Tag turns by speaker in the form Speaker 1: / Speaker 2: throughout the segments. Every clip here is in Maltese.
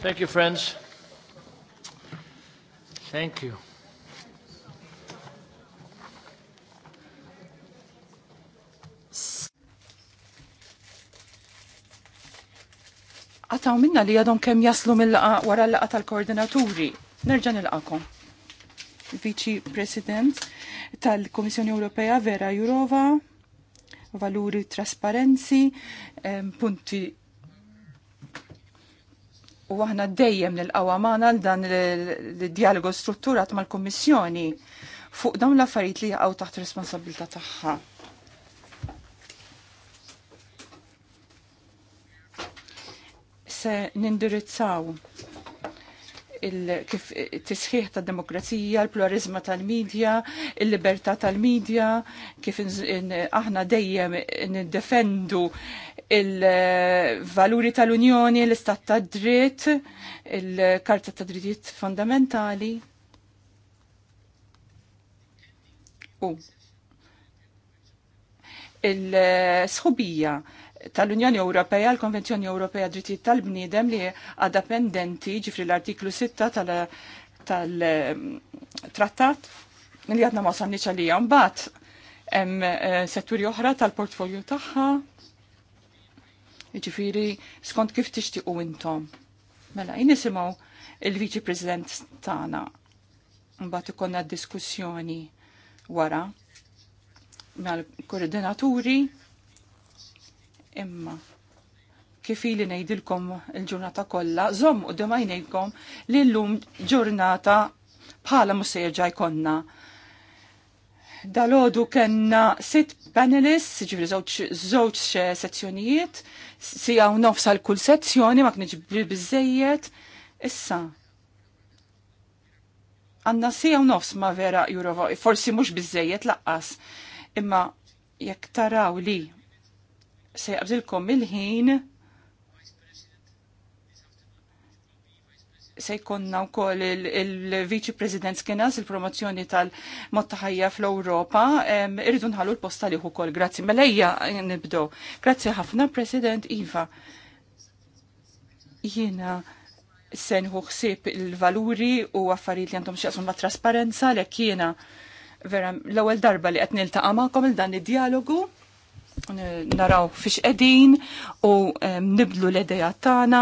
Speaker 1: Thank you, friends. Thank you.
Speaker 2: Għataw minna li għadhom kem jaslu mill-laqa wara l-laqa tal-koordinaturi. Nerġan il-qakom. Vici President tal-Komissjoni Ewropea Vera Jurova, valuri trasparenzi, punti U aħna dejjem nilqawa maħna għal dan l dialogu strutturat mal-Kummissjoni fuq dawn l-affarijiet li jaqgħu taħt responsabilità tagħha. Se nindirizzaw kif tisħiħ ta' demokrazija, l-pluralizma tal-medja, il-libertà tal-medja, kif aħna dejjem niddefendu il-valuri tal-Unjoni, l-istat ta' dritt, il-karta ta' drittijiet fondamentali. U il-sħubija tal-Unjoni Ewropea, l-Konvenzjoni Ewropea Drittijiet tal-Bniedem li għadha pendenti ġifri l-artiklu 6 tal-trattat li għadna ma sanniċ għalija. Mbagħad hemm eh, setturi oħra tal-portfolju tagħha. Ġifiri, skont kif tixtiequ intom. Mela, jinisimgħu il-Viċi President tagħna. Mbagħad ikonna diskussjoni wara mal-koordinaturi Imma kif ili ngħidilkom il-ġurnata kollha, żomm u demajnejkom li llum ġurnata bħala musejġa jkonna. Dalodu kenna sit panelists, ġifri żewġ sezzjonijiet, sija u nofsa l-kull sezzjoni ma kienx biżejjed. Issa, għanna sija nofs ma vera Jurova, forsi mux bizzejiet laqqas, imma jekk taraw li se jaqbżilkom il-ħin se jkonna u koll il-Vici President Skinas il-promozzjoni tal-mottaħajja fl-Europa. Irridu nħallu l-posta liħu koll. Grazzi. Melejja nibdo. Grazzi ħafna, President Iva. Jina sen xsib il-valuri u affarijiet li għandhom xieqsum ma' trasparenza l kiena vera l-ewwel darba li qed niltaqa' il dan id-dialogu Eh, naraw fix qegħdin u eh, niblu l-edeja tagħna.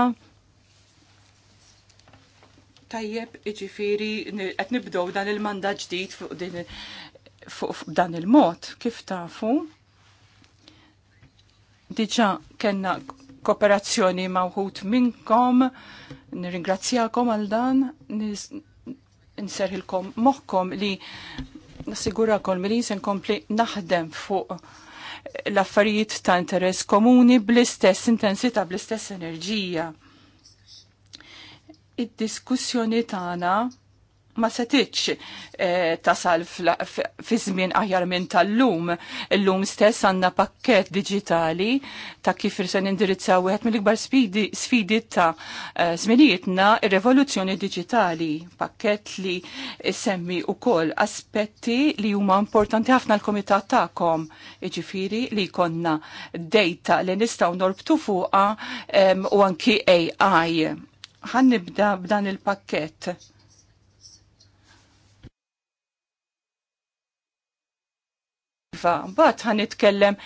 Speaker 2: Tajjeb, iġifiri, qed nibdow dan il-mandat ġdid fuq din fuq dan il-mod, kif tafu. Diġa kena kooperazzjoni mawħut minnkom, nirringrazzjakom għal dan, nserħilkom moħkom li nasigurakom li se nkompli naħdem fuq l-affarijiet ta' interess komuni bl-istess intensità, bl-istess enerġija. Id-diskussjoni tagħna ma setitx eh, tasal fi żmien aħjar minn tal-lum. L-lum stess għandna pakket digitali ta' kif se nindirizzaw wieħed mill-ikbar sfidi ta' eh, żminijietna il-revoluzjoni revoluzzjoni digitali. Pakket li semmi ukoll aspetti li huma importanti ħafna l-komitat tagħkom. Jiġifieri li jkollna data li nistgħu norbtu fuqha u anki AI. Għan nibda b'dan il-pakket Iva, bat ħan itkellem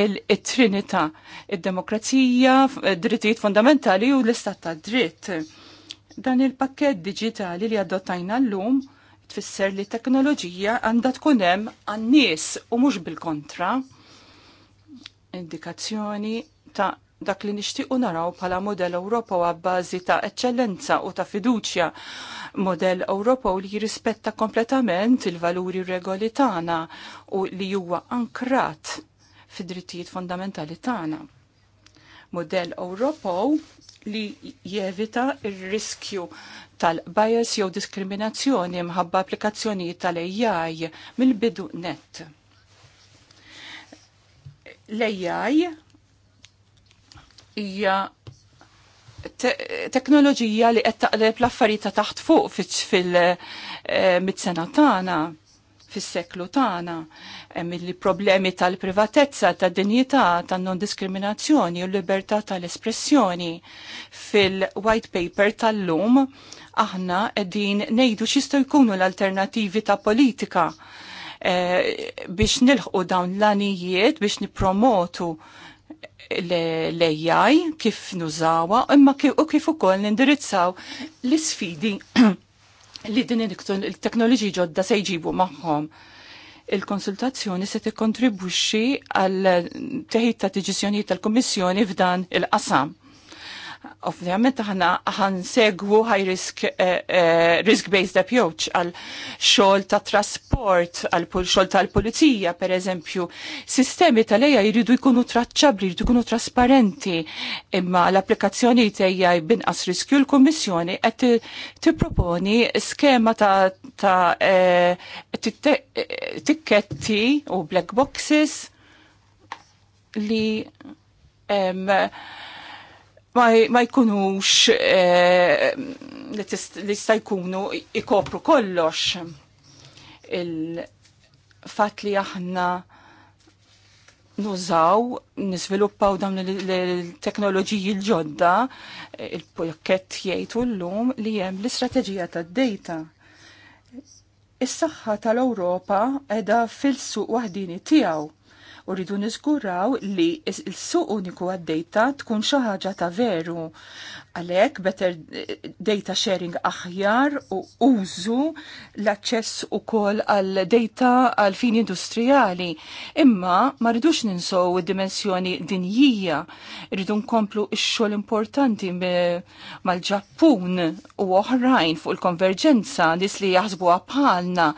Speaker 2: il-trinita, il-demokrazija, drittijiet fundamentali u l-istat ta' dritt. Dan il-pakket digitali li adottajna l-lum tfisser li teknoloġija għandha tkun hemm għan-nies u mhux bil-kontra. Indikazzjoni ta' dak li nixtiequ naraw bħala modell Ewropew għabbażi ta' eċċellenza u ta' fiduċja. Modell Ewropew li jirrispetta kompletament il-valuri regoli tagħna u li huwa ankrat fid-drittijiet fondamentali tagħna. Modell Ewropew li jevita ir-riskju tal-bias jew diskriminazzjoni mħabba applikazzjonijiet tal-AI mill-bidu net. L-AI hija teknoloġija li qed taqleb l-affarijiet ta' taħt fuq fil-mid-sena eh, tagħna fis-seklu tagħna hemm li problemi tal-privatezza, tad-dinjità, tan-non-diskriminazzjoni u l-libertà tal-espressjoni. Fil-white paper tal-lum aħna qegħdin ngħidu x'jistgħu jkunu l-alternattivi ta' politika eh, biex nilħqu dawn l-anijiet biex nipromotu l-AI, kif nużawa, imma u kif ukoll nindirizzaw l-sfidi li din il-teknoloġi ġodda se jġibu magħhom. Il-konsultazzjoni se tikkontribwixxi għal teħid ta' deċiżjonijiet tal-Kummissjoni f'dan il-qasam. Ovvjament aħna segwu high risk eh, eh, risk based approach għal xol ta' trasport, għal l tal-pulizija pereżempju. Sistemi ta' leja jridu jkunu traċċabbli, jridu jkunu trasparenti, imma l-applikazzjoni tejja binqas riskju l-Kummissjoni qed tipproponi skema ta', ta eh, tikketti u black boxes li em, ma jkunux eh, li sta jkunu ikopru kollox il-fat li aħna nużaw, nisviluppaw dawn il-teknoloġiji l-ġodda, il-pakket jgħidu l-lum li hemm l-istrateġija tad-data. Is-saħħa tal-Ewropa edha fil-suq waħdini tiegħu u rridu niżguraw li s-suq uniku għaddejta tkun xi ħaġa ta' veru għalek better eh, data sharing aħjar u użu l-access u kol għal data għal fin industrijali. Imma ma rridux ninsow id-dimensjoni dinjija, rridu nkomplu x-xol importanti mal-ġappun u oħrajn fuq il-konverġenza nis li jaħsbu għapalna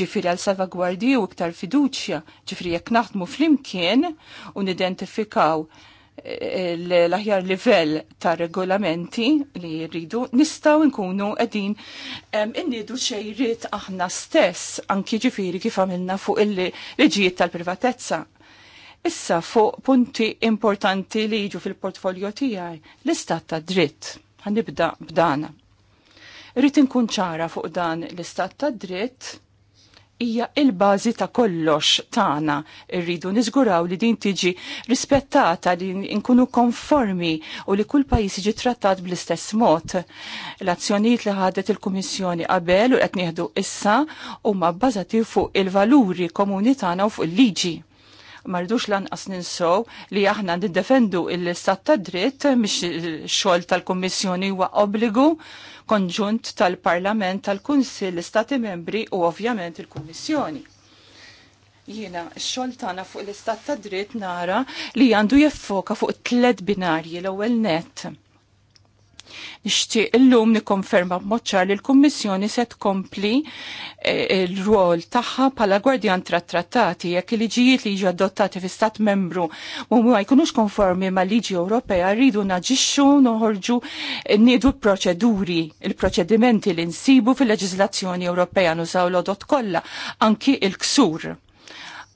Speaker 2: ġifiri għal salvagwardi u iktar fiduċja, ġifiri jek naħdmu flimkien u nidentifikaw l-aħjar livell ta' regolamenti li jridu nistaw nkunu edin innidu xejrit aħna stess anki ġifiri kif għamilna fuq il-leġijiet tal-privatezza. Issa fuq punti importanti li jiġu fil-portfolio tijaj, l-istat ta' dritt. Għanibda b'dana. Rrit nkun ċara fuq dan l-istat ta' dritt hija il-bażi ta' kollox tagħna. Irridu niżguraw li din tiġi rispettata li nkunu konformi u li kull pajjiż jiġi trattat bl-istess mod. L-azzjonijiet li ħadet il-Kummissjoni qabel u qed nieħdu issa huma bbażati fuq il-valuri komuni tagħna u fuq il-liġi. Mardux lanqas sow li aħna niddefendu l-istat ta' dritt miex xogħol tal-Kummissjoni huwa obbligu konġunt tal-Parlament, tal-Kunsill, l-Istati membri u ovvjament il-Kummissjoni. Jiena, x-xogħol tagħna fuq l-istat ta' dritt nara li għandu jeffoka fuq it-tlet binarji l-ewwel net Nixtieq illum nikkonferma b'moċċar li l-Kummissjoni se tkompli eh, l-rwol tagħha bħala gwardjan tat-trattati jekk il-liġijiet li jiġu adottati fi stat membru u ma jkunux konformi ma' liġi Ewropea rridu naġixxu noħorġu eh, niedu proċeduri il-proċedimenti li nsibu fil-leġiżlazzjoni Ewropea nużaw l-odot kollha anki il-ksur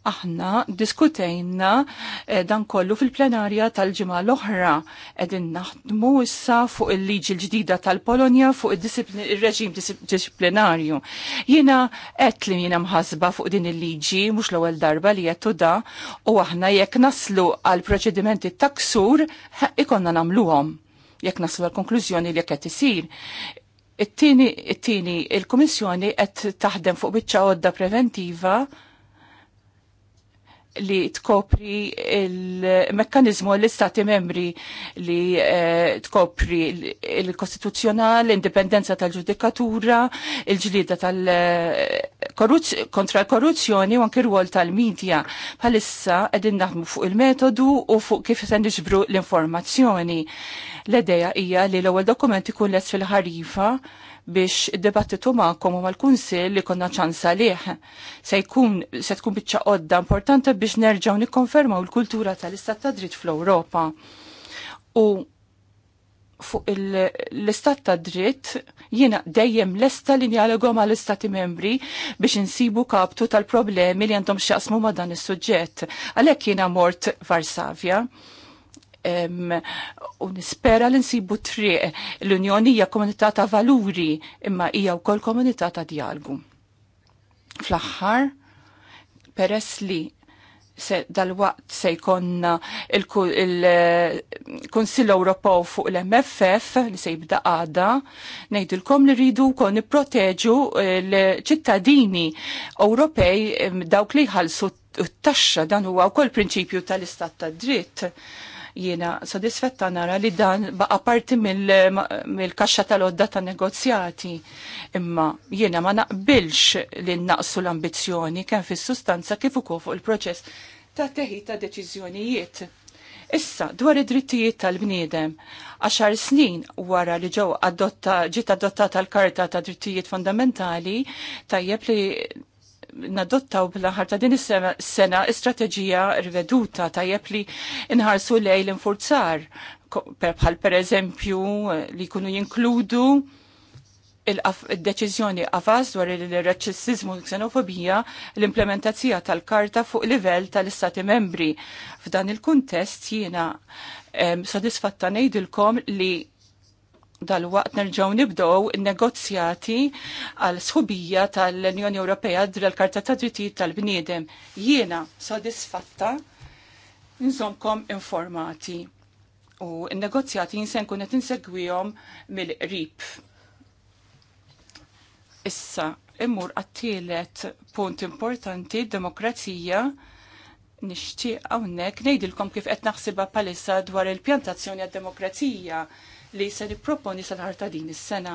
Speaker 2: aħna diskutejna eh, dan kollu fil-plenarja tal-ġimgħa l-oħra qegħdin naħdmu issa fuq il-liġi l-ġdida tal-Polonja fuq ir-reġim disciplinarju. Jiena qed li jiena mħasba fuq din il-liġi mhux l-ewwel darba li qed da u aħna jekk naslu għal proċedimenti taksur ikonna nagħmluhom jekk naslu għal konklużjoni li qed isir. It-tieni, it-tieni, il-Kummissjoni qed taħdem fuq biċċa għodda preventiva li tkopri il-mekkanizmu l-istati membri li eh, tkopri il-kostituzzjonal, l-indipendenza tal-ġudikatura, il-ġlida tal eh, kontra l-korruzzjoni u anki rwol tal-medja. Bħalissa edin naħmu fuq il-metodu u fuq kif se nixbru l-informazzjoni. L-edeja hija li l-ewwel dokument ikun les fil-ħarifa biex id-debattitu ma'kom u mal-kunsil li konna ċansa liħ. Se jkun, se tkun bieċa qodda importanti biex nerġaw nikkonfermaw l-kultura tal-istat ta' dritt fl-Europa. U fuq l-istat ta' dritt jiena dejjem lesta li njalegu ma' l-istati membri biex insibu kaptu tal-problemi li għandhom xaqsmu ma' dan is-suġġett. Għalhekk jiena mort Varsavja u nispera li nsibu triq l-Unjoni hija komunità ta' valuri imma hija wkoll komunità ta' dialgu. Fl-aħħar, peress li se dal-waqt se jkonna il-Konsil eh, Ewropew fuq l-MFF li se jibda għada, ngħidilkom li rridu wkoll nipproteġu eh, l-ċittadini Ewropej dawk li jħallsu t-taxxa dan huwa wkoll prinċipju tal-istat tad dritt Jiena sodisfetta nara li dan baqa parti mill-kaxxa mil tal-odda ta' negozjati. Imma jiena ma naqbilx li naqsu l-ambizzjoni kemm fis-sustanza kif ukoll fuq il-proċess ta' teħid ta' deċiżjonijiet. Issa, dwar id-drittijiet tal-bniedem, għaxar snin wara li ġew adotta, ġiet adottata l-Karta ta' Drittijiet Fundamentali, tajjeb li nadottaw bl ħar ta' din is-sena strateġija riveduta tajjeb li nħarsu lej l-infurzar bħal per eżempju li jkunu jinkludu il-deċizjoni għafas dwar il-reċessizmu u xenofobija l-implementazzija tal-karta fuq livell tal-istati membri. F'dan il-kuntest jiena sodisfatta ngħidilkom li Dal-waqt nerġaw nibdow negozjati għal sħubija tal-Unjoni Ewropea dril l-Karta ta' Drittijiet tal-Bniedem. Jiena sodisfatta nżomkom informati u n-negozjati jinsen kunet nsegwijom mill-rip. Issa, immur għattilet punt importanti, demokrazija, nishtiq għawnek, nejdilkom kif qed naħsiba palissa dwar il-pjantazzjoni għad-demokrazija li se nipproponi sal-ħar ta' din is-sena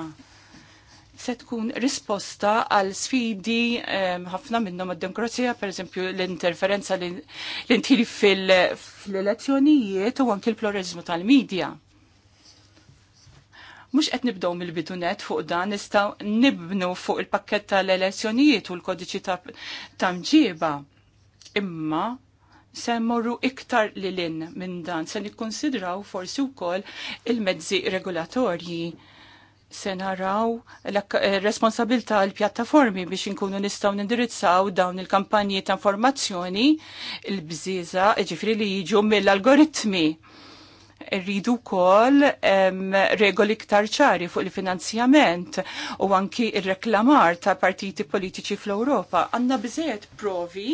Speaker 2: se tkun risposta għal sfidi ehm, ħafna um, minnhom id-demokrazija, per eżempju l-interferenza l-intili fil-elezzjonijiet u anki l-pluralizmu tal-medja. Mux qed nibdow mill-bidunet fuq dan nistgħu nibnu fuq il-pakket tal-elezzjonijiet u l-kodiċi ta' mġiba. Imma se morru iktar li lin minn dan, se nikkonsidraw forsi wkoll il-mezzi regolatorji se naraw l-responsabilta eh, l-pjattaformi biex inkunu nistaw nindirizzaw dawn il-kampanji ta' informazzjoni il-bżiza ġifri li jiġu mill-algoritmi. Rridu kol regoli ktar ċari fuq il-finanzjament u anki il-reklamar ta' partiti politiċi fl-Europa. Għanna bżiet provi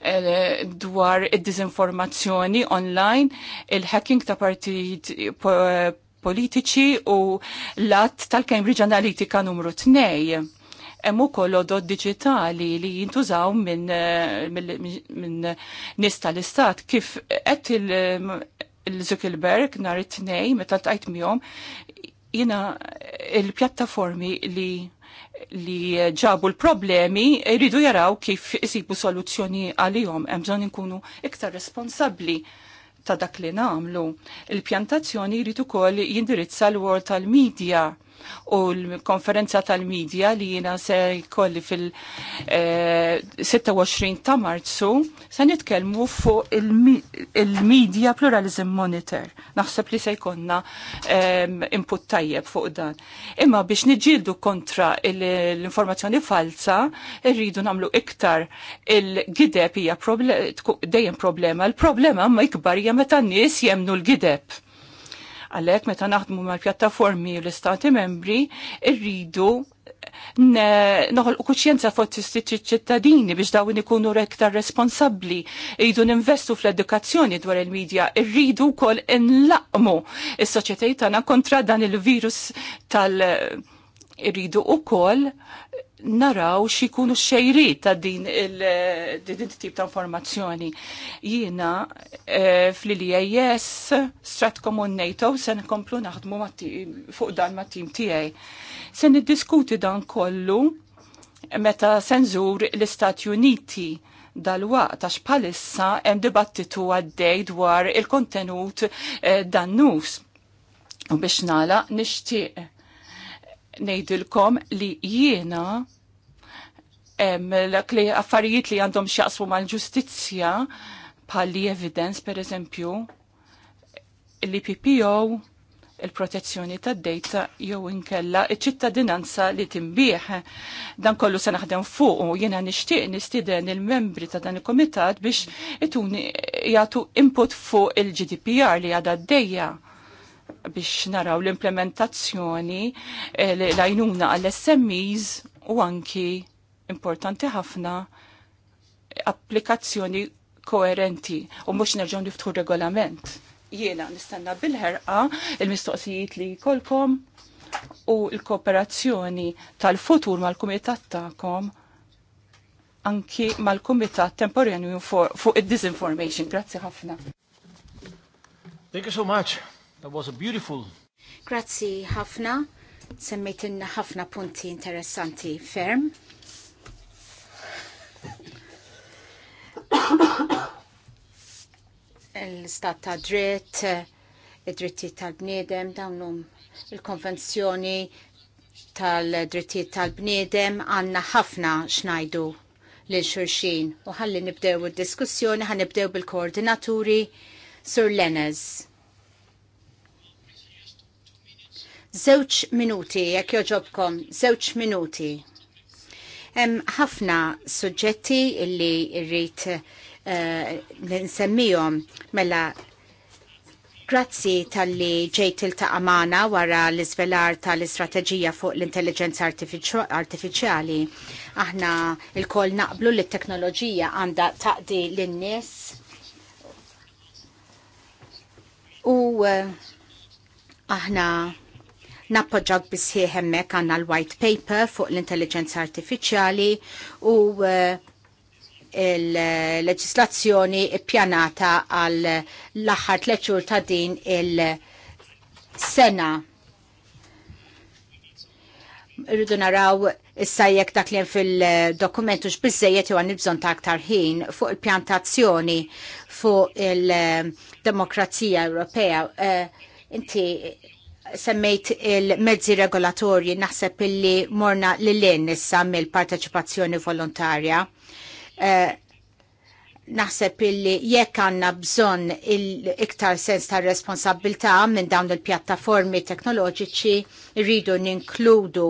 Speaker 2: Eh, dwar id-dizinformazzjoni online, il-hacking ta' partijiet politiċi u l-att tal-Cambridge Analytica numru 2 hemm ukoll odod diġitali li jintużaw minn eh, min, nies tal-istat kif qed il-Zuckerberg nhar it tnejn meta tajt miegħhom jiena il-pjattaformi li li ġabu l-problemi jridu jaraw kif isibu soluzzjoni għalihom hemm bżonn inkunu iktar responsabbli ta' dak li nagħmlu. Il-pjantazzjoni jrid ukoll jindirizza l-wol tal-medja u l-konferenza tal-medja li jina se jkolli fil-26 eh, ta' marzu se nitkelmu fuq il-medja pluralism monitor. Naħseb li se jkonna ehm, input tajjeb fuq dan. Imma biex niġildu kontra l-informazzjoni falsa, irridu namlu iktar il-gideb hija dejjem problema. Il-problema ma ikbar hija meta n-nies jemnu l-gideb Għalek, meta naħdmu mal-pjattaformi u l-istati membri, irridu noħol kuċjenza fotistiċi ċittadini biex dawin ikunu rektar responsabli, irridu ninvestu fl-edukazzjoni dwar il-medja, irridu kol inlaqmu is-soċjetajtana kontra dan il-virus tal- irridu u kol naraw xikunu xejri ta' din il-tip ta' informazzjoni. Jina e, eh, fl-IES, Strat u NATO, sen komplu naħdmu fuq dan ma' tim tijaj. Sen diskuti dan kollu meta senżur l-Istati Uniti dal-waqt għax palissa hemm dibattitu għaddej dwar il-kontenut eh, dan nus. U biex nala nixtieq nejdilkom li jiena li affarijiet li għandhom xaqsmu mal-ġustizja bħalli evidence per eżempju l-IPPO il-protezzjoni ta' data jew inkella iċ-ċittadinanza li timbieħ. Dan kollu se naħdem fuq u jiena nixtieq nistiden il-membri ta' dan il-komitat biex ituni jagħtu input fuq il-GDPR li għadha d-dejja biex naraw l-implementazzjoni eh, l-għajnuna għall-SMEs u anki importanti ħafna applikazzjoni koerenti u mux nerġaw niftħu regolament. Jiena nistanna bil-ħerqa il-mistoqsijiet li kolkom u l-kooperazzjoni tal-futur mal-kumitat ta'kom anki mal-kumitat temporanju fuq id-disinformation.
Speaker 3: Grazzi ħafna.
Speaker 1: Thank you so much. That was a beautiful.
Speaker 3: Grazzi ħafna. Semmejtinna ħafna punti interessanti ferm. l-istat ta' dritt, id-dritti tal-bniedem, dawnum il-konvenzjoni tal-drittijiet tal-bniedem għanna ħafna xnajdu lil xurxin U ħalli nibdew id-diskussjoni, ħan nibdew bil-koordinaturi Sur Lenez. Zewċ minuti, jekk joġobkom, zewċ minuti. Hemm ħafna suġġetti illi rrit uh, eh, mela Grazzi tal-li ġejt il-taqamana wara l-izvelar tal-istrateġija fuq l-intelligenza artificiali. Aħna il-kol naqblu li t-teknoloġija għanda taqdi l-nies u eh, aħna Nappoġġak bisħieħ hemmhekk għandna l-white paper fuq l-intelligenza artifiċjali u eh, il-leġislazzjoni ippjanata għal l-aħħar tliet ta' din il-sena. Irridu naraw issa jekk dak li fil-dokumentu x'biżejjed jew nibżon ta' aktar ħin fuq il-pjantazzjoni fuq il-demokrazija Ewropea. Eh, inti semmejt il-mezzi regolatorji naħseb illi morna l-lin nissa mill-parteċipazzjoni volontarja. Eh, naħseb illi jekk għanna bżon il-iktar sens ta' responsabilta minn dawn il-pjattaformi teknoloġiċi rridu ninkludu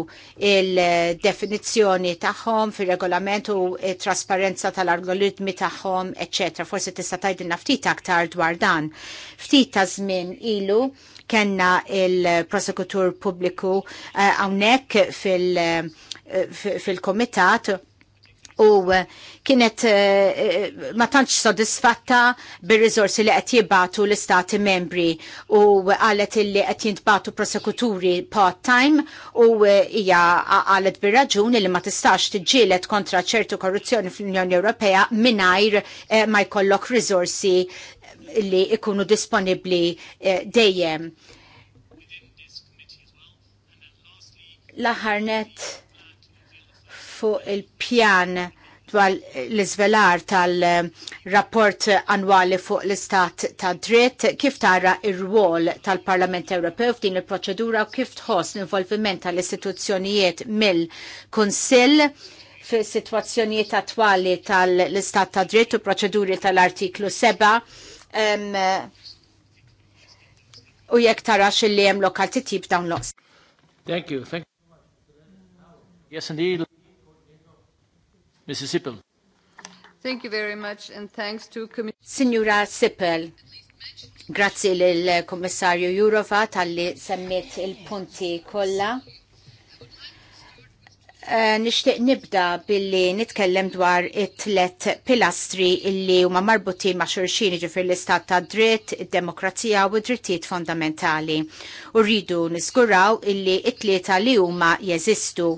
Speaker 3: il-definizjoni tagħhom fir regolament u trasparenza tal-algoritmi tagħhom, eċċetera. Forsi tista' tgħidilna ftit aktar dwar dan. Ftit ta' żmien ilu Kenna il-prosekutur pubbliku hawnhekk eh, uh, fil- uh, fil-komitat u kienet eh, ma tantx sodisfatta bir-riżorsi li qed jibatu l-istati membri u qalet illi qed jintbatu prosekuturi part-time u hija qalet bir-raġuni li ma tistax tiġġieled kontra ċertu korruzzjoni fl-Unjoni Ewropea mingħajr ma jkollok riżorsi li ikunu disponibli eh, dejjem. Laħarnet fuq il-pjan dwar l-izvelar tal-rapport annwali fuq l-istat ta' dritt, kif tara ir-rwol tal-Parlament Ewropew f'din il-proċedura u kif tħoss l-involviment tal-istituzzjonijiet mill-Kunsill fis-sitwazzjonijiet attwali tal-istat ta' dritt u proċeduri tal-artiklu 7 u jekk tarax li hemm lokal titjib dawn loqs.
Speaker 1: Thank you. Thank you. Yes, indeed.
Speaker 3: Mrs. Sippel. Thank you very much and thanks to Commissioner. Signora Sippel. grazie lill-Kommissarju Jurova tal-li semmit il-punti kolla. Eh, nishtiq nibda billi nitkellem dwar it-tlet pilastri illi huma marbuti ma' xurxin ġifir l-istat ta' dritt, id-demokrazija u drittijiet fondamentali. U rridu nisguraw illi it-tlieta li huma jeżistu.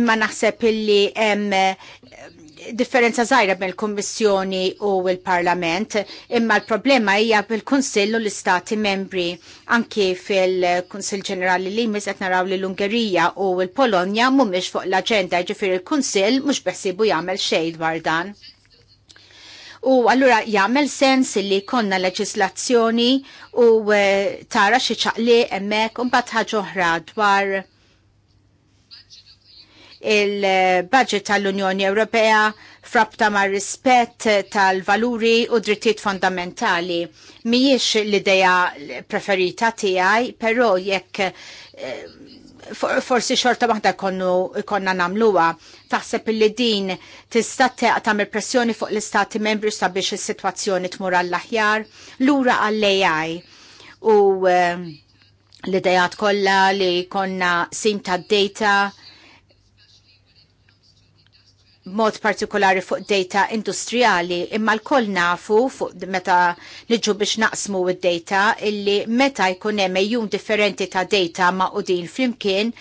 Speaker 3: Imma naħseb illi hemm differenza zaħira bil kummissjoni u l-Parlament, imma l-problema hija bil-Kunsill u l-Istati membri. Anki fil-Kunsill ġenerali li qed naraw li l-Ungerija u l-Polonja mhumiex fuq l-aġenda, ġifier il-Kunsill mhux beħsibu jagħmel xejn dwar dan. U allura jagħmel sens li konna leġislazzjoni u eh, tara xi ċaqli hemmhekk u mbagħad ħaġa oħra dwar il-budget tal-Unjoni Ewropea frabta ma' rispett tal-valuri u drittijiet fondamentali. Mijiex l-ideja preferita tiegħi, però jekk eh, forsi xorta waħda konnu konna namluwa. Taħseb li din tista' taqtam il-pressjoni fuq l-istati membri sabiex is-sitwazzjoni tmur għall-aħjar lura għall-AI. U eh, l-idejat kollha li konna sim tad data mod partikolari fuq data industrijali, imma l-koll nafu fuq meta niġu biex naqsmu id-data illi meta jkun hemm jum differenti ta' data ma' u din flimkien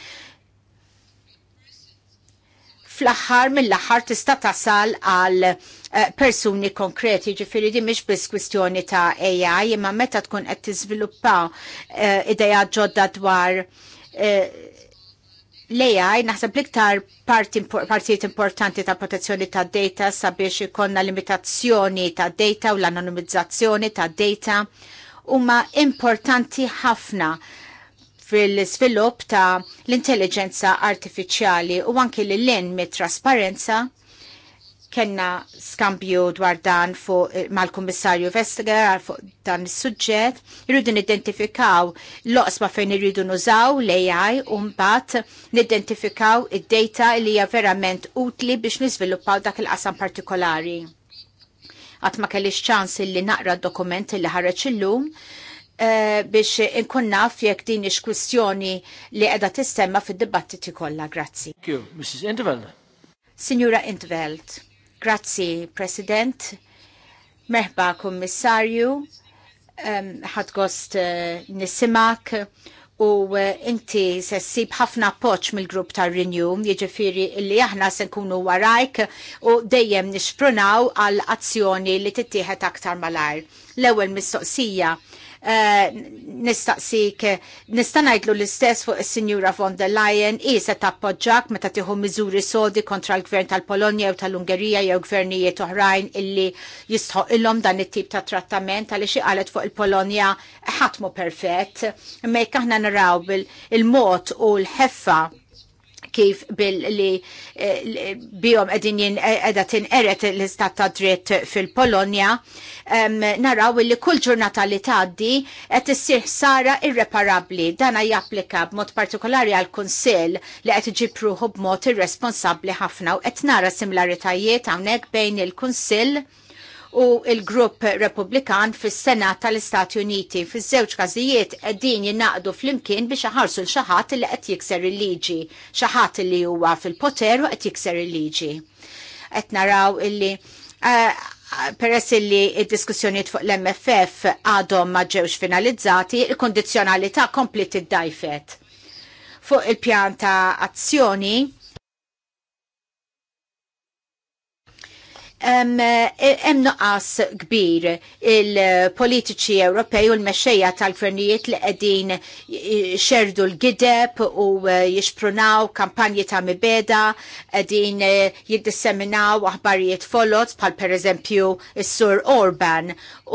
Speaker 3: fl-aħħar mill-aħħar tista' tasal għal eh, persuni konkreti, ġifiri di miex bis kwistjoni ta' AI, imma meta tkun qed tiżviluppa uh, eh, ideja ġodda dwar uh, l-AI naħseb l-iktar partijiet importanti ta' protezzjoni ta' data sabiex ikonna limitazzjoni ta' data u l-anonimizzazzjoni ta' data huma importanti ħafna fil-svilupp ta' l-intelligenza artificiali u anki l-len mit trasparenza kena skambju dwar dan fuq eh, mal-Kummissarju Vestager fuq dan is-suġġett. Irridu nidentifikaw l-oqsma fejn irridu nużaw l-AI u mbagħad nidentifikaw id-data li hija verament utli biex niżviluppaw dak il-qasam partikolari. Għat ma kellix ċans li naqra d-dokument li ħareġ illum, eh, biex inkun naf jekk din ix kwistjoni li qiegħda tistemma fid-dibattiti kollha. Grazzi. Thank you, Mrs. Intervelt. Signora Intveld. Grazzi, President. meħba Kommissarju. Ħadgost um, eh, nisimak u eh, inti se ssib ħafna poċ mill-grupp tar Renew, jiġifieri li aħna se nkunu warajk u dejjem nisprunaw għal azzjoni li tittieħed aktar malajr. L-ewwel mistoqsija Eh, nistaqsik nista' ngħidlu l-istess fuq is-Sinjura von der Leyen i se tappoġġak meta tieħu miżuri sodi kontra l-Gvern tal-Polonja jew tal-Ungerija jew gvernijiet oħrajn illi jistħoq ilhom dan it-tip ta' trattament għaliex qalet fuq il-Polonja ħatmu perfett. Mejk aħna naraw bil-mod u l-ħeffa kif bil-li eh, bihom qegħdin qiegħda eh, tinqeret l-istat ta' dritt fil-Polonja, naraw li kull ġurnata li tgħaddi qed issir ħsara irreparabbli. Dana japplika b'mod partikolari għal kunsill li qed iġibruħu b'mod irresponsabbli ħafna u qed nara similaritajiet hawnhekk bejn il-Kunsill u il-grupp Republikan fis senat tal-Istati Uniti. Fiż-żewġ każijiet qegħdin jinnaqdu flimkien biex ħarsu l xaħat li qed jikser il-liġi, xaħat li huwa fil-poter u qed jikser il-liġi. Qed naraw illi eh, peress li id-diskussjoniet fuq l-MFF għadhom ma ġewx finalizzati, il-kondizjonalità kompli tiddajfet. Fuq il-pjan ta' azzjoni, hemm e, nuqqas kbir il-politiċi Ewropej u l-mexxejja tal-gvernijiet li qegħdin xerdu l-gideb u jixprunaw kampanji ta' mibeda qegħdin jiddisseminaw aħbarijiet folot bħal pereżempju is-Sur Orban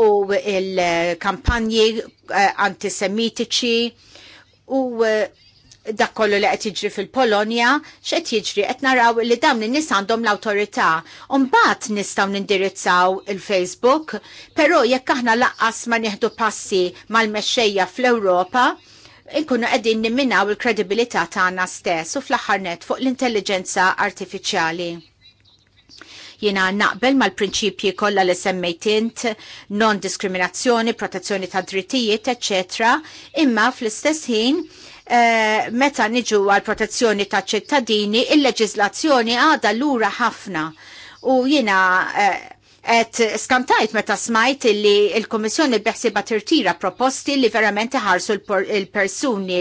Speaker 3: u l-kampanji eh, antisemitiċi u uh, dak kollu li qed jiġri fil-Polonja, x'qed jiġri qed naraw li dawn in-nies għandhom l-awtorità. u mbagħad nistgħu nindirizzaw il-Facebook, però jekk aħna laqqas ma nieħdu passi mal-mexxejja fl-Ewropa, inkunu qegħdin nimminaw il-kredibilità tagħna stess u fl-aħħar net fuq l-intelligenza artifiċjali Jiena naqbel mal-prinċipji kollha li int non-diskriminazzjoni, protezzjoni ta' drittijiet, eċċetra, Imma fl-istess ħin Eh, meta niġu għal protezzjoni ta' ċittadini, il-leġizlazzjoni għada l-ura ħafna. U jina eh, Et skantajt meta smajt li il-Komissjoni beħsiba tirtira proposti li verament ħarsu l persuni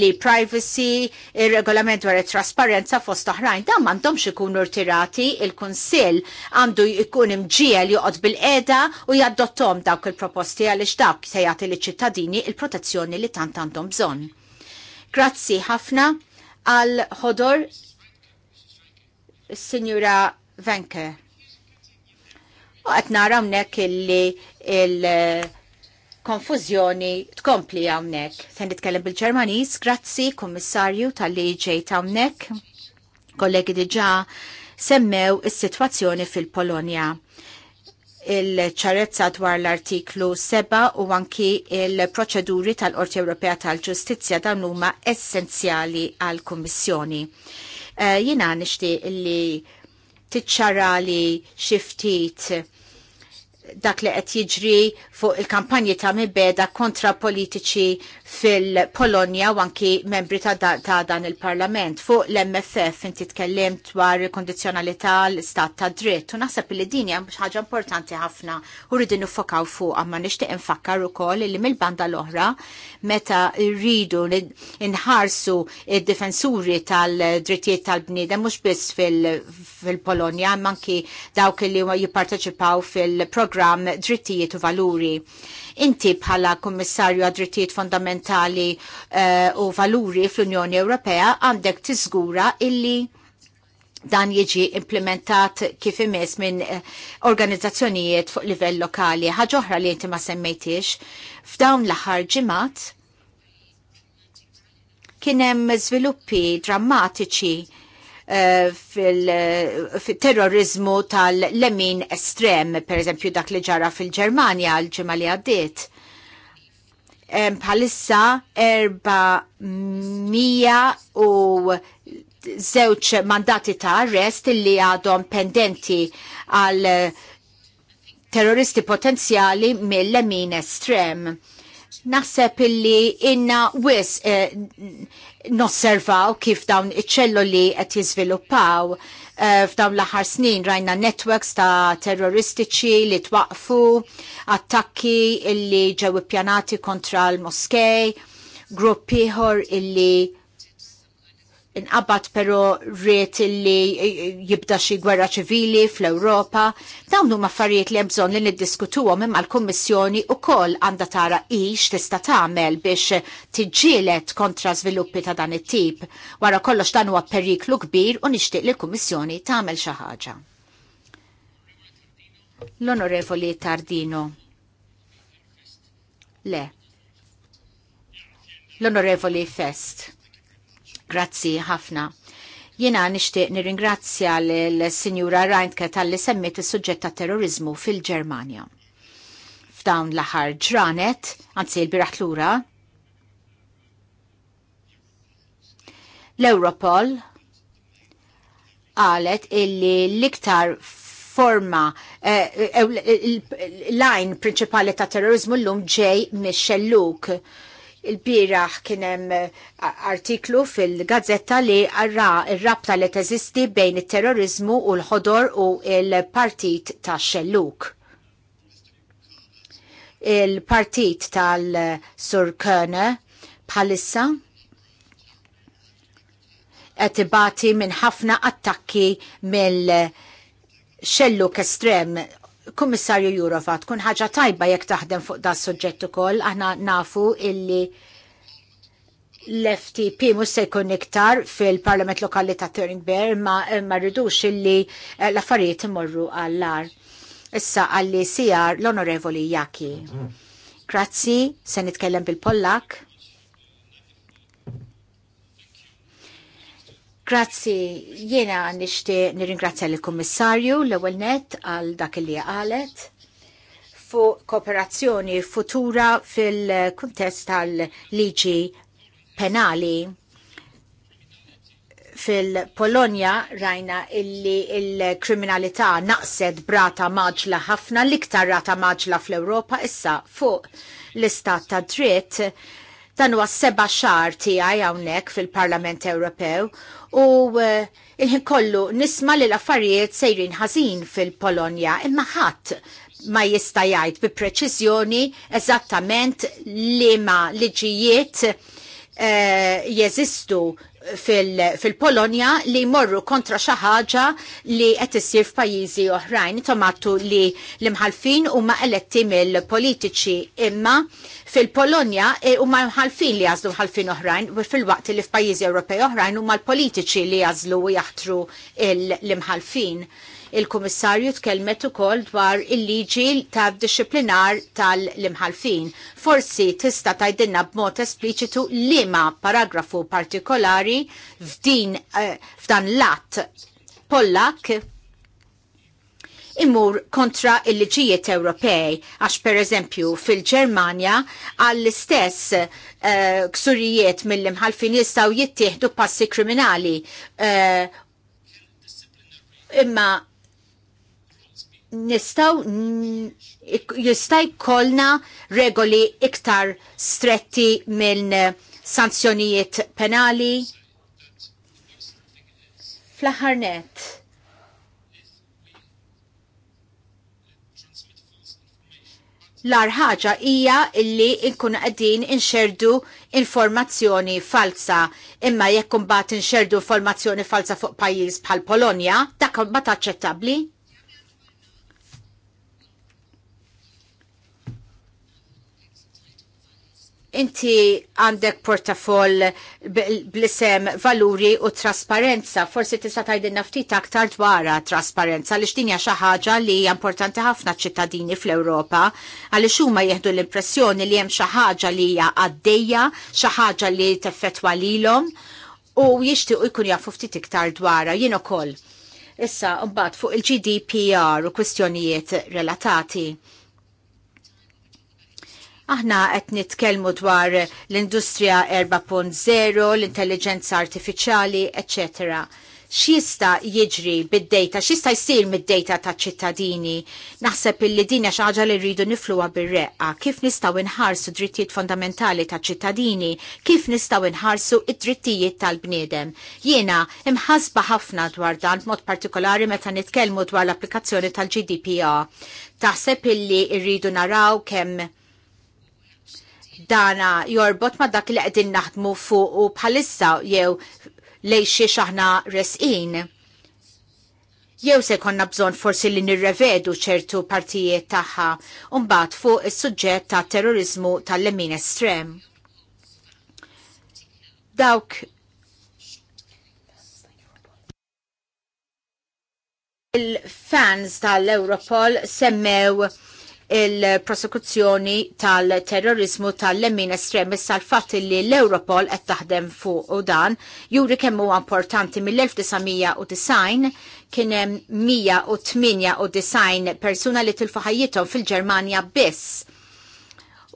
Speaker 3: li privacy, il-regolament dwar trasparenza fost oħrajn. Dan m'għandhomx ikunu rtirati, il-Kunsill għandu jkun imġiel joqgħod bil eda u jaddottom dawk il-proposti għaliex dawk se jagħti ċittadini il-protezzjoni li tant għandhom bżonn. Grazzi ħafna għal ħodor Signora Venke. U għet nara mnek illi il-konfuzjoni eh, tkompli għamnek. Sen nitkellem bil-ġermanis, grazzi, kommissarju tal-li ġejt Kollegi diġa semmew is-sitwazzjoni fil-Polonja il-ċarezza dwar l-artiklu 7 u anki il-proċeduri tal-Qorti Ewropea tal-Ġustizzja dawn huma essenzjali għal-Kummissjoni. Eh, Jiena nixtieq li tiċċarali xi ftit dak li qed jiġri fuq il-kampanji ta' mibeda kontra politiċi fil-Polonja u anki membri ta', da, ta dan il-Parlament. Fuq l-MFF inti tkellim dwar il-kondizjonalità l-istat ta' dritt u naħseb li din hija ħaġa importanti ħafna u rridu nifokaw fuq amma nixtieq infakkar ukoll li mill-banda l-oħra meta rridu inħarsu id-difensuri tal-drittijiet tal-bniedem mhux biss fil-Polonja, fil manki dawk li jipparteċipaw fil-programm drittijiet u valuri Inti bħala Kummissarju għad-Drittijiet Fundamentali eh, u Valuri fl-Unjoni Ewropea għandek tiżgura illi dan jiġi implementat kif imess minn eh, organizzazzjonijiet fuq livell lokali. oħra li inti ma semmejtix, f'dawn l-aħħar ġimat kien hemm żviluppi drammatiċi Eh, fil-terrorizmu tal-lemin estrem, per eżempju dak li ġara fil-Germania l-ġimma li għaddiet. Bħalissa 400 u zewċ mandati ta' arrest li għadhom pendenti għal terroristi potenzjali mill-lemin estrem. Naħseb illi inna wis eh, nosservaw kif dawn iċ li qed jiżviluppaw eh, f'dawn l-aħħar snin rajna networks ta' terroristiċi li twaqfu, attakki illi ġew ippjanati kontra l-moskej, gruppi ieħor illi inqabad però riet li jibda xi gwerra ċivili fl-Ewropa, dawn huma affarijiet li hemm bżonn li niddiskutuhom imma l-Kummissjoni wkoll għandha tara ix tista' tagħmel biex tiġġieled kontra żviluppi ta' dan it-tip. Wara kollox dan huwa periklu kbir u nixtieq li l-Kummissjoni tagħmel xi ħaġa. L-Onorevoli Tardino. Le. L-Onorevoli Fest. Grazzi ħafna. Jena nishtiq nirringrazzja l-Sinjura Reintke tal-li semmit il-sujġett ta' terrorizmu fil-Germania. F'dawn l-aħħar ġranet, anzi l-biraħ lura, l-Europol għalet illi l-iktar forma eh, eh, l-lajn prinċipali ta' terrorizmu l-lum ġej mix-xelluk il-biraħ kienem eh, artiklu fil-gazzetta li arra il-rabta li teżisti bejn il-terrorizmu u l-ħodor u il-partit ta' xelluk. Il-partit tal-Surkerne bħalissa għetibati minn ħafna attakki mill xelluk estrem Kummissarju Jurofa, tkun ħaġa tajba jekk taħdem fuq da' s suġġett ukoll, aħna nafu illi l-FTP mhux se jkun iktar fil-Parlament Lokali ta' Turing Bear ma, rridux illi eh, l-affarijiet imorru għall-ar. Issa għalli sijar l-Onorevoli Jaki. Mm-hmm. Grazzi, se nitkellem bil-Pollak. Grazzi, jiena nishti nirringrazzja l-Kommissarju l ewwel net għal dak li għalet fu kooperazzjoni futura fil-kuntest tal-liġi penali. Fil-Polonja rajna illi il-kriminalità naqsed brata maġla ħafna l-iktar rata maġla fl-Europa issa fuq l-istat ta' dritt dan huwa seba' xahar tiegħi hawnhekk fil-Parlament Ewropew u eh, il-ħin kollu nisma li l-affarijiet sejrin ħażin fil-Polonja imma ħadd ma jista' jgħid bi preċiżjoni eżattament liema liġijiet eh, jeżistu fil-Polonja fil li morru kontra xi ħaġa li qed issir f'pajjiżi oħrajn. tomatu li l-imħalfin huma eletti mill-politiċi imma fil-Polonja eh, huma mħalfin li jażlu mħalfin oħrajn u fil-waqt li f'pajjiżi Ewropej oħrajn huma l-politiċi li jażlu u jaħtru l-imħalfin. Il-Kummissarju tkellmet ukoll dwar il-liġi ta' disciplinar tal-imħalfin. Forsi tista' tajdinna b'mod espliċitu liema paragrafu partikolari f'din eh, f'dan l-att Pollak imur kontra il-liġijiet Ewropej, għax per eżempju fil-Ġermanja għall-istess uh, ksurijiet mill-imħalfin jistaw jittieħdu passi kriminali. Uh, imma nistaw jistaj kolna regoli iktar stretti minn sanzjonijiet penali. Fl-ħarnet. L-ar ħaġa hija illi nkunu qegħdin inxerdu informazzjoni falsa imma jekk mbagħad inxerdu informazzjoni falsa fuq pajjiż bħal Polonja, dak ma taċċettabbli? inti għandek portafoll blisem valuri u trasparenza, forsi tista' tgħidilna ftit aktar dwara trasparenza li x'dinja xi ħaġa li hija importanti ħafna ċittadini fl-Ewropa għaliex huma jieħdu l-impressjoni li hemm xi ħaġa li hija għaddejja, xi ħaġa li teffettwa lilhom u jixtiequ jkun jafu ftit iktar dwara jien ukoll. Issa mbagħad fuq il-GDPR u kwistjonijiet relatati Aħna qed nitkellmu dwar l-industrija 4.0, l-intelligenza artifiċjali, etc. X'jista' jiġri bid-data, x'jista' jsir mid-data ta' ċittadini? Naħseb illi din hija xi ħaġa li rridu nifluha bir-reqqa. Kif nistgħu nħarsu drittijiet fondamentali ta' ċittadini? Kif nistgħu nħarsu id-drittijiet tal-bniedem? Jiena imħasba ħafna dwar dan b'mod partikolari meta nitkellmu dwar l-applikazzjoni tal-GDPR. Taħseb illi rridu naraw kemm dana jorbot ma dak li qegħdin naħdmu fuq u bħalissa jew lej xiex aħna resqin. Jew se konna bżon forsi li nirrevedu ċertu partijiet tagħha mbagħad fuq is-suġġett ta' terrorizmu tal-lemin estrem. Dawk il-fans tal-Europol semmew il-prosekuzzjoni tal-terrorizmu tal-lemmin estremis tal fat li l-Europol qed taħdem fuq u dan juri kemm huwa importanti mill-1990 kien hemm 198 persuna li tilfu ħajjithom fil-Ġermanja biss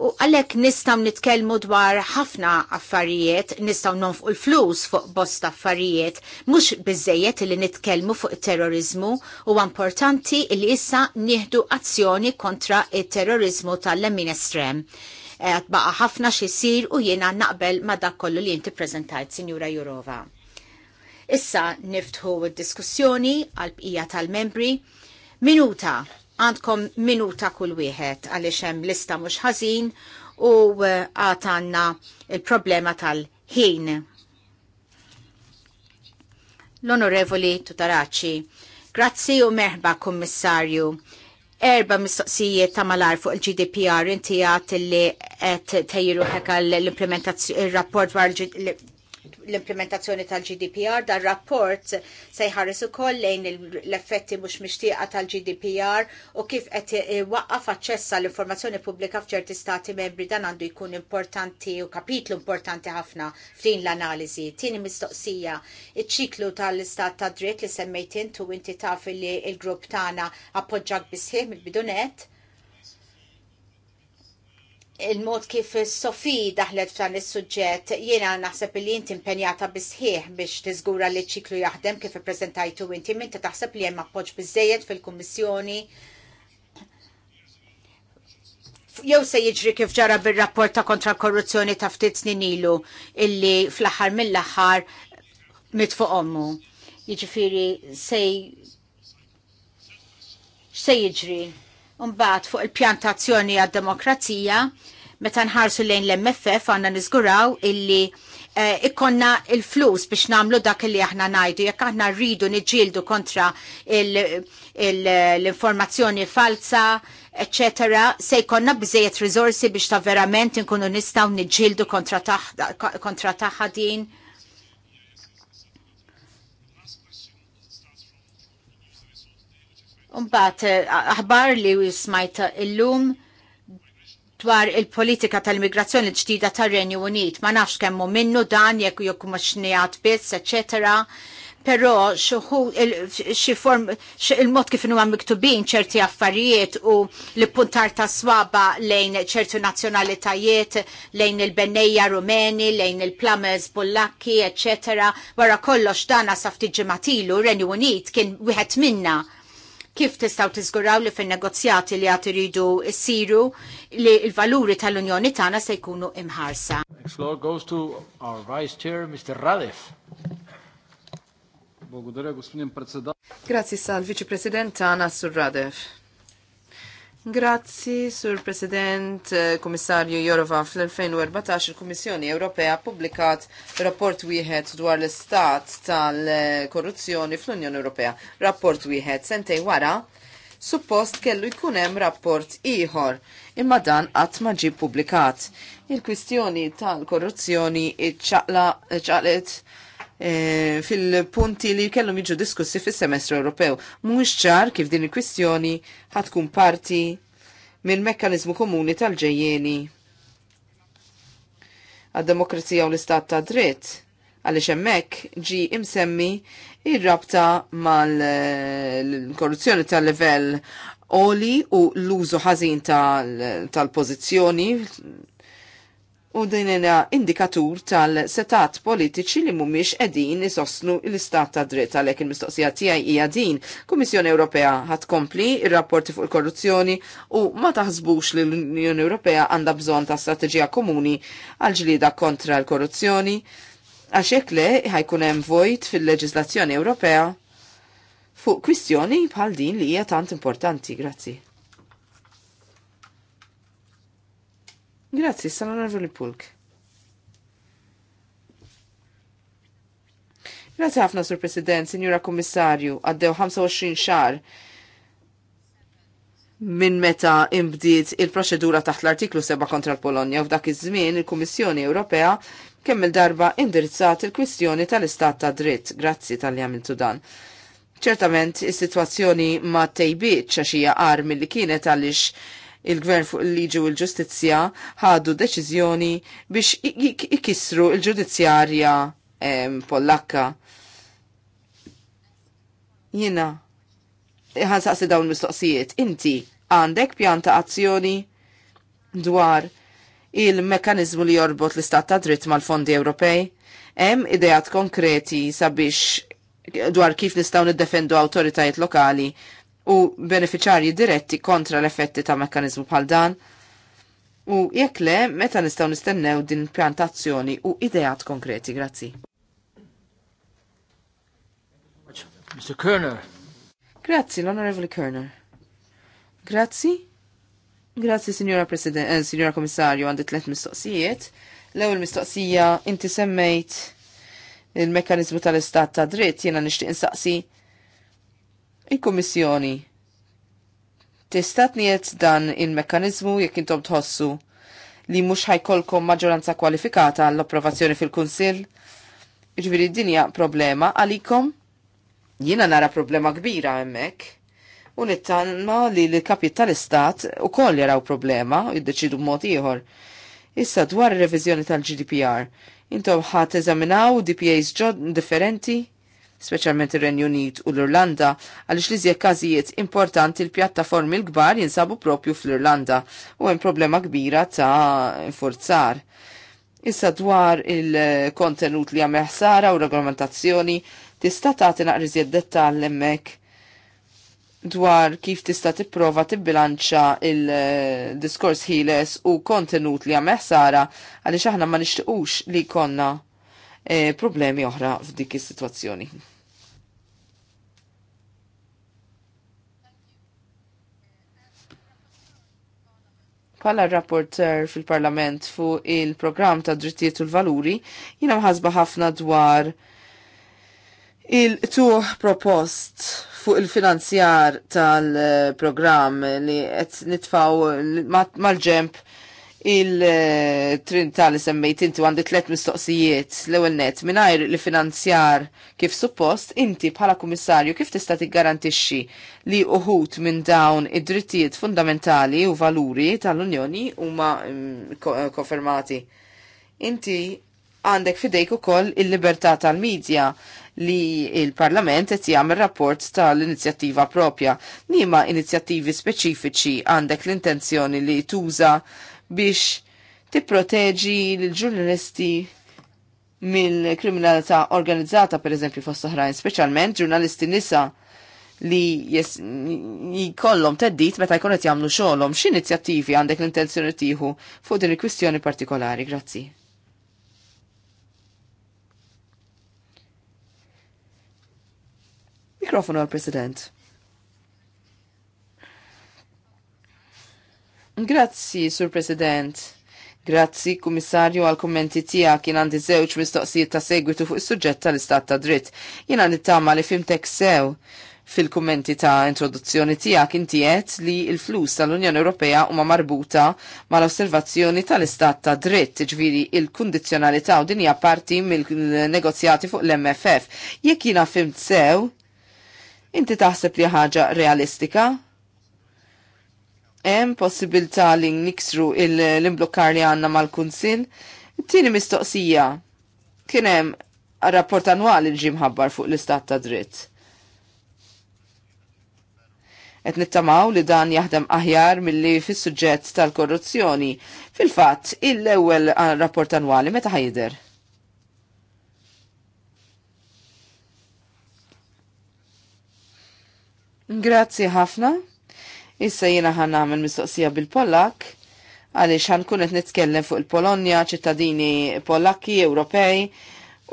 Speaker 3: U għalek nistaw nitkelmu dwar ħafna affarijiet, nistaw u l-flus fuq bost affarijiet, mux bizzejiet li nitkelmu fuq terrorizmu u importanti li issa nieħdu azzjoni kontra il-terrorizmu tal-lemmin estrem. E, Għatbaqa ħafna xisir u jena naqbel ma dak kollu li jinti prezentajt, Sinjura Jurova. Issa niftħu id-diskussjoni għal-bqija tal-membri. Minuta għandkom minuta kull wieħed għaliex hemm lista mhux ħażin u għad eh, għandna il-problema tal-ħin. L-Onorevoli Tutaraċi, grazzi u merħba Kummissarju. Erba mistoqsijiet ta' malar fuq il-GDPR inti għat li għet tejjiru ħekka l-implementazzjoni, il-rapport dwar l-implementazzjoni tal-GDPR, dar rapport se u ukoll lejn l-effetti mhux mixtieqa tal-GDPR u kif qed waqqaf aċċess l informazzjoni pubblika f'ċerti stati membri dan għandu jkun importanti u kapitlu importanti ħafna f'din l-analiżi. Tieni mistoqsija, iċ-ċiklu tal-istat ta' dritt li semmejtin tu inti taf li l-grupp tagħna appoġġak bisħim mill-bidunet il-mod kif Sofi daħlet f'dan is-suġġett, jiena naħseb li inti impenjata bisħieħ biex tiżgura li ċiklu jaħdem kif ippreżentajtu inti minti taħseb li hemm appoġġ biżejjed fil-Kummissjoni. Jew se jiġri kif ġara bir-rapport ta' kontra korruzzjoni ta' ftit snin ilu illi fl-aħħar mill-aħħar mitfu ommu. Jiġifieri se se jiġri Umbat fuq il-pjantazzjoni għad-demokrazija, meta nħarsu lejn l-MFF għanna nizguraw illi eh, ikkonna il-flus biex namlu dak li aħna najdu, jekk aħna rridu niġildu kontra l-informazzjoni falsa, etc. se jkonna bżejet rizorsi biex ta' verament nkunu nistaw niġildu kontra taħħa din. Ta Umbat, eh, aħbar li smajt illum dwar il-politika tal-immigrazzjoni ġdida tar-Renju Unit. Ma nafx kemmu minnu dan jekk jekk mhux ngħid biss, eċetera. Però il-mod kif huma miktubin ċerti affarijiet u l-puntar ta' swaba lejn ċertu nazzjonalitajiet, lejn il-Benneja Rumeni, lejn il-Plamez Bullakki, eċetera. Wara kollox dana safti ġematilu, Renju Unit kien wieħed minna Kif tistaw tiżguraw li fin-negozjati li għat iridu siru li l-valuri tal-Unjoni tagħna se jkunu imħarsa? Next floor goes to our Vice Chair, Mr.
Speaker 4: Grazie sal Vice President tagħna Surradev. Grazzi, Sur President, eh, Komissarju Jorova, fl-2014 il komissjoni Ewropea publikat rapport wieħed dwar l-istat tal-korruzzjoni fl-Unjoni Ewropea. Rapport wieħed sentej wara, suppost kellu jkun hemm rapport ieħor, imma dan qatt ma ġie publikat. Il-kwistjoni tal-korruzzjoni iċċaqla ċaqlet E, fil-punti li kellhom jiġu diskussi fis-semestru Ewropew. Mhuwiex ċar kif din il-kwistjoni ħatkun parti minn mekkaniżmu komuni tal-ġejjeni għad-demokrazija u l-istat ta' dritt għaliex hemmhekk ġi imsemmi ir-rabta mal-korruzzjoni tal-livell oli u l-użu ħażin tal-pożizzjoni ta u dinina indikatur tal-setat politiċi li mumiex edin isostnu l-istat ta' dritt għalhekk il-mistoqsija tijaj hija din. Kummissjoni Ewropea ħat kompli il-rapporti fuq il-korruzzjoni u ma taħsbux li l-Unjoni Ewropea għanda bżon ta' strateġija komuni għal-ġlida kontra l-korruzzjoni għaxek le ħajkun hemm vojt fil-leġislazzjoni Ewropea fuq kwistjoni bħal din li hija tant importanti. Grazzi. Grazzi, sal-onorevoli Pulk. Grazzi ħafna, Sur President, Sinjura Kommissarju, għaddew 25 xar minn meta imbdiet il-proċedura taħt l-artiklu 7 kontra l-Polonja u f'dak iż-żmien il-Kummissjoni Ewropea kemm il-darba indirizzat il-kwistjoni tal-istat ta' dritt. Grazzi tal għamiltu dan. Ċertament, is-sitwazzjoni ma tejbiet xaxija qar mill-li kienet għaliex il-Gvern fuq il-Liġi u l-Ġustizzja ħadu deċiżjoni biex ikissru il-ġudizzjarja Pollakka. Jina, ħan saqsi dawn mistoqsijiet, inti għandek pjanta azzjoni dwar il-mekanizmu li jorbot l-istat ta' dritt mal-fondi Ewropej? Hemm idejat konkreti sabiex dwar kif nistgħu niddefendu awtoritajiet lokali u beneficjarji diretti kontra l-effetti ta' mekanizmu bħal dan. U jekk le, meta nistgħu nistennew din pjantazzjoni u ideat konkreti, grazzi.
Speaker 1: Mr. Kerner.
Speaker 4: Grazzi, l-Onorevoli Kerner. Grazzi. Grazzi, Signora President, eh, Signora Komissarju, għandi tlet mistoqsijiet. L-ewwel mistoqsija inti semmejt il-mekkanizmu tal-istat ta' dritt jiena nixtieq insaqsi Il-Kummissjoni tista' tniet dan il-mekkaniżmu jekk intom tħossu li mhux ħajkolkom maġġoranza kwalifikata għall-approvazzjoni fil-Kunsill? Ġviri din hija problema għalikom? Jiena nara problema kbira hemmhekk. U nittanma li l kapit tal-istat u koll jaraw problema u jiddeċidu mod ieħor. Issa dwar ir-reviżjoni tal-GDPR, intom ħat eżaminaw DPAs ġod differenti? speċjalment ir-Renju Unit u l-Irlanda, għaliex li żjed każijiet importanti l-pjattaformi l-kbar jinsabu propju fl-Irlanda u hemm problema kbira ta' forzar. Issa dwar il-kontenut li għamel ħsara u regolamentazzjoni tista' tagħti naqri żjed dettall hemmhekk dwar kif tista' tipprova tibbilanċa il-diskors ħieles u kontenut li għam ħsara għaliex aħna ma nixtiqux li konna eh, problemi oħra f'dik is-sitwazzjoni. Pala rapporter fil-Parlament fu il-programm ta' drittijiet u l-valuri, jina mħasba ħafna dwar il-tu propost fuq il-finanzjar tal-programm li għet nitfaw mal-ġemp mal ġemp il-trinta li semmejt inti għandi tlet mistoqsijiet l ewwel net mingħajr li finanzjar kif suppost, inti bħala kummissarju kif tista' tiggarantixxi li uħut minn dawn id-drittijiet fundamentali u valuri tal-Unjoni huma mm, konfermati. Inti għandek fidejk ukoll il-libertà tal-medja li il-Parlament qed jagħmel rapport tal-inizjattiva propja. Nima inizjattivi speċifiċi għandek l-intenzjoni li tuża biex tipproteġi l-ġurnalisti mill-kriminalità organizzata, per eżempju, fost oħrajn, speċjalment ġurnalisti nisa li jikollom teddit meta jkunet qed jagħmlu xogħolhom. X'inizjattivi għandek l-intenzjoni tieħu fuq din il-kwistjoni partikolari? Grazzi. Mikrofonu għal-President. Grazzi, Sur President. Grazzi, Kummissarju, għal kommenti tija kien għandi zewċ mistoqsijiet ta' segwitu fuq is-suġġett tal-istat ta' dritt. Jien għandi tama li fimtek sew fil-kummenti ta' introduzzjoni tijak intijet li il-flus tal-Unjoni Ewropea huma marbuta ma' l-osservazzjoni tal-istat ta' dritt, ġviri il-kondizjonalità u dinja parti mill-negozjati fuq l-MFF. Jekk jina fimt sew, inti taħseb li ħaġa realistika? hemm possibilità li niksru l-imblokkar li għandna mal-Kunsill. Tieni mistoqsija kien hemm rapport annwali li ġie mħabbar fuq l-istat ta' dritt. Et nittamaw li dan jaħdem aħjar mill-li fis-suġġett tal-korruzzjoni. Fil-fatt, il-ewwel rapport annwali meta ħajder? Grazie, ħafna. Issa jiena ħan nagħmel mistoqsija bil-Pollak għaliex ħan kunet nitkellem fuq il-Polonja, ċittadini Polakki, Ewropej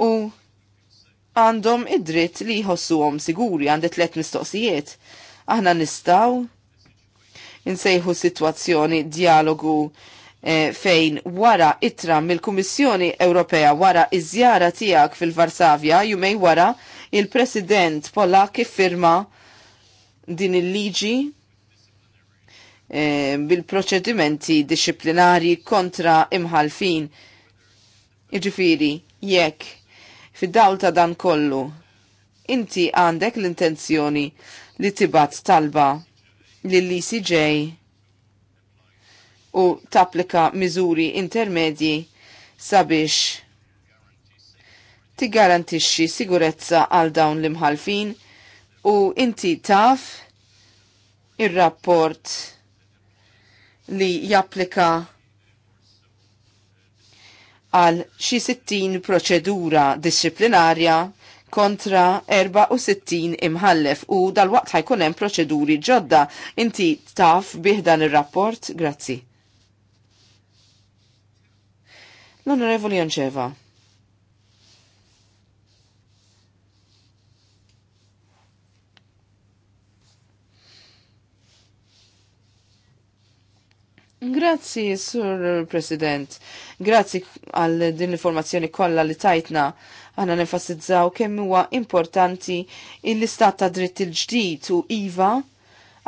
Speaker 4: u għandhom id-dritt li jħossuhom siguri għandi tlet mistoqsijiet. Aħna nistgħu insejħu situazzjoni dialogu eh, fejn wara itra mill-Kummissjoni Ewropea wara iż-żjara tiegħek fil-Varsavja jumej wara il-President Polak iffirma din il-liġi Eh, bil-proċedimenti disciplinari kontra imħalfin. Iġifiri, jekk, fid-dawl ta' dan kollu, inti għandek l-intenzjoni li tibat talba lill-ECJ u tapplika miżuri intermedji sabiex tigarantixxi sigurezza għal dawn l-imħalfin u inti taf ir-rapport li japplika għal xi 60 proċedura disciplinarja kontra 64 imħallef u dal-waqt ħajkun hemm proċeduri ġodda. Inti taf bih dan ir-rapport? Grazzi. L-Onorevoli Janċeva. Grazzi, Sur President. Grazzi għal din l-informazzjoni kollha li tajtna. Għanna nenfasizzaw kemm huwa importanti l-istat ta' dritt il-ġdid u IVA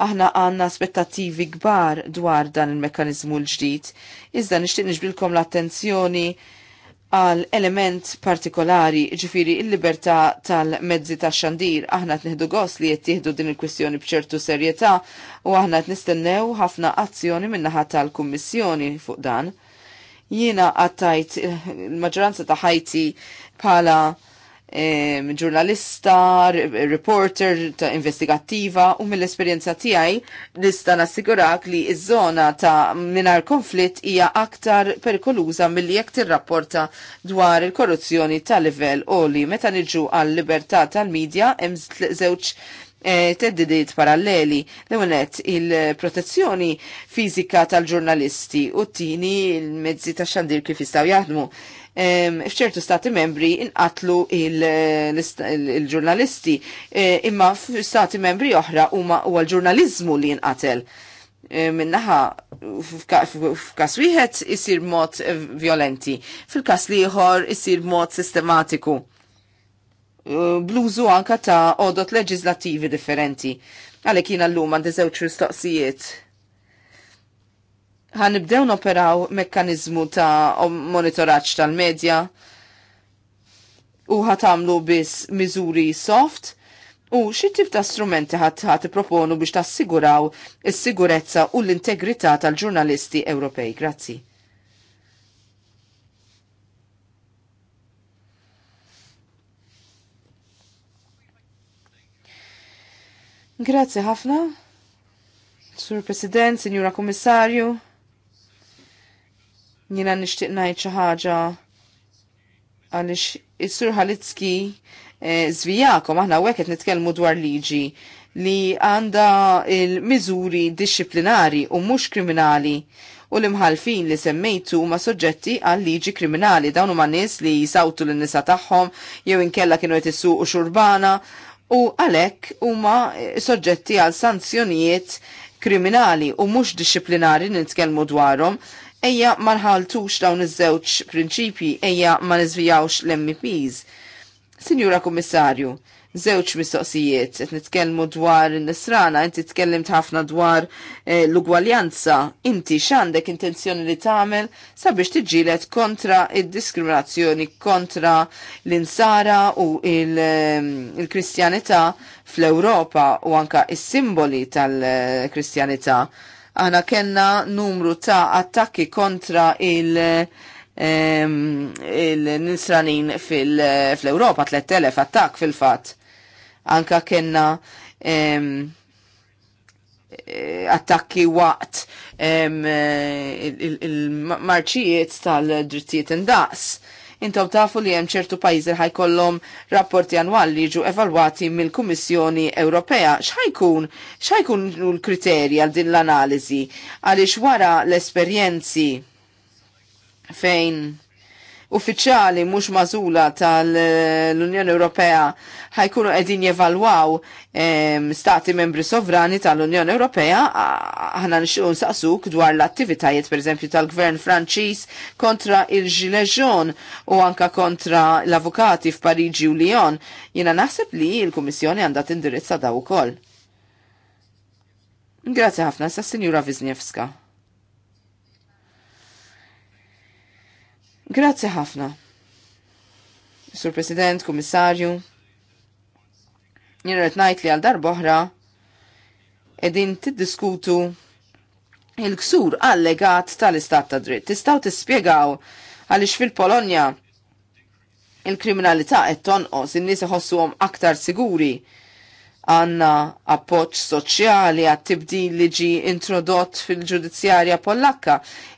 Speaker 4: aħna għanna aspettativi kbar dwar dan il mekanizmu l-ġdid. Iżda nixtieq nixbilkom l-attenzjoni għal element partikolari, ġifiri il-libertà tal-mezzi ta' xandir. Aħna t-nihdu gos li jettihdu din il-kwistjoni bċertu serjetà u aħna t-nistennew ħafna azzjoni minnaħa tal-Kummissjoni fuq dan. Jiena għattajt il-maġranza ta' ħajti pala ġurnalista, reporter ta' investigattiva u mill-esperjenza tiegħi nista' nassigurak li iż-żona ta' minar konflitt hija aktar perikoluża milli jekk tirrapporta dwar il-korruzzjoni ta' livell oli meta niġu għal libertà tal-medja hemm żewġ eh, teddidiet paralleli l għonet il-protezzjoni fizika tal-ġurnalisti u t-tini il-mezzi ta' xandir kif jistaw jaħdmu fċertu stati membri inqatlu il-ġurnalisti, e, imma f'stati membri oħra huma huwa l-ġurnalizmu li inqatel. E, minnaħa f'kas wieħed isir mod violenti, fil-kas liħor isir mod sistematiku. E, bluzu anka ta' odot leġislativi differenti. Għalek jina l-lum għandi zewċ mistoqsijiet ħanibdew noperaw mekkanizmu ta' monitoraġġ tal-medja u ħatamlu biss miżuri soft u xi tip ta' strumenti ħadd ħadd proponu biex tassiguraw il sigurezza u l-integrità tal-ġurnalisti Ewropej. Grazzi. Grazzi ħafna. Sur President, Sinjura Kommissarju. Jina nishtiq najt ħaġa għalix is-sur Halitzki eh, zvijakom, aħna għeket nitkelmu dwar liġi li għanda il-mizuri disciplinari u mux kriminali u l-imħalfin li semmejtu ma soġġetti għal liġi kriminali dawn huma nies li jisawtu l-nisa tagħhom jew inkella kienu qed u xurbana u għalhekk huma eh, soġġetti għal sanzjonijiet kriminali u mhux disciplinari nitkellmu dwarhom ejja ma nħaltux dawn iż-żewġ prinċipji, ejja ma niżvijawx l mps Sinjura Kummissarju, żewġ mistoqsijiet, qed nitkellmu dwar in-nisrana, inti tkellimt ħafna dwar eh, l-ugwaljanza, inti x'għandek intenzjoni li tagħmel sabiex tiġġieled kontra id-diskriminazzjoni kontra l-insara u ehm, il-Kristjanità fl-Ewropa u anka is-simboli tal-Kristjanità. il eh, kristjanità fl ewropa u anka is simboli tal kristjanità kristjanità Għana kenna numru ta' attakki kontra il- ehm, il-nisranin fil-Europa, 3000 attak fil-fat. Anka kena ehm, eh, attakki waqt ehm, eh, il-marċijiet tal-drittijiet indaqs. Intom tafu li hemm ċertu pajjiżi ħajkollhom rapporti annwali jiġu evalwati mill-Kummissjoni Ewropea. X'ħajkun x'ħajkun l-kriterji għal din l-analiżi għaliex wara l-esperjenzi fejn uffiċjali mhux mażula tal-Unjoni Ewropea ħajkunu qegħdin jevalwaw stati membri sovrani tal-Unjoni Ewropea aħna nixtiequ nsaqsuk dwar l-attivitajiet pereżempju tal-Gvern Franċiż kontra il-Gilets u anka kontra l-avukati f'Pariġi u Lyon. Jiena naħseb li l-Kummissjoni għandha tindirizza daw ukoll. Grazie ħafna, sa' Sinjura Wisniewska. Grazzi ħafna. Sur President, Kummissarju, jirret najt li għal boħra edin tiddiskutu il-ksur allegat tal-istat ta' dritt. Tistaw tispiegaw għalix fil-Polonja il-kriminalità qed tonqos, in-nies iħossuhom aktar siguri għanna appoċ soċjali għat tibdil li ġi introdott fil-ġudizzjarja pollakka.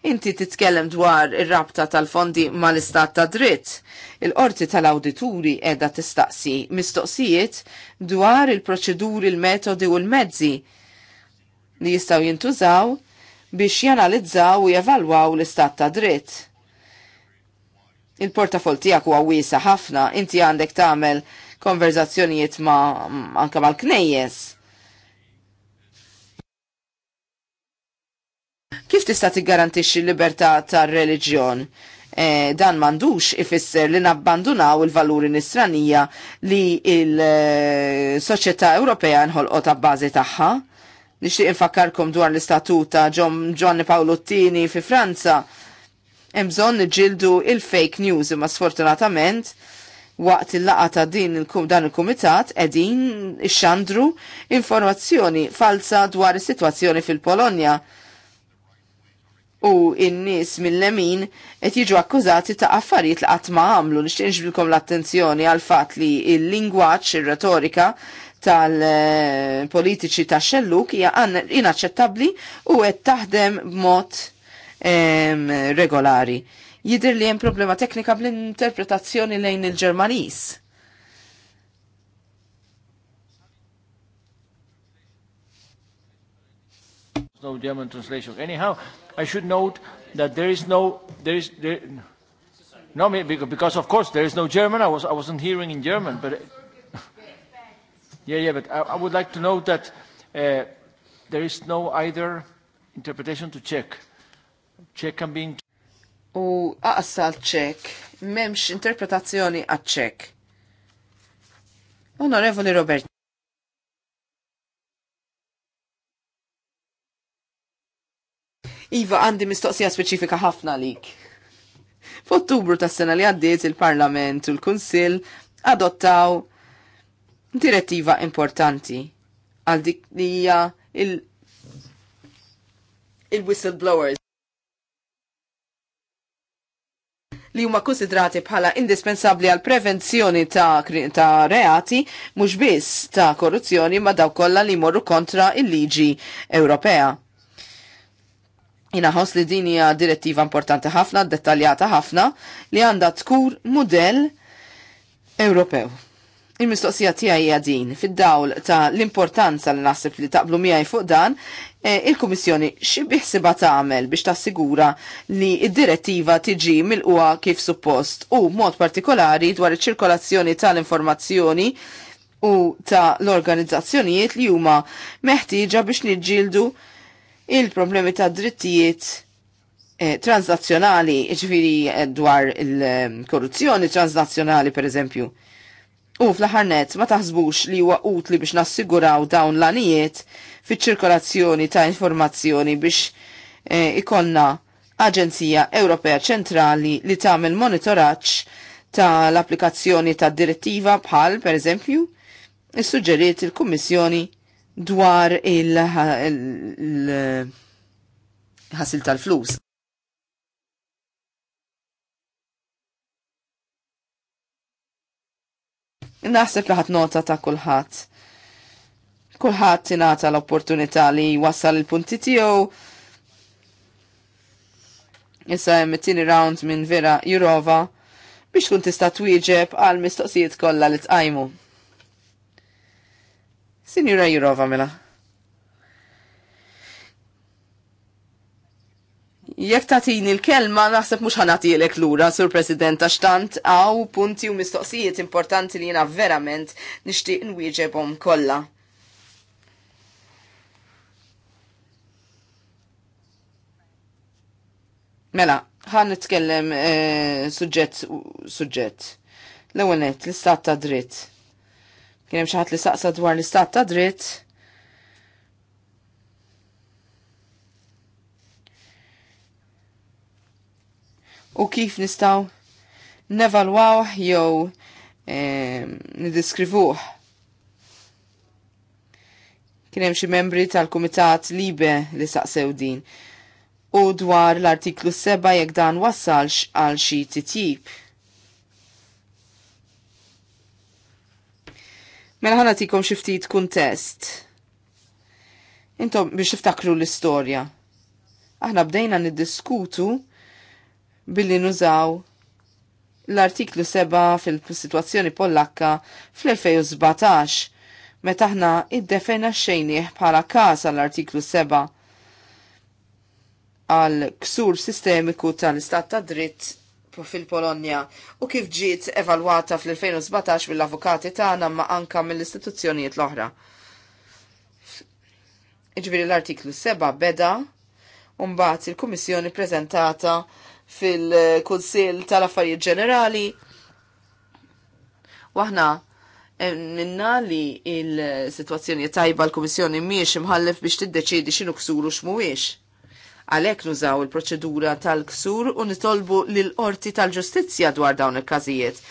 Speaker 4: Inti titkellem dwar ir-rabta tal-fondi mal-istat ta' dritt. Il-qorti tal-awdituri edha tistaqsi mistoqsijiet dwar il-proċeduri, il-metodi u l-mezzi li jistaw jintużaw biex janalizzaw u jevalwaw l-istat ta' dritt il portafol tijak huwa wiesa ħafna, inti għandek tagħmel konverzazzjonijiet ma' anka mal-knejjes. Kif tista' tiggarantixxi l-libertà tar-reliġjon? E, dan mandux ifisser li nabbandunaw il-valuri nisranija li il-soċjetà Ewropea nħolqot bbażi tagħha. Nixtieq infakkarkom dwar l-istatuta Giovanni Paolo Tini fi Franza hemm bżonn niġġieldu il-fake news imma sfortunatament waqt il-laqa ta' din il dan il-kumitat edin ixxandru informazzjoni falsa dwar is-sitwazzjoni fil-Polonja u in-nies mill-lemin qed jiġu akkużati ta' affarijiet li qatt ma għamlu nixtieq nġbilkom l-attenzjoni għal fatt li l-lingwaġġ ir-retorika tal-politiċi ta' xelluk hija inaċċettabbli u qed taħdem b'mod regolari. Jidir li jem problema teknika bl-interpretazzjoni lejn il-Ġermanis.
Speaker 1: no German translation. Anyhow, I should note that there is no, there is, there, no, because of course there is no German. I was, I wasn't hearing in German, but yeah, yeah. But I, I would like to note that uh, there is
Speaker 4: no either interpretation to Czech. Czech can be u aqsal ċek, memx interpretazzjoni għal ċek Onorevoli Robert. Iva, għandi mistoqsija speċifika ħafna lik. F'Ottubru tas-sena li għaddiet il-Parlament u l-Kunsill adottaw direttiva importanti għal dik li hija il-whistleblowers. li huma konsidrati bħala indispensabbli għal prevenzjoni ta', ta reati mhux biss ta' korruzzjoni ma' daw kollha li jmorru kontra il-liġi Ewropea. Inaħos li din hija direttiva importanti ħafna, dettaljata ħafna, li għandha tkur mudell Ewropew. Il-mistoqsija tiegħi hija din fid-dawl ta' l-importanza li naħseb li taqblu miegħi fuq dan, eh, il-Kummissjoni xi biħsiba tagħmel biex tassigura li d-direttiva tiġi milquha kif suppost u mod partikolari dwar iċ-ċirkolazzjoni tal-informazzjoni u ta' l-organizzazzjonijiet li huma meħtieġa biex niġġieldu il-problemi ta' drittijiet eh, transnazzjonali, ġifiri eh, dwar il-korruzzjoni transnazzjonali per eżempju U fl-ħarnet, ma taħsbux li huwa utli biex nassiguraw dawn l-anijiet fiċ ċirkolazzjoni ta' informazzjoni biex e, ikonna Aġenzija Ewropea Ċentrali li tagħmel monitoraġġ tal-applikazzjoni tad direttiva bħal, pereżempju, issuġġeriet il-Kummissjoni dwar il-ħasil tal-flus. Naħseb li ħadd nota ta' kulħadd. Kulħadd ingħata l-opportunità li wassal il-punti tiegħu. Issa hemm it-tieni round minn Vera Jurova biex tkun tista' twieġeb għal mistoqsijiet kollha li tqajmu. Sinjura Jurova mela. Jekk tatini l-kelma, naħseb mhux l lura, Sur President, għax tant għaw punti u mistoqsijiet importanti li jena verament nixtieq nwieġebhom kollha. Mela, ħan nitkellem e, suġġett suġġett. L-ewwel l-istat ta' dritt. Kien hemm xi ħadd li saqsa dwar l-istat ta' dritt u kif nistaw nevalwaw jew eh, nidiskrivuh. Kien hemm xi membri tal-Kumitat Libe li saqsew din u dwar l-artiklu 7 jekk dan wassalx għal xi titjib. Mela ħana tikom xiftit kuntest. Intom biex tiftakru l-istorja. Aħna bdejna niddiskutu billi nużaw l-artiklu 7 fil-situazzjoni pollakka fl-2017, meta ħna id-defena xejnieh bħala kas għall-artiklu 7 għal ksur sistemiku tal-istat ta' dritt fil-Polonja u kif ġiet evalwata fl-2017 mill-avukati tagħna ma anka mill-istituzzjonijiet l-oħra. Iġbiri l-artiklu 7 beda, un mbagħad il-Kummissjoni prezentata fil-Kunsil tal-Affarijiet Ġenerali. Waħna eh, minna li il-situazzjoni tajba l-Komissjoni miex imħallef biex tiddeċiedi xinu ksuru x'mhuwiex. Għalhekk nużaw il-proċedura tal-ksur u nitolbu lil qorti tal-ġustizzja dwar dawn il-każijiet.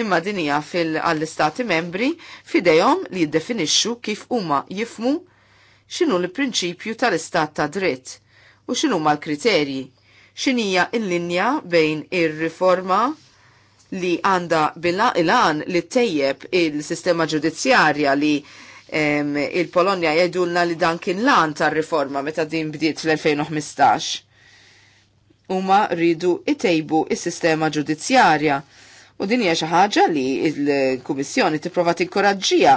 Speaker 4: Imma din hija fil-istati membri fidejhom li jiddefinixxu kif huma jifmu x'inhu l-prinċipju tal-istat ta' dritt u xinu l-kriterji xinija il-linja bejn ir-riforma li għanda bil-għan li tejjeb il-sistema ġudizzjarja li il-Polonja jgħidulna li dan kien lan tar-riforma meta din bdiet fl-2015. Huma rridu itejbu il sistema ġudizzjarja. U din hija xi ħaġa li l-Kummissjoni tipprova tinkoraġġija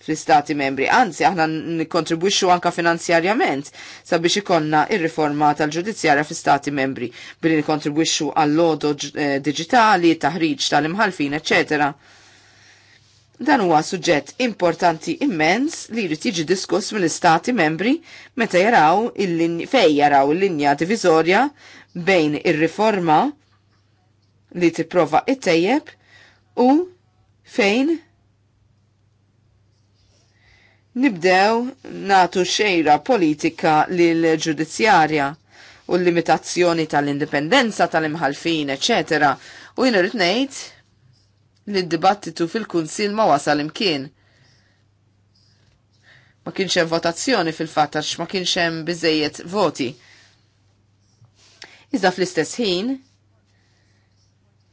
Speaker 4: fl-istati membri. Anzi, aħna nikontribwixxu anka finanzjarjament sabiex ikonna ir-riforma tal-ġudizzjarja fl-istati membri billi nikontribwixxu għall-lodo eh, digitali, taħriġ tal-imħalfin, eċetera. Dan huwa suġġett importanti immens li jrid jiġi diskuss mill-istati membri meta jaraw fejn jaraw il-linja diviżorja bejn ir-riforma li tipprova ittejjeb u fejn Nibdew natu xejra politika l ġudizzjarja u l-limitazzjoni tal-indipendenza tal-imħalfin, eccetera. U jien rritnejt li d-dibattitu fil-Kunsil ma wasal imkien. Ma kienx hemm votazzjoni fil fattax ma kienx hemm biżejjed voti. Iżda fl-istess ħin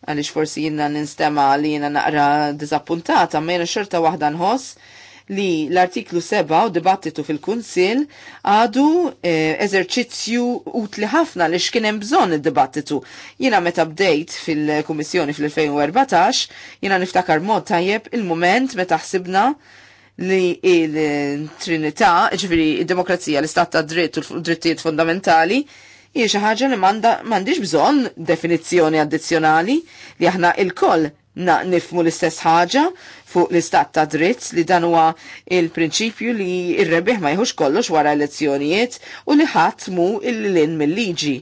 Speaker 4: għaliex forsi jiena ninstema li jiena naqra diżappuntata, ma jina xorta waħda nħoss li l-artiklu 7 u dibattitu fil-Kunsil għadu eh, eżerċizzju utli ħafna li xkienem bżon id-dibattitu. Jina meta bdejt fil-Kummissjoni fil-2014, jina niftakar mod tajjeb il-moment meta ħsibna li il-Trinità, ġviri il-demokrazija, l-istat ta' dritt u drittijiet fundamentali, hija xi ħaġa li m'għandix bżonn definizzjoni addizzjonali li aħna il-koll nifmu l-istess ħaġa fuq l-istat ta' dritt li dan huwa il-prinċipju li ir-rebbieħ ma jħux kollox wara elezzjonijiet u li ħadd mu il-lin mill-liġi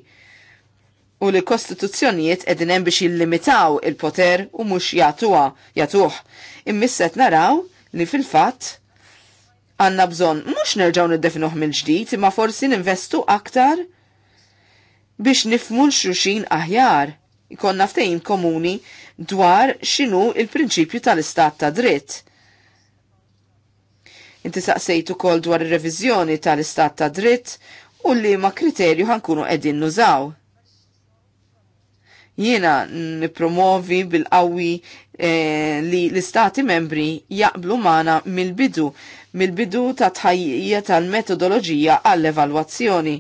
Speaker 4: u li kostituzzjonijiet edin hemm biex jillimitaw il-poter u mhux jagħtuha jagħtuh. Immisset naraw li fil-fatt għandna bżonn mhux nerġgħu niddefinuh mill-ġdid imma forsi ninvestu aktar biex nifmu l-xuxin aħjar. Ikonna ftejn komuni dwar xinu il-prinċipju tal-istat ta' dritt. Inti saqsejtu kol dwar ir-reviżjoni tal-istat ta' dritt u li ma' kriterju ħankunu edin nużaw jiena nipromovi bil-qawwi eh, li l-istati membri jaqblu mana mill-bidu, mill-bidu ta' tħajjija tal-metodoloġija għall-evalwazzjoni.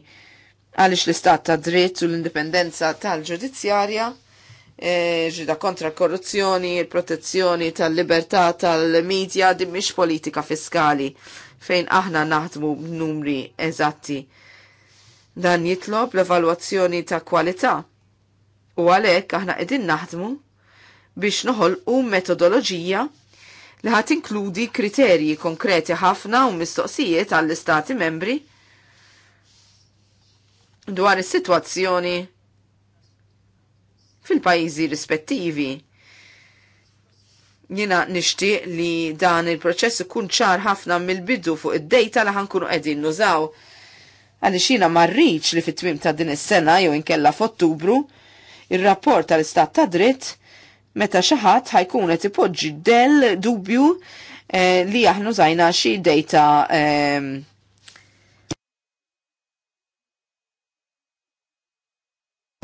Speaker 4: għaliex l-istat ta' dritt u l-indipendenza tal-ġudizzjarja E, ġida kontra korruzzjoni, protezzjoni tal-libertà tal-medja di mish politika fiskali fejn aħna naħdmu numri eżatti. Dan jitlob l-evalwazzjoni ta' kwalità. U għalhekk aħna qegħdin naħdmu biex noħolqu metodoloġija li ħat inkludi kriterji konkreti ħafna u mistoqsijiet għall-istati membri dwar is-sitwazzjoni fil-pajjiżi rispettivi. Jina nixtieq li dan il-proċess ikun ċar ħafna mill-bidu fuq id-dejta li ħankunu qegħdin nużaw. Għaliex jiena marriċ li fit-twim ta' din is-sena jew inkella f'Ottubru, ir-rapport tal-Istat ta' dritt meta xi ħadd ħajkun qed ipoġġi del dubju eh, li aħna żajna xi dejta. eh,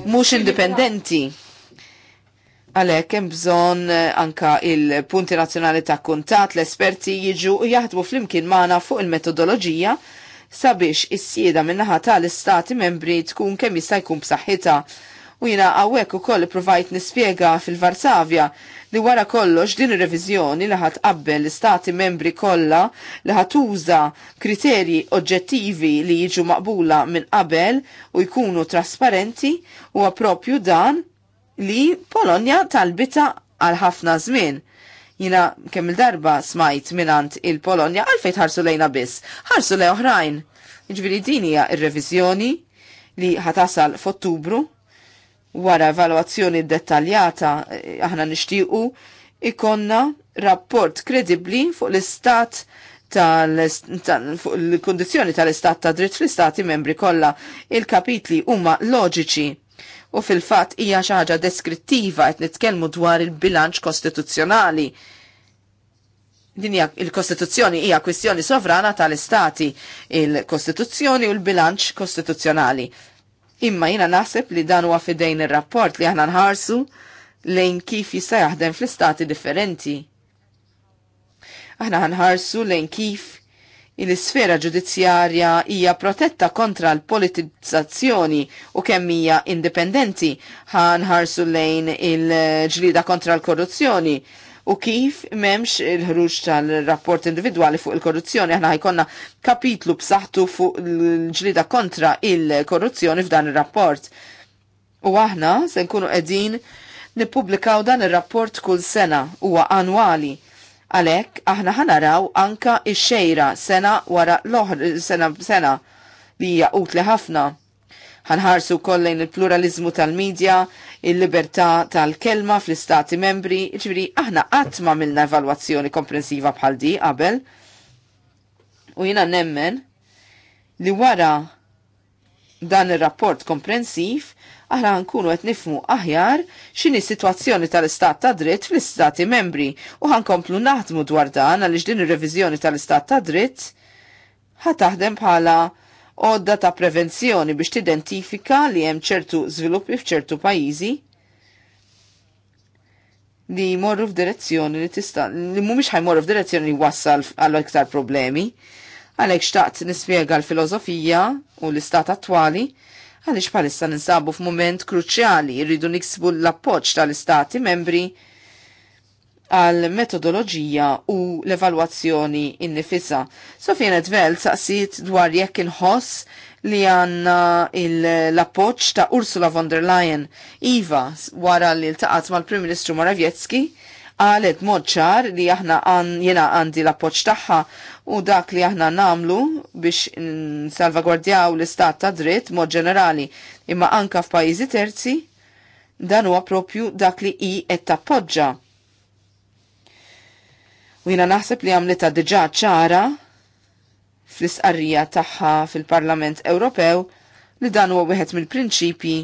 Speaker 4: mhux indipendenti. Għalek, hemm bżonn eh, anka il-punti nazzjonali ta' kuntat, l-esperti jiġu u jaħdmu fl-imkien magħna fuq il-metodoloġija sabiex is-sieda minnaħa tal-istati membri tkun kemm jista' jkun b'saħħitha. U jiena u ukoll provajt nispjega fil-Varsavja li wara kollox din ir-reviżjoni li ħat qabbel l-istati membri kollha li ħat uża kriterji oġġettivi li jiġu maqbula minn qabel u jkunu trasparenti huwa għapropju dan li Polonja talbita għal ħafna żmien. Jina kemm il-darba smajt minant il-Polonja għalfejn ħarsu lejna biss, ħarsu lej oħrajn. Iġbiri din hija ir-reviżjoni li ħatasal f'Ottubru wara evalwazzjoni dettaljata eh, aħna nixtiequ ikonna rapport kredibli fuq l-istat fuq il-kondizjoni tal-istat ta' dritt fl-istati membri kollha il-kapitli huma loġiċi U fil-fatt hija xi ħaġa deskrittiva qed nitkellmu dwar il-bilanċ kostituzzjonali. Din hija il-Kostituzzjoni hija kwistjoni sovrana tal-istati, il-Kostituzzjoni u l-bilanċ kostituzzjonali. Imma jiena naħseb li dan huwa fidejn ir-rapport li aħna nħarsu lejn kif jista' jaħdem fl-istati differenti. Aħna ħanħarsu lejn kif il-sfera ġudizzjarja hija protetta kontra l-politizzazzjoni u kemm hija indipendenti ħarsu lejn il-ġlida kontra l-korruzzjoni u kif memx il-ħruġ tal-rapport individuali fuq il-korruzzjoni. Aħna ħajkonna kapitlu b'saħħtu fuq il-ġlida kontra il-korruzzjoni f'dan il-rapport. U aħna se nkunu qegħdin nippubblikaw dan ir-rapport kull sena huwa annwali Għalek, aħna ħanaraw anka ix-xejra sena wara l-oħr sena sena li hija utli ħafna. Ħanħarsu kollejn il-pluralizmu tal-medja, il-libertà tal-kelma fl-istati membri, ġviri aħna qatt ma milna evalwazzjoni komprensiva bħal di qabel. U jina nemmen li wara dan ir-rapport komprensiv aħna nkunu qed nifmu aħjar x'inhi s-sitwazzjoni tal-istat ta' dritt fl-istati membri u ħankomplu naħdmu dwar dan għaliex din ir-reviżjoni tal-istat ta' dritt ħataħdem bħala odda ta' prevenzjoni biex tidentifika li hemm ċertu żviluppi f'ċertu pajjiżi li jmorru f'direzzjoni li tista' li mhumiex ħajmorru f'direzzjoni li wassal għal iktar problemi. Għalhekk xtaqt nispjega l-filosofija u l-istat attwali għaliex bħalissa ninsabu f'mument kruċjali rridu niksbu l-appoġġ tal-istati membri għal metodoloġija u l-evalwazzjoni innifisa. Sofjena Dvel saqsit dwar jekk inħoss li għanna l-appoċ ta' Ursula von der Leyen. Iva, wara li l-taqat mal prim Ministru Morawiecki, għalet moċċar li aħna għan jena għandi l-appoċ taħħa u dak li aħna namlu biex salvagwardjaw l-istat ta' dritt mod ġenerali imma anka f'pajjiżi terzi dan huwa propju dak li i qed tappoġġa. U jina naħseb li għamlita diġà ċara fl-isqarrija tagħha fil-Parlament Ewropew li dan huwa wieħed mill-prinċipji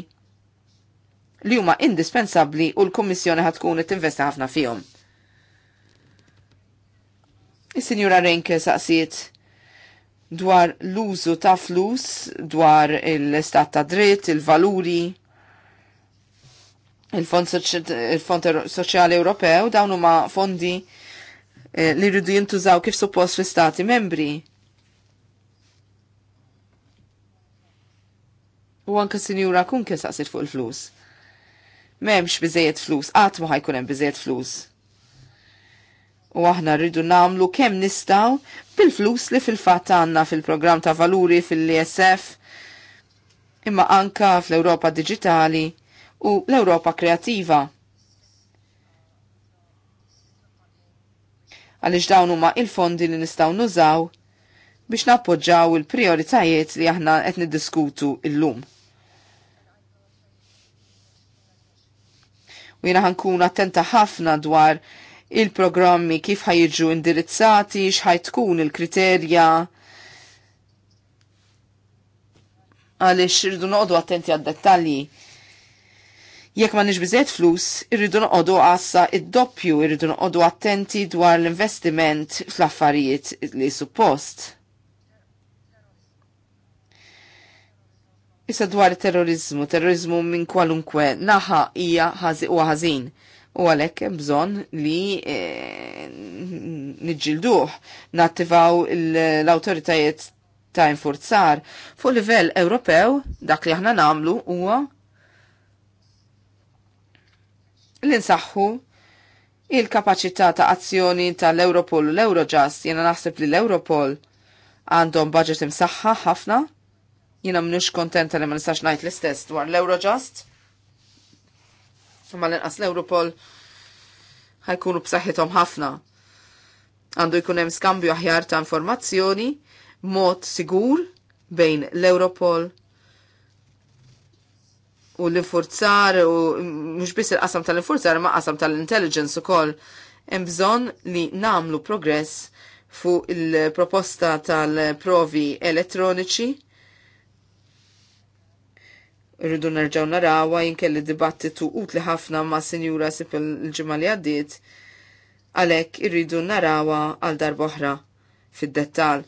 Speaker 4: li huma indispensabbli u l-Kummissjoni ħad tkun tinvesta ħafna fihom. Is-Sinjura Renke saqsiet dwar l-użu ta' flus, dwar l-istat ta' dritt, il-valuri, il-Fond Soċjali Ewropew, dawn huma fondi eh, li rridu jintużaw kif suppost fl-istati membri. U anke sinjura kun kien fuq il-flus. M'hemmx biżejjed flus, qatt ma ħajkun hemm biżejjed flus. U aħna rridu namlu kemm nistgħu bil-flus li fil-fatt għandna fil-programm ta' valuri fil-ISF imma anka fl-Ewropa Digitali u l-Ewropa Kreativa. Għaliex dawn huma il-fondi li nistgħu nużaw biex nappoġġaw il-prioritajiet li aħna qed niddiskutu illum. u jina ħankun attenta ħafna dwar il-programmi kif ħajġu indirizzati, xħaj tkun il-kriterja għalix irridu noqdu attenti għad dettalji. Jekk ma nix bizet flus, irridu noqdu għassa id-doppju, irridu noqdu attenti dwar l-investiment fl-affarijiet li suppost Issa dwar terrorizmu, terrorizmu minn kwalunkwe naħa hija u ħażin. U għalhekk hemm bżonn li e, nattivaw l-awtoritajiet ta' infurzar. Fuq livell Ewropew dak li aħna nagħmlu huwa li nsaħħu il-kapaċità ta' azzjoni tal-Europol u l-Eurojust. Jiena naħseb li l-Europol għandhom budget imsaħħa ħafna Jina mnux kontenta li ma nistax najt l-istess dwar l-Eurojust. Ma l-inqas l-Europol ħajkunu b'saħħithom ħafna. Għandu jkun hemm skambju aħjar ta' informazzjoni mod sigur bejn l-Europol u l-infurzar u mhux biss il-qasam tal-infurzar ma' qasam tal-intelligence ukoll hemm bżonn li namlu progress fuq il-proposta tal-provi elettroniċi Irridu nerġaw narawa jinkelli dibattitu utli ħafna ma' sinjura sip il ġimali li għaddiet, għalek irridu narawa għal darboħra fid-dettal.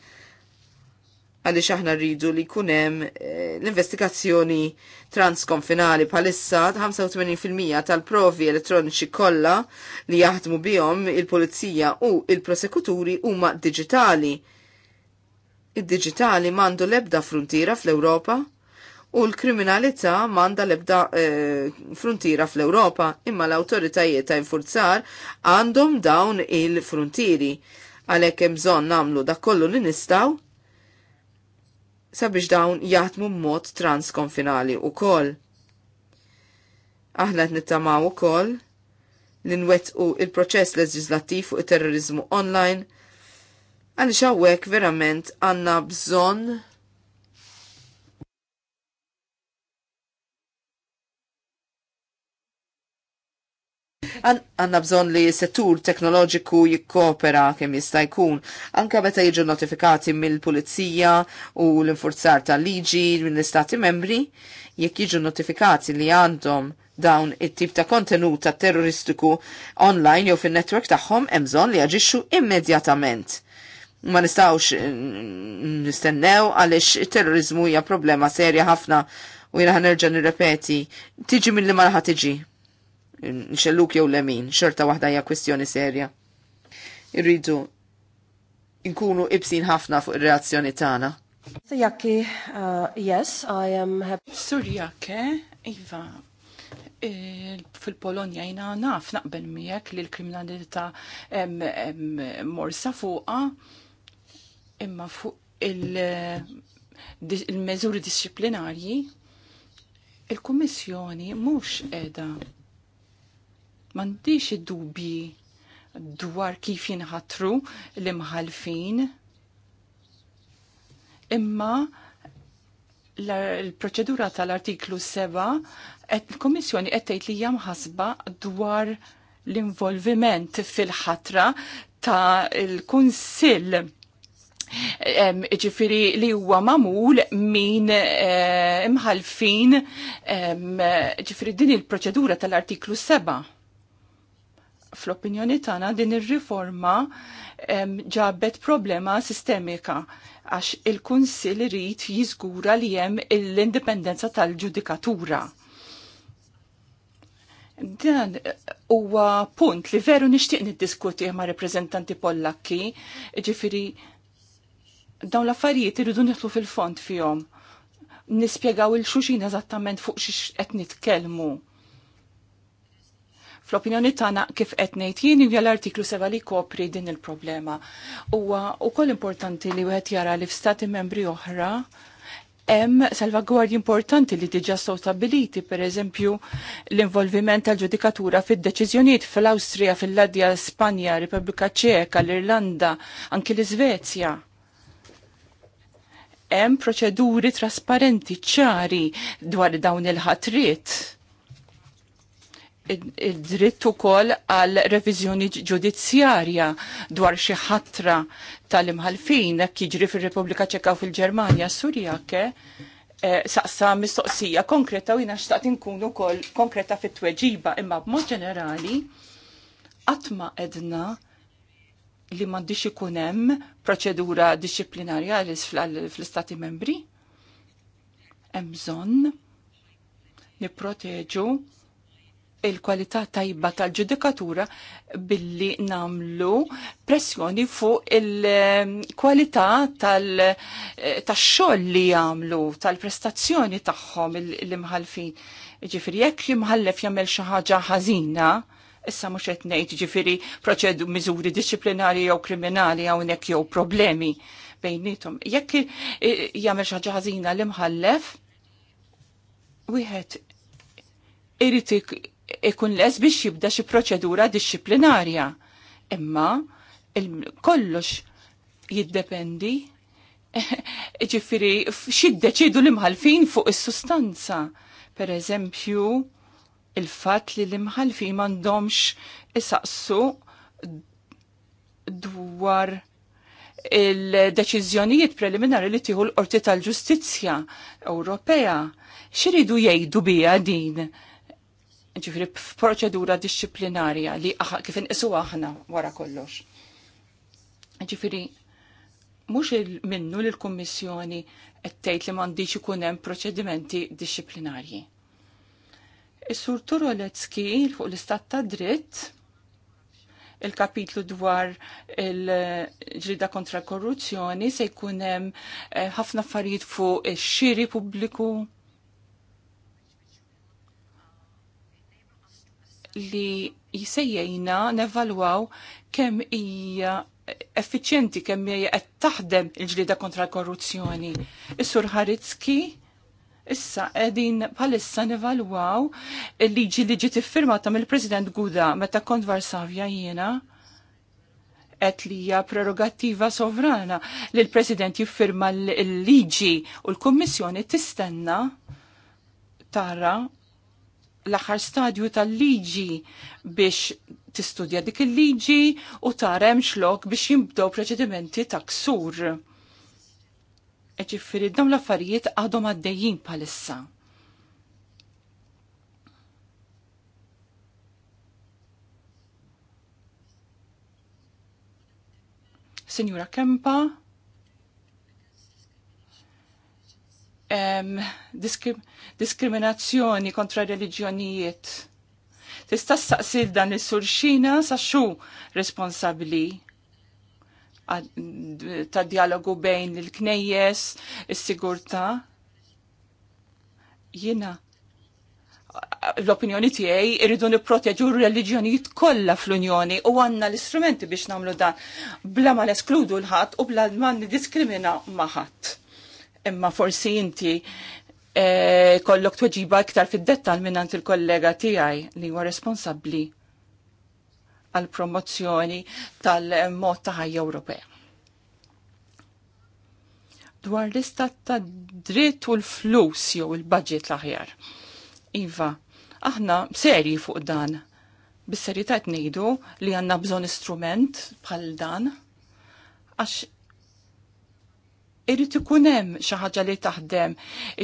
Speaker 4: Għalli aħna rridu li kunem eh, l-investigazzjoni transkonfinali palissa 85% tal-provi elettroniċi kollha li jaħdmu bihom il-pulizija u il-prosekuturi huma digitali. Id-digitali mandu lebda frontiera fl-Ewropa? u l-kriminalità manda lebda e, frontiera fl-Europa imma l-autoritajiet ta' infurzar għandhom dawn il frontiri għalhekk hemm bżonn nagħmlu dak kollu li nistgħu sabiex dawn jaħdmu mod transkonfinali wkoll. Aħna qed nittamaw ukoll li nwettqu il-proċess leġislattiv fuq it-terrorizmu online għaliex hawnhekk verament għandna bżonn Għanna bżon li settur teknoloġiku jikkopera kemm jista' jkun, anka meta jiġu notifikati mill-Pulizija u l-infurzar tal-liġi mill-Istati membri, jekk jiġu notifikati li għandhom dawn it-tip ta' kontenut ta' terroristiku online jew fin-netwerk tagħhom hemm bżonn li jaġixxu immedjatament. Ma nistgħux nistennew għaliex it-terrorizmu hija problema serja ħafna u jina ħanerġa' nirrepeti tiġi milli li marħa tiġi nxelluk jew lemin, xorta waħda hija kwestjoni serja. Irridu nkunu ibsin ħafna fuq ir-reazzjoni tagħna. Jaki, uh,
Speaker 2: yes, I am happy. Sur jakke, Iva, eh, fil-Polonja jina naf naqbel miegħek li l-kriminalità morsa fuqa imma fuq il-meżuri disciplinarji il-Kummissjoni mhux qiegħda M'għandix id-dubji dwar kif jinħatru l-imħalfin. Imma l-proċedura tal-artiklu 7 l komissjoni qed li jamħasba mħasba dwar l-involviment fil-ħatra ta' l-Kunsil. ġifiri li huwa mamul min eh, imħalfin ġifiri din il-proċedura tal-artiklu 7 fl-opinjoni tagħna din ir-riforma ġabet problema sistemika għax il-Kunsill rrit jiżgura li hemm l-indipendenza tal-ġudikatura. Dan eh, huwa punt li veru nixtieq niddiskuti ma' reprezentanti Pollakki, ġifiri dawn l-affarijiet iridu nitlu fil-fond fihom. Nispjegaw il-xuxin eżattament fuq xiex qed nitkellmu Fl-opinjoni tagħna kif qed ngħid jien hija l-artiklu seba li kopri din il-problema. Huwa wkoll importanti li wieħed jara li f'stati membri oħra hemm salvagwardji importanti li diġà so stabiliti, pereżempju l-involviment tal-ġudikatura fid-deċiżjonijiet fl-Awstrija, fil-Ladja, Spanja, Repubblika Ċeka, l-Irlanda, anki l-Iżvezja hemm proċeduri trasparenti ċari dwar dawn il-ħatriet id-dritt ukoll għal revizjoni ġudizzjarja dwar xi ħatra tal-imħalfin jekk jiġri fir-Repubblika Ċeka u fil-Ġermanja Surjake eh, saqsa mistoqsija konkreta u jiena xtaqt inkunu kol konkreta fit-tweġiba imma b'mod ġenerali qatt ma edna li m'għandix ikun hemm proċedura disciplinarja fl-istati membri hemm bżonn nipproteġu il-kwalità tajba tal-ġudikatura billi namlu pressjoni fuq il-kwalità tal-xogħol eh, li jagħmlu, tal-prestazzjoni tagħhom l-imħalfin. Ġifiri, jekk jimħallef imħallef jagħmel xi ħaġa ħażina, issa mhux qed ġifiri proċedu miżuri disciplinari jew kriminali hawnhekk jew problemi bejnietom. Jekk eh, jammel xi ħaġa ħażina l-imħallef, wieħed irid ikun les biex jibda xi proċedura dixxiplinarja. Imma kollox jiddependi ġifiri xiddeċidu l-imħalfin fuq is-sustanza. Per eżempju, il-fat li l-imħalfin mandomx isaqsu dwar il-deċiżjonijiet preliminari li tieħu l-Qorti tal-Ġustizzja Ewropea. Xiridu jgħidu bija din? ġifri f'proċedura disċiplinarja li kif inqisu aħna wara kollox. Ġifri, mhux minnu li l-Kummissjoni qed tgħid li m'għandix ikun hemm proċedimenti disċiplinarji. Is-Sur Turolecki fuq l-Istat ta' dritt il-kapitlu dwar il-ġrida kontra korruzzjoni se jkun hemm eh, ħafna affarijiet fuq ix-xiri pubbliku li jisejjajna nevalwaw kemm hija effiċjenti kemm hija qed taħdem il-ġlieda kontra l-korruzzjoni. Is-Sur Ħaritzki issa qegħdin bħalissa nevalwaw il-liġi li ġiet iffirmata mill-President Guda meta kont Varsavja jiena qed li hija prerogattiva sovrana li l-President jiffirma l-liġi u l-Kummissjoni tistenna tara l-aħħar stadju tal-liġi biex tistudja dik il-liġi u tarem xlok biex jimbdow proċedimenti ta' ksur. Eġifiri, dawn l-affarijiet għadhom għaddejjin palissa. Signora Kempa, diskrim, diskriminazzjoni kontra reliġjonijiet. Tista' staqsil dan is-surxina sa xu responsabbli ta' dialogu bejn il-knejjes, is-sigurtà. Jina Jiena l-opinjoni tiegħi irridu nipproteġu r-reliġjonijiet kollha fl-Unjoni u għandna l-istrumenti biex nagħmlu dan bla ma neskludu l-ħadd u bla ma niddiskrimina ma' ħadd imma forsi inti e, kollok tweġiba iktar fid-dettal minnant il-kollega tiegħi li huwa responsabbli għal promozzjoni tal-mod ta' ħajja Ewropea. Dwar l-istat ta' dritt u l-flus jew il-budget l-aħjar. Iva, aħna serji fuq dan. Bis-serjetà ngħidu li għandna bżon istrument bħal dan għax irrit ikun hemm xi ħaġa li taħdem.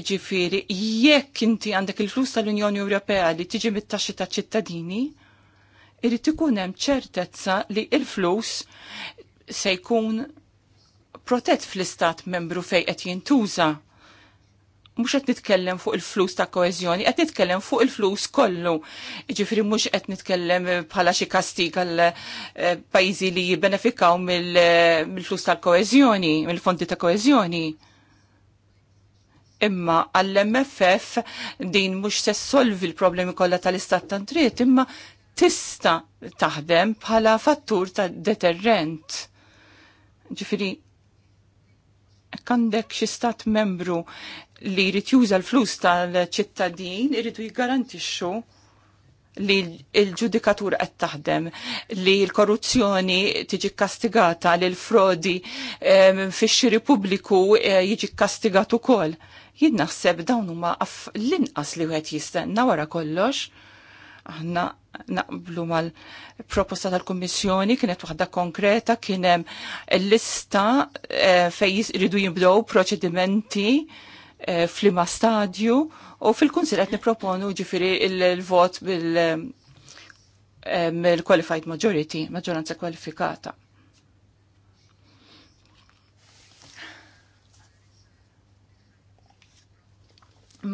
Speaker 2: Ġifieri jekk inti għandek il-flus tal-Unjoni Ewropea li tiġi mit-taxxi ta' ċittadini, irrit ikun hemm ċertezza li il-flus se jkun protett fl-istat membru fej qed jintuża mux għet nitkellem fuq il-flus ta' koezjoni, għet nitkellem fuq il-flus kollu. Ġifri mux għet nitkellem bħala xi kastik għal eh, pajzi li jibbenefikaw eh, mill-flus ta' koezjoni, mill-fondi ta' koezjoni. Imma għall-MFF din mux se solvi l-problemi kollha tal-istat tantriet, imma tista taħdem bħala fattur ta' deterrent. Ġifiri, għandek xi stat membru li jrid juża l-flus tal-ċittadin irridu jiggarantixxu li l-ġudikatur qed taħdem, li l-korruzzjoni tiġi kastigata, li l-frodi ehm, fix-xiri pubbliku eh, jiġi kastigat ukoll. Jien naħseb dawn huma l-inqas li wieħed jistenna wara kollox. Aħna naqblu mal-proposta tal kummissjoni kienet waħda konkreta kien hemm lista eh, fejn jridu jibdew proċedimenti Eh, flima stadju u fil-kunsil qed proponu ġifiri il-vot bil-qualified eh, majority, maġġoranza kwalifikata.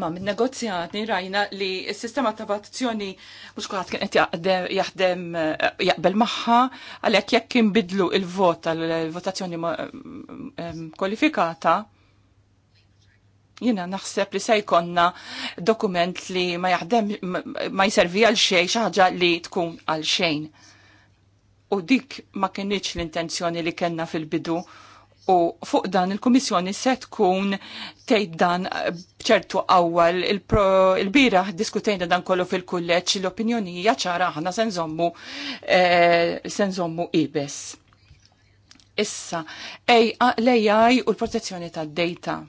Speaker 2: Ma minn negozjati rajna li s-sistema ta' votazzjoni mhux kulħadd kien għet jaħdem eh, jaqbel magħha għalhekk jekk inbidlu il-vot tal-votazzjoni mm, kwalifikata jina naħseb li se jkonna dokument li ma jaħdem ma jservi għal xejn xi ħaġa li tkun għal xejn. U dik ma kienieċ l-intenzjoni li kellna fil-bidu u fuq dan il-Kummissjoni se tkun tgħid dan b'ċertu awwal il-bira il diskutejna dan kollu fil-kulleġġ l-opinjoni ċara aħna se nżommu eh, ibes. Issa, ej, l-AI u l-protezzjoni tad-data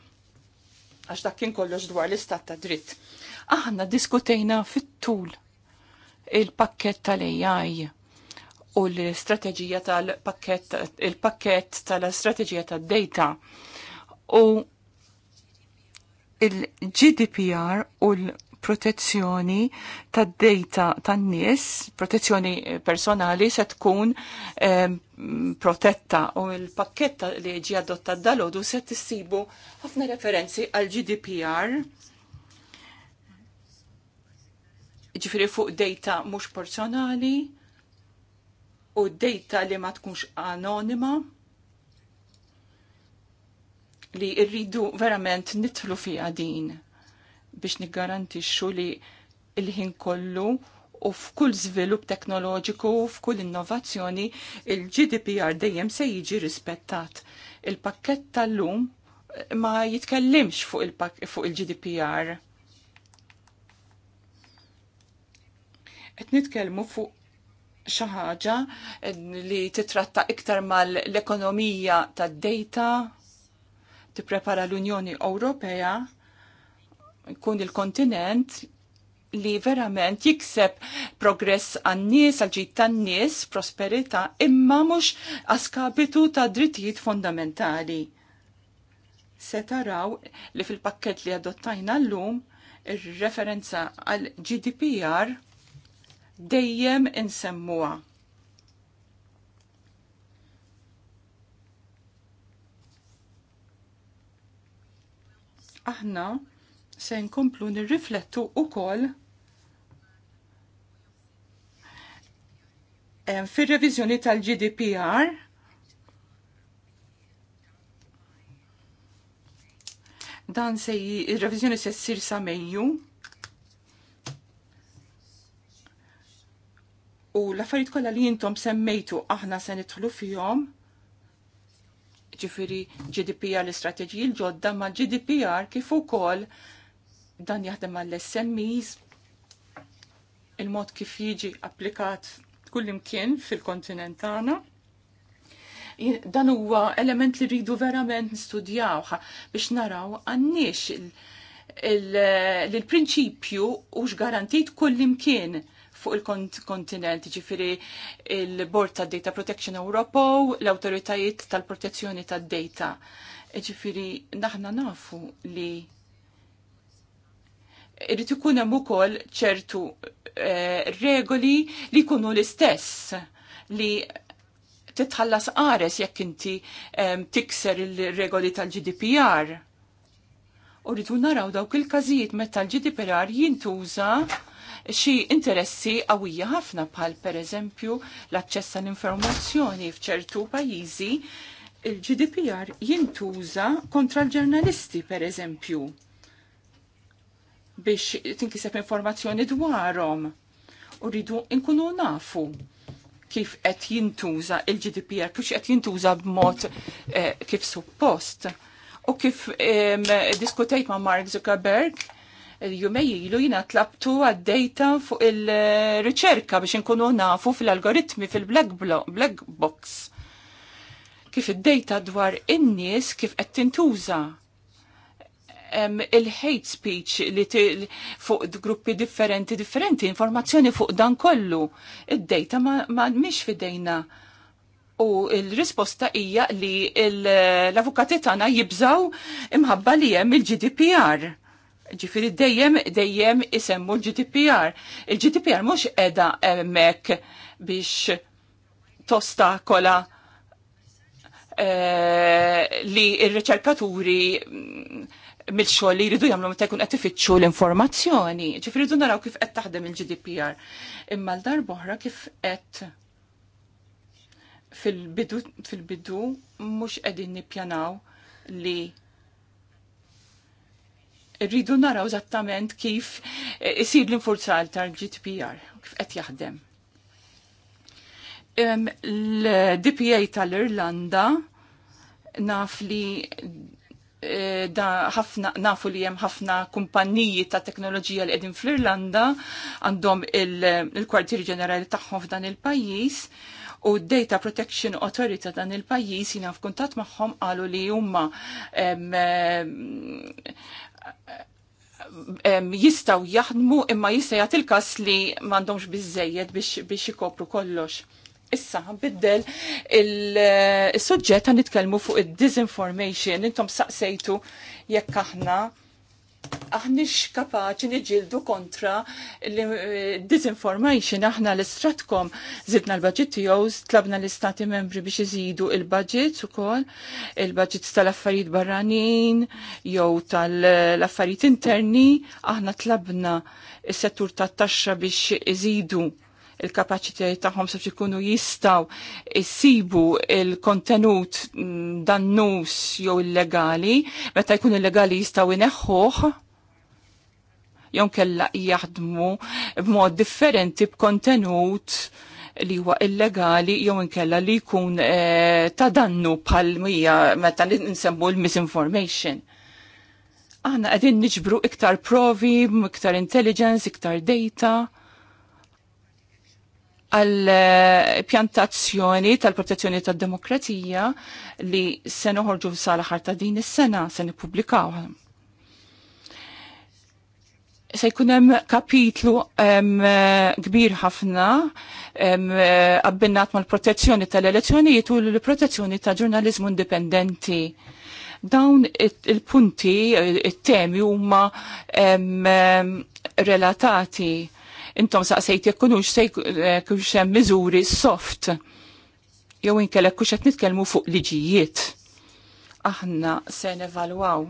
Speaker 2: għax dak kien kollox dwar l-istat ta' dritt. Aħna diskutejna fit-tul il-pakket tal-AI u l-strateġija tal-pakket il-pakket tal-strateġija tad-data u il-GDPR u l protezzjoni tad data tan-nies, protezzjoni personali se tkun ehm, protetta u l-pakketta li ġi adotta dal-ħodu se tissibu ħafna referenzi għal GDPR ġifiri fuq data mux personali u data li ma tkunx anonima li irridu verament nitlu fija din biex niggarantixxu li il-ħin kollu u f'kull żvilupp teknoloġiku u f'kull innovazzjoni il-GDPR dejjem se jiġi rispettat. Il-pakkett tal-lum ma jitkellimx fuq il-GDPR. Fuq il gdpr qed nitkellmu fuq xi ħaġa li titratta iktar mal-ekonomija tad-data, tipprepara l-Unjoni Ewropea jkun il-kontinent li verament jikseb progress għan-nies, tannis, tan-nies, prosperita, imma mhux għaskapitu ta' drittijiet fondamentali. Se taraw li fil-pakket li adottajna l-lum, il referenza għal GDPR dejjem insemmuha. Aħna se nkomplu nirriflettu koll eh, fir-reviżjoni tal-GDPR dan se ir-reviżjoni se ssir sa Mejju u l-affarijiet kollha li intom semmejtu aħna se nidħlu fihom ġifiri GDPR l-istrateġiji l-ġodda ma GDPR kif ukoll dan jaħdem għall smis il-mod kif jiġi applikat kullimkien fil-kontinent tagħna. Dan huwa element li rridu verament nistudjawha biex naraw għanniex il-prinċipju u garantit kullimkien fuq il-kontinent, ġifiri il-Bord ta' Data Protection Europo, l-autoritajiet tal-protezzjoni ta' data. Ġifiri, naħna nafu li irrit ikun hemm ukoll ċertu eh, regoli li jkunu l-istess li titħallas qares jekk inti eh, tikser il-regoli tal-GDPR. U rridu naraw dawk il-każijiet meta l-GDPR jintuża xi interessi qawwija ħafna bħal pereżempju l-aċċess tal-informazzjoni f'ċertu pajjiżi il-GDPR jintuża kontra l-ġurnalisti pereżempju biex tinkiseb informazzjoni dwarhom. U rridu nkunu nafu kif qed jintuża il-GDPR, kif qed jintuża b'mod eh, kif suppost. U kif diskutejt ma' Mark Zuckerberg, il ilu jina tlabtu għad-data fuq il-riċerka biex nkunu nafu fil-algoritmi fil-black box. Kif id-data dwar in-nies kif qed tintuża il-hate speech li fuq gruppi differenti differenti, informazzjoni fuq dan kollu. Id-dejta ma miex fidejna. U il-risposta hija li l-avukati tagħna jibżaw imħabba li hemm il-GDPR. Ġifiri dejjem dejjem isemmu l-GDPR. Il-GDPR mhux edha hemmhekk biex tosta tostakola eh, li il-riċerkaturi mill-xogħol li jridu jagħmlu meta jkun qed ifittxu l-informazzjoni. Ġifieri jridu naraw kif qed taħdem il-GDPR. Imma l darboħra kif qed fil-bidu fil-bidu mhux qegħdin nippjanaw li rridu naraw eżattament kif isir l-infurzal tal-GDPR, kif qed jaħdem. L-DPA tal-Irlanda naf li Eh, da ħafna nafu li hemm ħafna kumpanniji ta' teknoloġija li qegħdin fl-Irlanda għandhom il-kwartier ġenerali tagħhom f'dan il-pajjiż u Data Protection Authority dan il-pajjiż jina f'kuntat magħhom qalu li huma jistaw jaħdmu imma jista' jagħti il-każ li m'għandhomx biżejjed biex ikopru kollox. Issa, biddel eh, il-sujġet għan fuq il-disinformation, intom saqsejtu jekk aħna aħnix kapaċi niġildu kontra eh, disinformation aħna l-istratkom zidna l-budget tijows, tlabna l-istati membri biex iżidu il-budget u kol, il-budget tal-affarijiet barranin, jew tal-affarijiet interni, aħna tlabna il-settur tat-taxxa biex iżidu il-kapacitajiet tagħhom sabiex ikunu jistgħu jisibu il-kontenut mm, dannus jew illegali, meta jkun illegali jistgħu ineħħuh jew kella jaħdmu b'mod differenti b'kontenut li huwa illegali jew inkella li jkun eh, ta' dannu bħal mija meta nsemmu l-misinformation Aħna qegħdin niġbru iktar provi, iktar intelligence, iktar data għal pjantazzjoni tal-protezzjoni tad-demokrazija li se noħorġu sal ta' din is-sena se nippubblikaw. Se jkun hemm kapitlu kbir ħafna abbinat mal-protezzjoni tal-elezzjonijiet u l-protezzjoni ta' ġurnaliżmu indipendenti dawn il-punti, il-temi huma relatati intom saqsejt sejt jekkunux se jkunx eh, hemm miżuri soft. Jew inkellek kux qed nitkellmu fuq liġijiet. Aħna se nevalwaw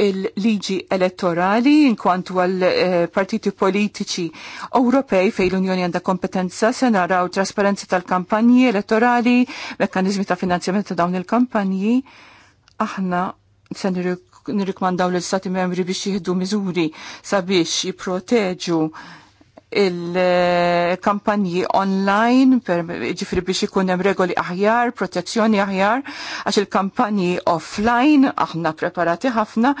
Speaker 2: il-liġi elettorali kwantu għal eh, partiti politiċi Ewropej fej l-Unjoni għandha kompetenza se naraw trasparenza tal-kampanji elettorali, mekkanizmi ta' finanzjament ta' dawn il-kampanji, aħna se nirrikmandaw l istati membri biex jihdu miżuri sabiex jiproteġu il-kampanji online, per, ġifri biex ikun hemm regoli aħjar, protezzjoni aħjar, għax il-kampanji offline aħna preparati ħafna,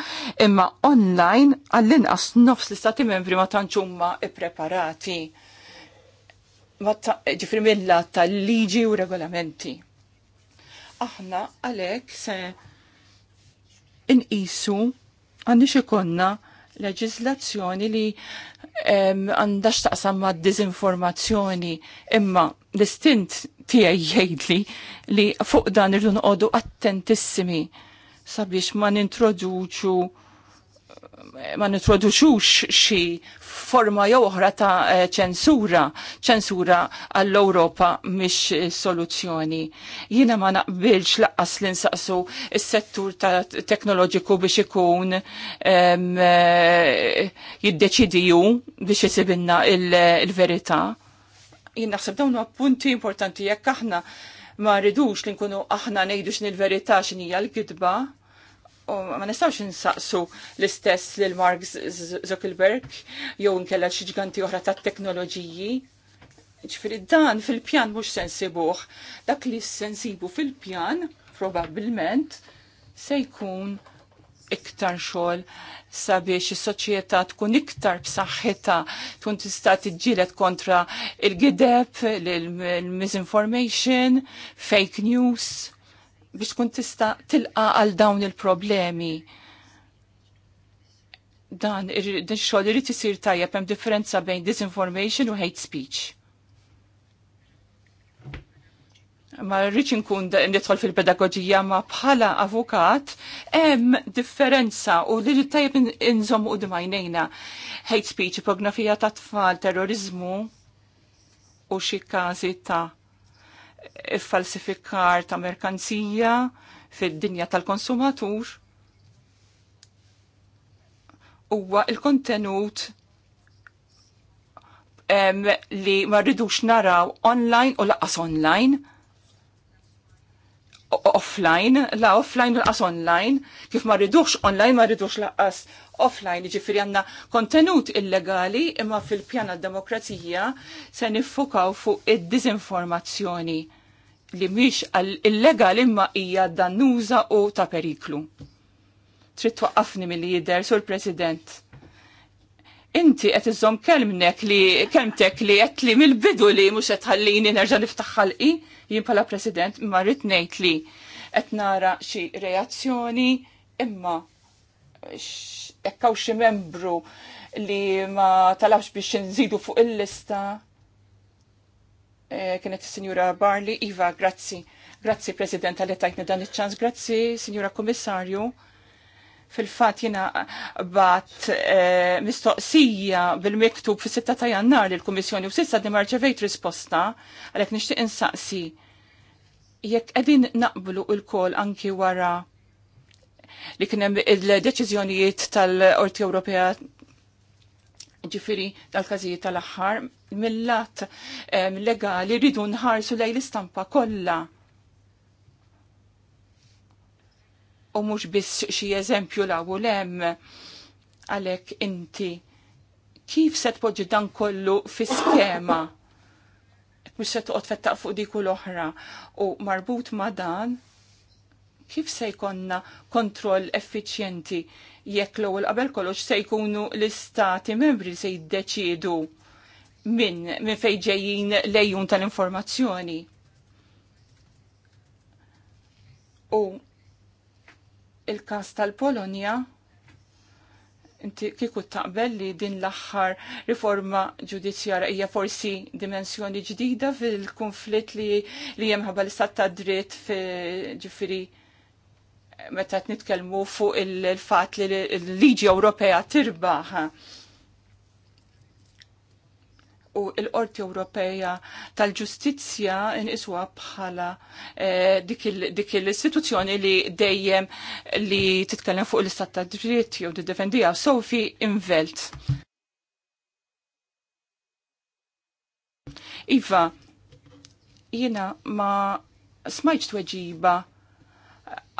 Speaker 2: imma online għall-inqas nofs l-istati membri ma tantx huma ippreparati. Ġifri mill-lat tal-liġi u regolamenti. Aħna għalhekk se inqisu għandix ikonna leġizlazzjoni li għandha x'taqsam ma' dizinformazzjoni imma l-istint tiegħi jgħidli li fuq dan irdu noqogħdu attentissimi sabiex ma nintroduċu ma nintroduċux xi forma jew oħra ta' eh, ċensura, ċensura għall-Ewropa mhix eh, soluzzjoni. Jiena ma naqbilx laqqas li nsaqsu s-settur ta' teknoloġiku biex ikun eh, jiddeċidiju biex isibilna il-verità. Jiena naħseb dawn punti importanti jekk aħna ma rridux li nkunu aħna ngħidu x'in il-verità x'inhi l-kitba, ma nistawx insaqsu l-istess lil Mark Zuckerberg jew nkella xi ġganti oħra tat-teknoloġiji. Ġifieri dan fil-pjan mhux sensibuh. Dak li sensibu fil-pjan probabbilment se jkun iktar xogħol sabiex is-soċjetà tkun iktar b'saħħitha tkun tista' tiġġieled kontra il-gideb, il-misinformation, fake news biex tkun tista' tilqa għal dawn il-problemi. Dan xogħol irid isir tajjeb hemm differenza bejn disinformation u hate speech. Ma rridx inkun nidħol fil-pedagogija ma bħala avukat hemm differenza u li tajjeb inżomm u dimajnejna hate speech, pornografija ta' tfal, terrorizmu u xi każi ta' falsifikar ta' merkanzija fid-dinja tal-konsumatur huwa il-kontenut li ma rridux naraw online u laqas online offline, la offline u laqas online, kif ma rridux online ma rridux laqas offline, ġifiri għanna kontenut illegali imma fil-pjana demokrazija se nifukaw fuq id-dizinformazzjoni li mhix illegal imma hija dannuża u ta' periklu. Trid twaqqafni milli jidher sur President. Inti qed iżżomm kelmnek li kelmtek li qed li mill-bidu li mhux qed ħallini nerġa' niftaħ ħalqi jien bħala President imma rrid ngħid li qed nara xi reazzjoni imma ekkaw xi membru li ma talabx biex inżidu fuq il-lista Eh, kienet il-Sinjura Barli. Iva, grazzi. Grazzi, President, li tajtni dan il-ċans. Grazzi, Sinjura Komissarju. Fil-fat jina bat eh, mistoqsija bil-miktub fi 6 ta' jannar l-Komissjoni u sissa di marġevejt risposta għalek nishtiq insaqsi. Jekk edin naqblu il-kol anki wara li kienem il-deċizjonijiet tal-Orti Ewropea ġifiri tal-kazijiet tal-axħar, mill-lat eh, legali rridu nħarsu lej l-istampa kollha. U mhux biss xi eżempju u lem għalhekk inti kif se tpoġġi dan kollu fis-skema mhux se toqgħod fettaq fuq dik u l-oħra u marbut ma' dan kif se jkonna kontroll effiċjenti jekk l-ewwel qabel kollox se jkunu l-istati membri se jiddeċiedu minn min, min fejn ġejjin lejjun tal-informazzjoni. U il-każ tal polonia inti kieku taqbel li din l-aħħar riforma ġudizzjara hija forsi dimensjoni ġdida fil-konflitt li li hemm ħabba istat ta' dritt ġifiri meta nitkellmu fuq il-fat li l-liġi Ewropea tirbaħ. U l-Qorti Ewropea tal-Ġustizzja nqiswa bħala eh, dik l-istituzzjoni li dejjem li titkellem fuq l-istat ta' u jew defendija Sofi Invelt. Iva, jina ma smajċ tweġiba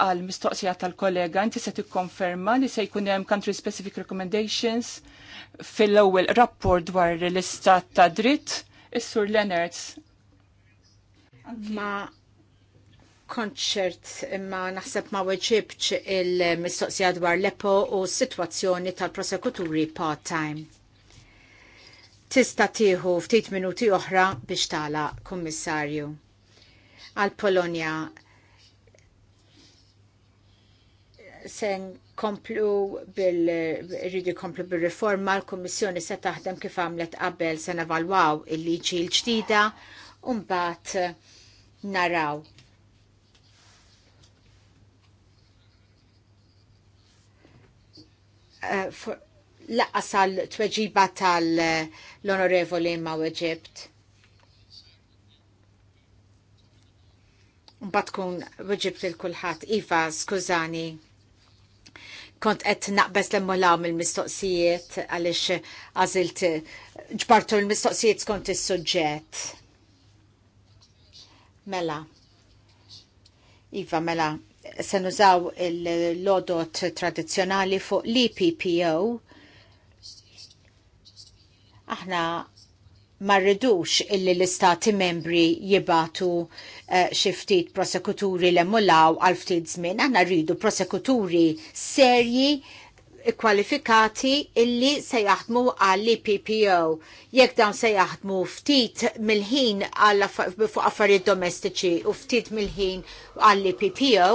Speaker 2: għal mistoqsija tal-kollega, inti se tikkonferma li se jkun hemm country specific recommendations fil-ewwel rapport dwar l-istat ta'
Speaker 3: dritt, is-Sur Leonards. Ma konċert imma naħseb ma weġibċ il-mistoqsija dwar l-EPO u s-sitwazzjoni tal-prosekuturi part-time. Tista tieħu ftit minuti oħra biex tala, kummissarju. Għal Polonja, sen komplu bil ridi komplu bil-riforma l-Kommissjoni se taħdem kif għamlet qabel se navalwaw il-liġi l-ġdida mbagħad naraw. Eh, uh, Laqqa sal-tweġiba tal-onorevoli ma' Eġibt. Mbatkun weġibt il kulħadd Iva, skużani kont qed naqbes l-emmolaw mill-mistoqsijiet għaliex għażilt ġbartu l-mistoqsijiet skont is-suġġett. Mela. Iva, mela, se nużaw il-lodot tradizzjonali fuq l-EPPO. Aħna ma rridux illi l-istati membri jibatu eh, xi xiftit prosekuturi l-emulaw għal ftit żmien, aħna rridu prosekuturi serji kwalifikati illi se jaħdmu għall PPO. Jekk dawn se jaħdmu ftit mill-ħin fuq affarijiet domestiċi u ftit mill-ħin għall PPO,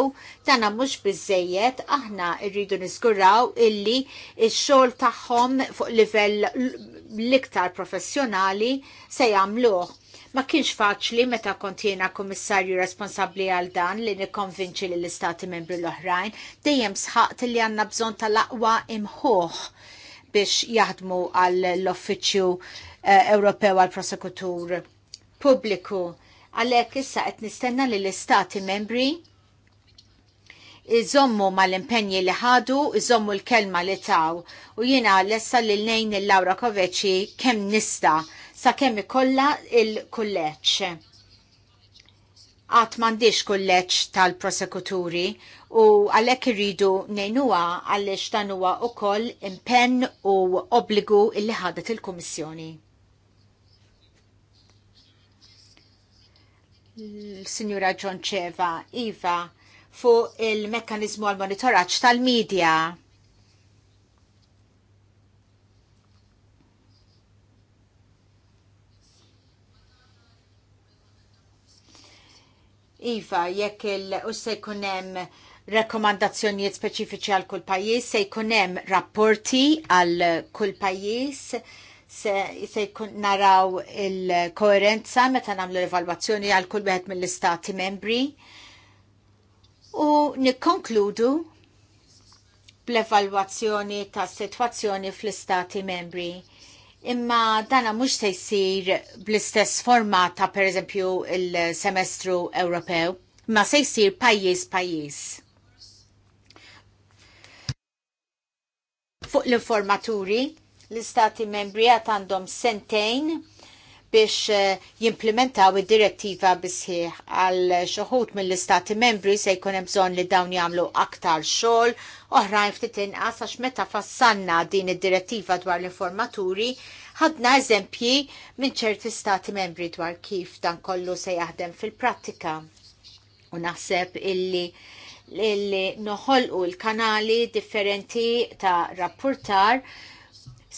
Speaker 3: dana mhux biżejjed aħna rridu niskuraw illi x-xogħol tagħhom fuq livell l-iktar professjonali se jagħmluh Ma kienx faċli meta kont jiena kummissarju responsabbli għal dan li nikkonvinċi lill istati membri l-oħrajn dejjem sħaqt li għandna bżonn tal-aqwa imħuħ biex jaħdmu għall l-Offiċju eh, Ewropew għall prosekutur Pubbliku. Għalhekk issa qed nistenna li l-istati membri iżommu mal-impenji li ħadu, iżommu l-kelma li taw. U jiena l-essa li l-nejn il-Laura Koveċi kem nista sakemm ikollha il-kulleġġ. Għat m'għandix kulleġġ tal-prosekuturi u għalhekk irridu ngħinuha għaliex dan huwa wkoll impenn u obbligu illi ħadet il-Kummissjoni. Signora Ġonċeva, Iva, fuq il-mekkanizmu għal monitoraġġ tal-medja Iva, jekk il u se jkun hemm rakkomandazzjonijiet speċifiċi għal kull pajjiż, se jkun hemm rapporti għal kull pajjiż, se, se jkun naraw il-koerenza meta nagħmlu l-evalwazzjoni għal kull wieħed mill-istati membri. U nikkonkludu bl-evalwazzjoni tas sitwazzjoni fl-istati membri Imma dana mhux se jsir bl-istess forma ta' pereżempju il-semestru Ewropew, ma se jsir pajjiż pajjiż. Fuq l-informaturi, l-istati membri għat għandhom sentejn biex eh, jimplementaw id-direttiva bisħiħ għal xoħut mill-istati membri se jkun hemm bżonn li dawn jagħmlu aktar xogħol, oħrajn ftit inqas għax meta fassanna din id-direttiva dwar l-informaturi, ħadna eżempji minn ċerti stati membri dwar kif dan kollu se jaħdem fil-prattika. U naħseb illi illi noħolqu l-kanali differenti ta' rapportar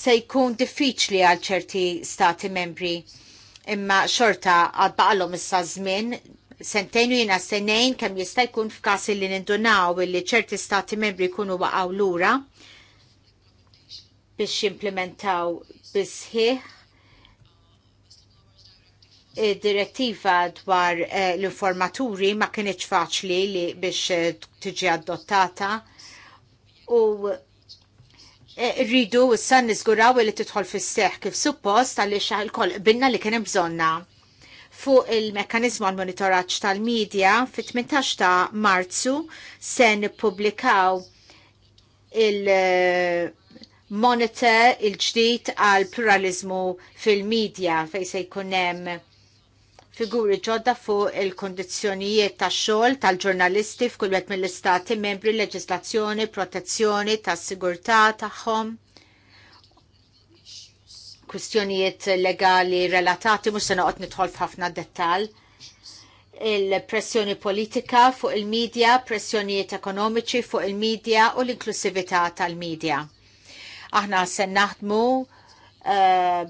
Speaker 3: se jkun diffiċli għal ċerti stati membri imma xorta għadbaqalhom issa żmien sentejn u jina senejn kemm jista' jkun f'każ li nindunaw li ċerti stati membri jkunu waqgħu lura biex jimplementaw bisħiħ direttiva dwar eh, l-informaturi ma kienieċ faċli li biex eh, tiġi adottata u Eh, rridu issa niżguraw li tidħol fis-seħ kif suppost għaliex il-koll binna li kien bżonna fuq il mekanizmu għal monitoraġġ tal-medja fi 18 ta' Marzu se nippubblikaw il-monitor eh, il-ġdid għal pluralizmu fil-medja fej se jkun hemm figuri ġodda fuq il-kondizjonijiet ta' xogħol tal-ġurnalisti f'kull wieħed mill-istati membri leġislazzjoni, protezzjoni tas-sigurtà tagħhom kwistjonijiet legali relatati mhux se noqgħod nidħol f'ħafna dettall il-pressjoni politika fuq il-medja, pressjonijiet ekonomiċi fuq il-medja u l-inklusività tal-medja. Aħna se naħdmu Eh,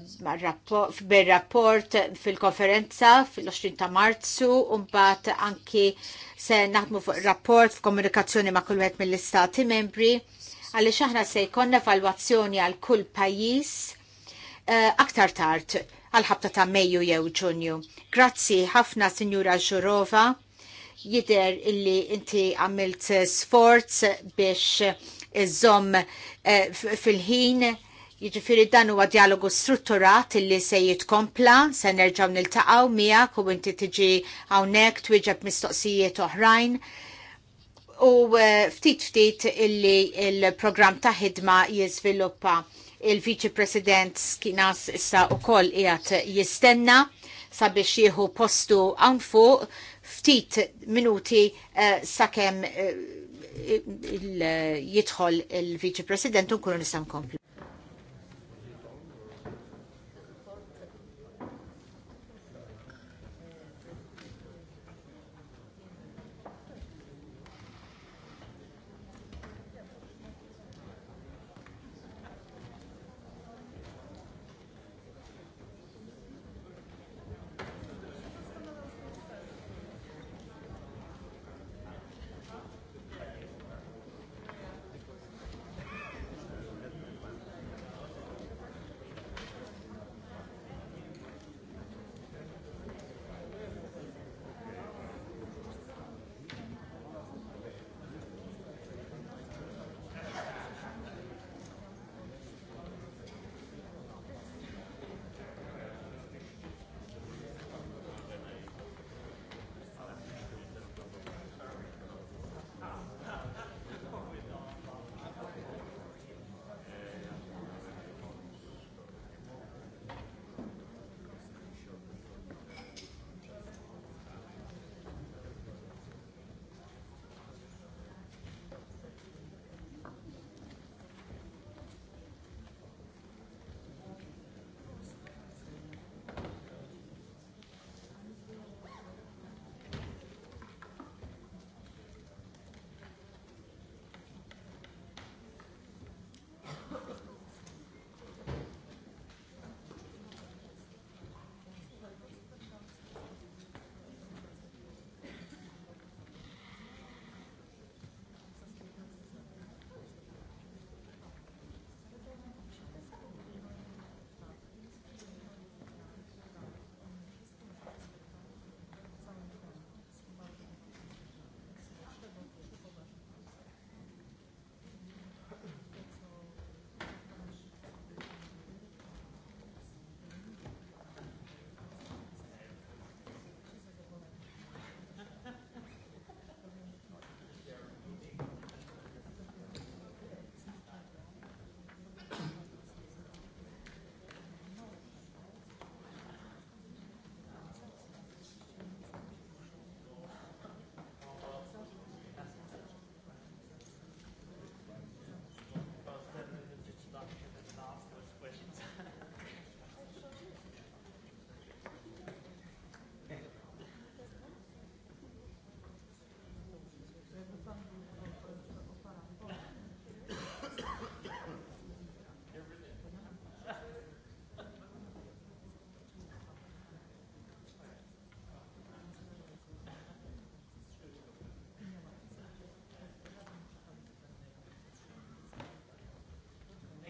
Speaker 3: bil-rapport fil-konferenza fil-20 ta' marzu un-bat anki se naħdmu fuq rapport f'komunikazzjoni ma' kull mill-istati membri għalli xaħna se jkonna evalwazzjoni għal kull pajis eh, aktar tard għal ħabta ta' Mejju jew Ġunju. Grazzi ħafna Sinjura Ġurova jider illi inti għamilt sforz biex iżomm eh, fil-ħin Jiġifieri dan huwa dialogu strutturat illi se jitkompla, se nerġgħu niltaqgħu miegħek u inti tiġi hawnhekk twieġeb mistoqsijiet oħrajn u eh, ftit ftit illi il-programm ta' ħidma jiżviluppa il-Viċi President Skinas issa u koll jistenna sabiex jieħu postu hawn fuq ftit minuti eh, sakemm eh, jidħol il-Viċi President unkunu nista' nkomplu.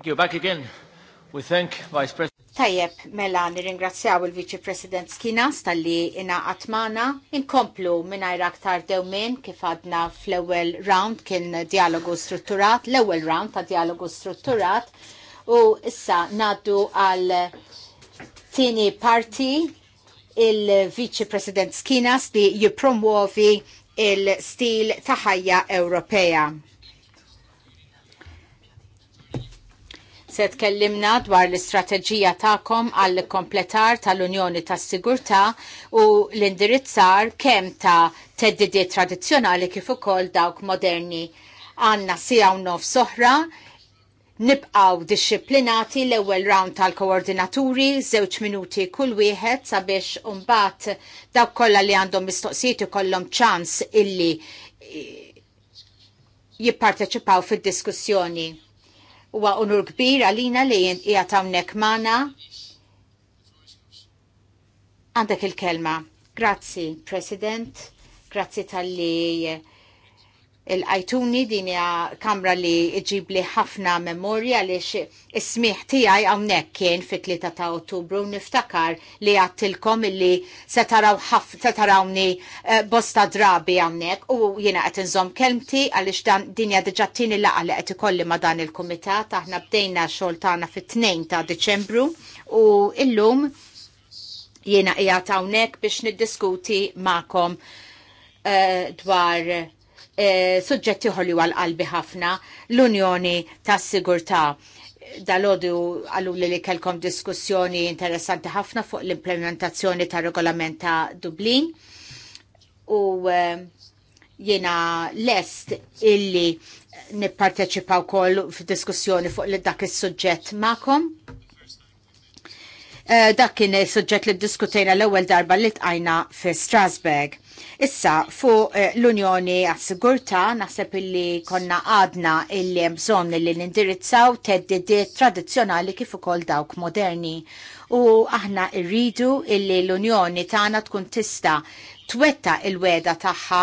Speaker 1: you back again. We thank Vice President.
Speaker 3: Tajjeb, mela nirringrazzjaw il-Viċi President Skinas tal-li ina għatmana. Inkomplu minna aktar dewmin kif għadna fl-ewel round kien dialogu strutturat, l-ewel round ta' dialogu strutturat. U issa naddu għal tini parti il-Viċi President Skinas li jipromuovi il-stil ta' ħajja Ewropea. se tkellimna dwar l-istrateġija tagħkom għall kompletar tal-Unjoni tas-Sigurtà u l-indirizzar kemm ta' teddidi tradizzjonali kif ukoll dawk moderni. Għanna sija u nof soħra nibqaw disciplinati l-ewwel round tal-koordinaturi, żewġ minuti kull wieħed sabiex umbat dawk kollha li għandhom mistoqsijiet ikollhom ċans illi jipparteċipaw fid-diskussjoni. Huwa unur kbir għalina li qiegħed hawnhekk magħna. Għandek il-kelma. Grazzi, President. Grazzi tal-li il-qajtuni din hija kamra li ġib li ħafna memorja li is-smieħ tiegħi hawnhekk kien fit-3 ta' Ottubru niftakar li għattilkom li se taraw tarawni eh, bosta drabi hawnhekk u jiena qed inżomm kelmti għaliex dan din hija diġà laqa laqgħa li qed ikolli ma' dan il-kumitat aħna bdejna xogħol tagħna fit-2 ta' Diċembru u illum jiena qiegħed hawnhekk biex niddiskuti magħkom eh, dwar Eh, suġġetti ħolli għal-qalbi ħafna l-Unjoni tas-Sigurtà dal-ħodu għallu li li kelkom diskussjoni interessanti ħafna fuq l-implementazzjoni ta' regolament ta' Dublin u eh, jena lest illi nipparteċipaw kol f'diskussjoni fuq li dak il-sujġet ma'kom. Eh, dak kien il-sujġet li diskutejna l-ewel darba li tqajna fi Strasbourg Issa fuq eh, l-Unjoni għas-Sigurta naħseb illi konna għadna illi bżonn li nindirizzaw teddidiet tradizzjonali kif ukoll dawk moderni. U aħna rridu illi l-Unjoni tagħna tkun tista twetta il-weda tagħha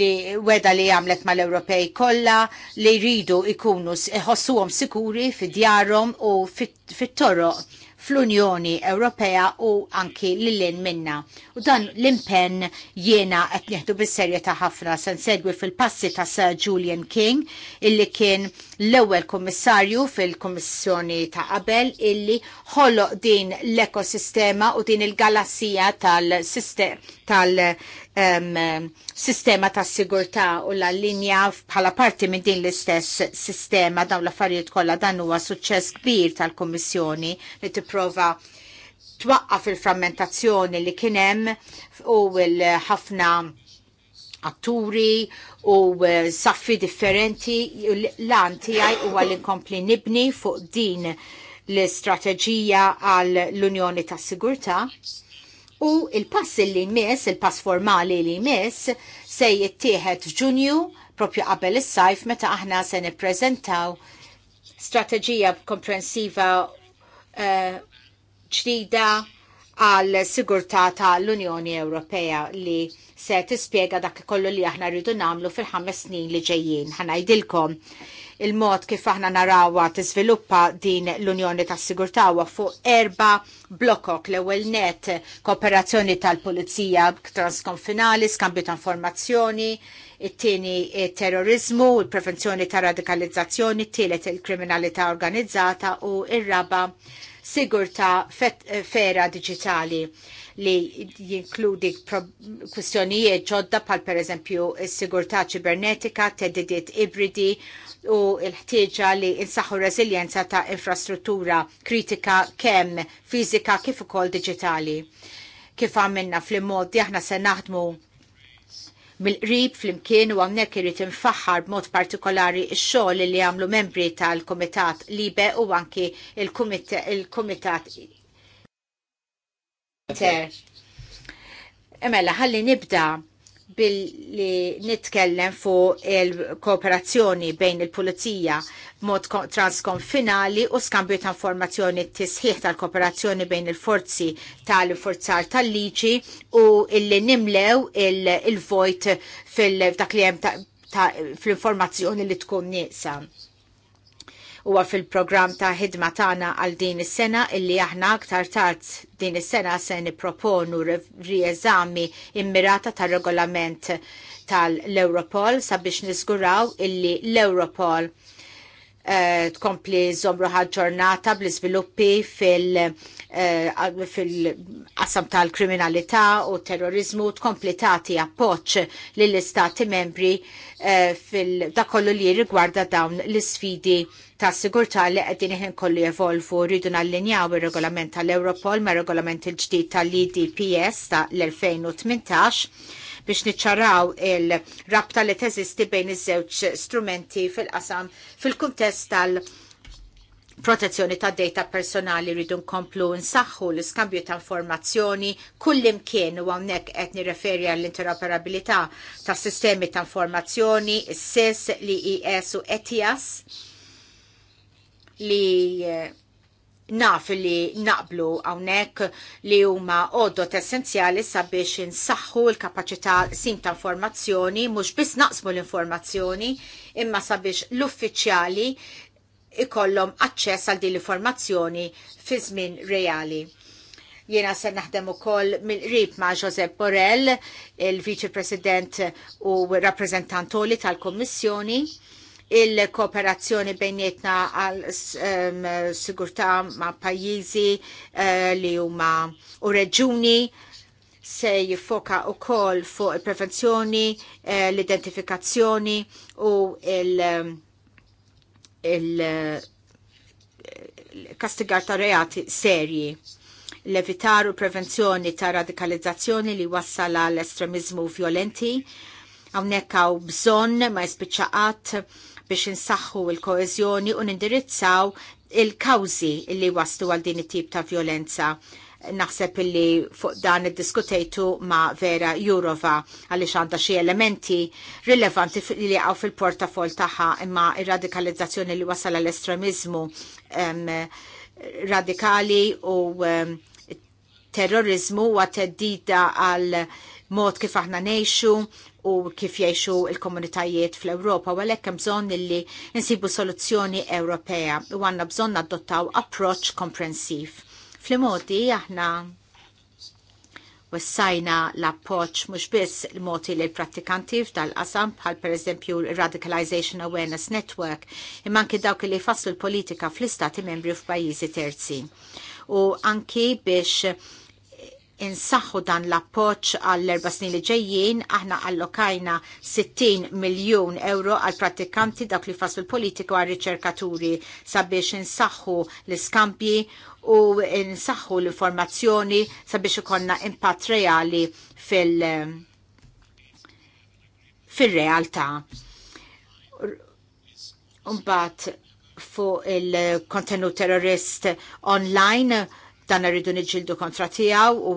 Speaker 3: li weda li għamlet mal-Ewropej kollha li jridu ikunu ħossuhom sikuri fi djarhom u fit-toroq fl-Unjoni Ewropea u anki l lin minna. U dan l-impenn jiena qed nieħdu bis ta' ħafna se nsegwi fil-passi ta' Sir Julian King illi kien l-ewwel kummissarju fil-Kummissjoni ta' qabel illi ħoloq din l-ekosistema u din il-galassija tal-sistema tal um, sistema ta' sigurtà u la linja bħala parti minn din l-istess sistema dawn l-affarijiet kollha dan huwa suċċess kbir tal-Kummissjoni li tipprova twaqqaf il-frammentazzjoni li kien hemm u l-ħafna atturi u eh, saffi differenti l an tijaj u għal-inkompli nibni fuq din l-istrateġija għal l-Unjoni ta' Sigurta U il-pass li jmiss, il-pass formali li jmiss, se jittieħed f'Ġunju, propju qabel is-sajf, meta aħna se nippreżentaw strateġija komprensiva eh, ġdida uh, għal sigurtà tal-Unjoni Ewropea li se tispjega dak kollu li aħna rridu nagħmlu fil-ħames snin li ġejjin. Ħanajdilkom il-mod kif aħna narawa tiżviluppa din l-Unjoni tas-Sigurtà huwa fuq erba' blokok l-ewwel net kooperazzjoni tal-Pulizija transkonfinali, skambju ta' informazzjoni, it-tieni terrorizmu, il-prevenzjoni ta' radikalizzazzjoni, t tielet il-kriminalità organizzata u ir-raba' sigurta fera digitali li jinkludi kwistjonijiet ġodda pal per eżempju sigurta ċibernetika, teddidiet ibridi u l-ħtieġa li insaħħu reżiljenza ta' infrastruttura kritika kemm fiżika kif ukoll diġitali. Kif għamilna fl-immodi aħna se naħdmu mill-qrib fl-imkien u għamnek irrit infaxħar b'mod partikolari x-xogħol li għamlu membri tal-Kumitat Libe u anki il-Kumitat Ter. Emela, ħalli nibda billi nitkellem fuq il-kooperazzjoni bejn il-pulizija mod transkonfinali u skambju ta' informazzjoni tisħiħ tal-kooperazzjoni bejn il-forzi tal-forzar tal-liġi u illi nimlew il-vojt fil fl-informazzjoni li tkun nieqsa huwa fil-programm ta' ħidma tagħna għal din is-sena illi aħna aktar tard din is-sena se nipproponu rieżami immirata tar-regolament tal-Europol sabiex niżguraw illi l-Europol eh, tkompli zomruħa ġornata bl-iżviluppi fil- eh, qasam tal-kriminalità u terrorizmu tkompli tagħti appoġġ lill istati membri eh, fil-dakollu li rigwarda dawn l isfidi ta' sigurtà li qegħdin iħin kollu jevolvu rridu nallinjaw ir-regolament tal-Europol ma' regolament il-ġdid tal-IDPS ta' l-2018 biex niċċaraw il-rabta li teżisti bejn iż-żewġ strumenti fil-qasam fil-kuntest tal- protezzjoni ta' data personali rridu nkomplu nsaħħu l-iskambju ta' informazzjoni kullimkien u hawnhekk qed nirreferi għall-interoperabilità ta' sistemi ta' informazzjoni, SIS, l-IES e u ETIAS li eh, naf li naqblu għawnek li huma għoddot essenzjali sabiex insaħħu l-kapacità sim ta' informazzjoni, mux biss naqsmu l-informazzjoni, imma sabiex l-uffiċjali ikollhom aċċess għal din l-informazzjoni fi żmien reali. Jiena se naħdem ukoll mill-qrib ma' Josep Borrell, il-Viċi President u rappreżentantoli tal-Kommissjoni il-kooperazzjoni bejnietna għal sigurtà ma' pajjiżi uh, li huma u reġuni se jiffoka u kol fuq il-prevenzjoni, uh, l-identifikazzjoni u il- il-kastigar ta' reati serji l-evitar u prevenzjoni ta' radikalizzazzjoni li wassal l estremizmu violenti, għawnek għaw bżon ma' jispiċaqat biex insaħħu il-koezjoni u nindirizzaw il-kawzi li waslu għal din it-tip ta' violenza. Naħseb illi fuq dan id-diskutejtu ma' Vera Jurova għaliex għandha xi elementi rilevanti li għaw fil-portafol tagħha imma ir-radikalizzazzjoni li wasal l estremizmu radikali u terrorizmu u għat-teddida għal mod kif aħna nejxu u kif jgħixu il-komunitajiet fl-Ewropa u għalek hemm bżonn nsibu soluzzjoni Ewropea u għandna bżonn adottaw approċċ komprensiv. Fl-modi aħna wessajna l-appoċ mhux biss l moti l prattikanti f'dal-qasam bħal pereżempju Radicalization Awareness Network imma anki dawk li faslu l-politika fl-istati membri f'pajjiżi terzi. U anki biex insaħħu dan l-appoċ għall-erba snin li ġejjin, aħna allokajna 60 miljon euro għal pratikanti dak li faslu l-politiku għal riċerkaturi sabiex insaħħu l-iskampji u insaħħu l-informazzjoni sabiex ikonna impatt reali fil- fil-realtà. Umbat fuq il-kontenut terrorist online dan rridu niġildu kontra tiegħu u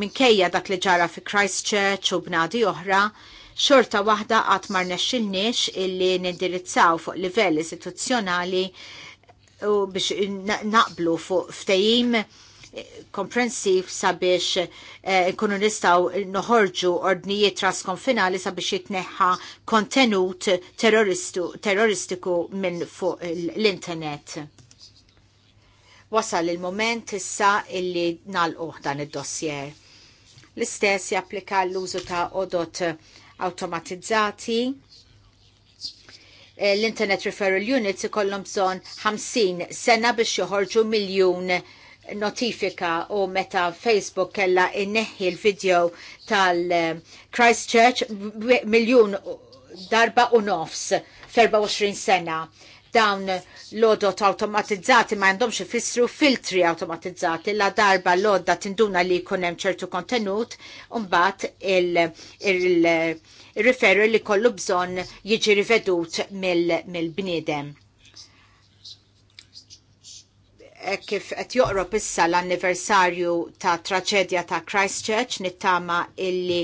Speaker 3: minkejja dak li ġara fi Christchurch u bnadi oħra, xorta waħda qatt ma rnexxilniex illi nindirizzaw fuq livell istituzzjonali u biex naqblu fuq ftehim komprensiv sabiex eh, nkunu eh, nistaw noħorġu ordnijiet trasconfinali sabiex jitneħħa kontenut terroristiku minn fuq l-internet. Wasal il-moment issa illi nalquh dan id-dossier. L-istess japplika l-użu ta' odot automatizzati eh, l-Internet Referral Units ikollhom bżonn 50 sena biex joħorġu miljun notifika u meta Facebook kella inneħħi l-video tal-Christchurch miljun darba u nofs 24 sena dawn l-odot automatizzati ma għandhomx ifissru filtri automatizzati la darba l-odda tinduna li kunem ċertu kontenut unbat il-referri il, li kollu bżon jiġi rivedut mill-bnidem. Mil E kif qed joqrob issa l-anniversarju ta' traċedja ta' Christchurch nittama illi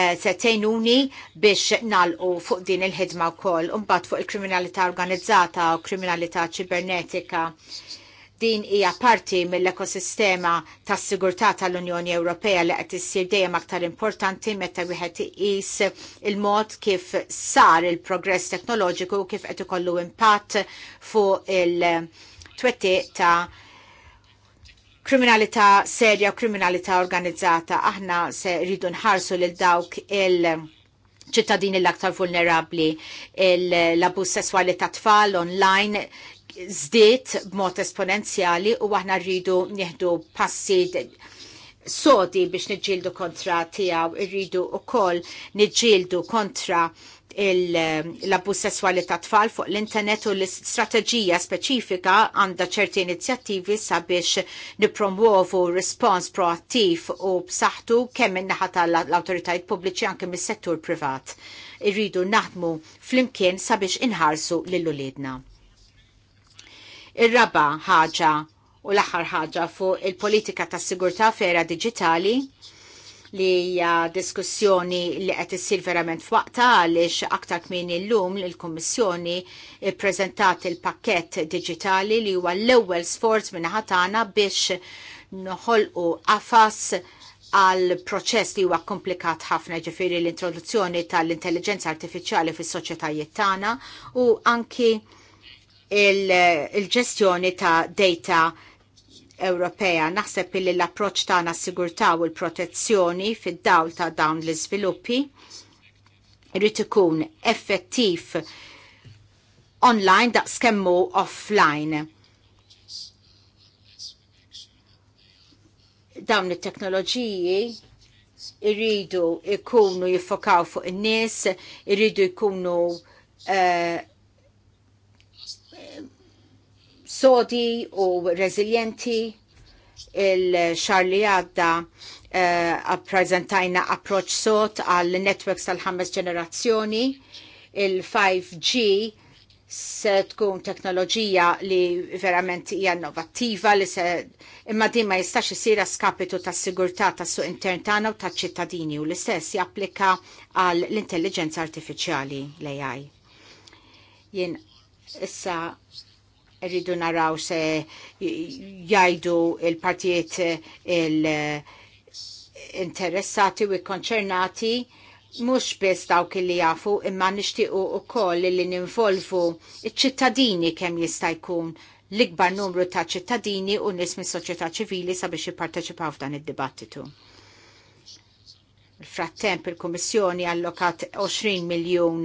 Speaker 3: e, se tgħinuni biex nalqu fuq din il-ħidma wkoll imbagħad fuq il-kriminalità organizzata u kriminalità ċibernetika. Din hija parti mill-ekosistema tas sigurtà tal-Unjoni Ewropea li qed issir dejjem aktar importanti meta wieħed iqis il-mod kif sar il-progress teknoloġiku u kif qed ikollu impatt fuq il- twettiq ta' kriminalità serja u kriminalità organizzata. Aħna se rridu nħarsu lil dawk il- ċittadini l-aktar vulnerabli l-abus sessuali ta' tfal online zdiet b'mod esponenzjali u aħna rridu nieħdu passi sodi biex niġġieldu kontra tiegħu irridu wkoll niġġieldu kontra l-abbuż sesswali ta' tfal fuq l-internet u l-istrateġija speċifika għandha ċerti inizjattivi sabiex nipromuovu rispons proattiv u b'saħħtu kemm in-naħa tal-awtoritajiet pubbliċi anke mis-settur privat. Irridu naħdmu flimkien sabiex inħarsu lill uliedna. Ir-raba ħaġa u l-aħħar ħaġa fuq il-politika tas-sigurtà fera diġitali li hija diskussjoni li qed issir verament f'waqta għaliex aktar kmin illum il-Kummissjoni ppreżentat il-pakkett diġitali li huwa l-ewwel sforz minn ħatana biex noħolqu qafas għal proċess li huwa komplikat ħafna ġifiri l-introduzzjoni tal-intelligenza artifiċjali fis soċjetajiet tagħna u anki il-ġestjoni ta' data Ewropea. Naħseb li l-approċ tagħna sigurtà u l-protezzjoni fid-dawl ta' dawn l-iżviluppi irid ikun effettiv online daqskemmu offline. Dawn it-teknoloġiji irridu ikunu jiffokaw fuq in-nies, irridu jkunu uh, sodi u rezilienti il-xar li għadda għaprezentajna eh, uh, approċ sot għal networks tal-ħames ġenerazzjoni, il-5G se tkun teknoloġija li verament hija innovattiva li se imma din ma jistax isir skapitu tas sigurtà tas-suq intern tagħna u taċ-ċittadini u l-istess japplika għal l-intelligenza artifiċjali l-AI. Jien issa Rridu naraw se jajdu il-partijiet il-interessati u konċernati mux biss dawk li jafu imma nishtiqu u koll li ninvolvu iċ-ċittadini kem jista' jkun l-ikbar numru ta' ċittadini u nies mis soċjetà ċivili sabiex jipparteċipaw f'dan id-dibattitu. Frattemp il-Kummissjoni allokat 20 miljun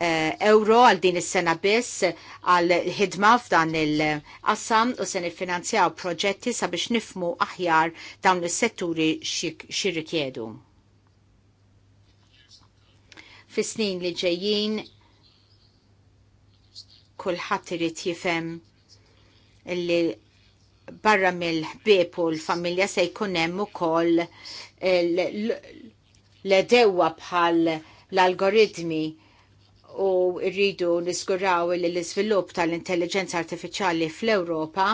Speaker 3: euro għal din is-sena biss għal ħidma f'dan il-qassam u se niffinanzjaw proġetti sabiex nifmu aħjar dawn is-setturi xi rikjedu. Fis-snin li ġejjin kulħadd irid jifhem li barra mill-ħbieb u l-familja se jkun hemm ukoll l edewwa bħal l-algoritmi u rridu niskuraw li l-iżvilupp tal-intelligenza artifiċjali fl-Ewropa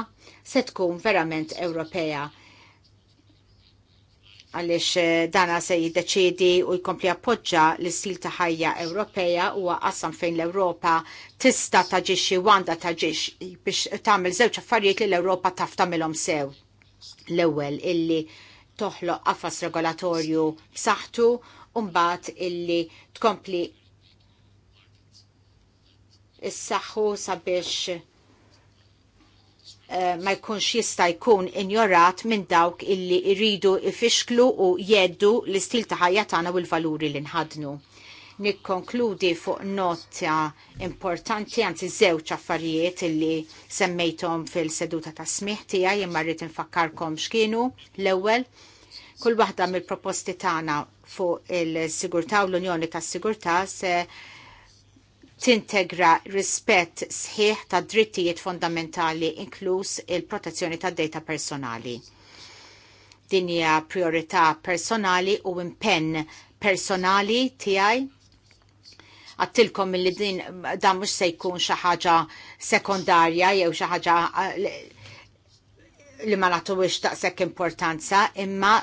Speaker 3: se tkun verament Ewropea għalix eh, dana se jiddeċidi u jkompli appoġġa l-istil ta' ħajja Ewropeja u għassam fejn l-Ewropa tista taġixxi wanda għanda biex tagħmel żewġ affarijiet li l-Ewropa taf tagħmilhom sew. L-ewwel illi toħloq għafas regolatorju b'saħħtu u mbagħad illi tkompli Is-saħħu sabiex eh, ma jkunx jista' jkun injorat minn dawk illi jridu ifixklu u jeddu l-istil ta' ħajja tagħna u l-valuri li nħadnu. Nikkonkludi fuq notja importanti anzi żewġ affarijiet illi semmejthom fil-seduta ta' smiħ tiegħi imma rrid infakkarkom x'kienu l-ewwel kull waħda mill-proposti tagħna fuq il-sigurtà u l-Unjoni tas-Sigurtà se tintegra rispett sħiħ ta' drittijiet fondamentali inkluż il-protezzjoni ta' data personali. Din hija priorità personali u impenn personali tiegħi għattilkom li din dan mhux se jkun xi ħaġa sekondarja jew xi ħaġa eh, li ma ta' sekk importanza imma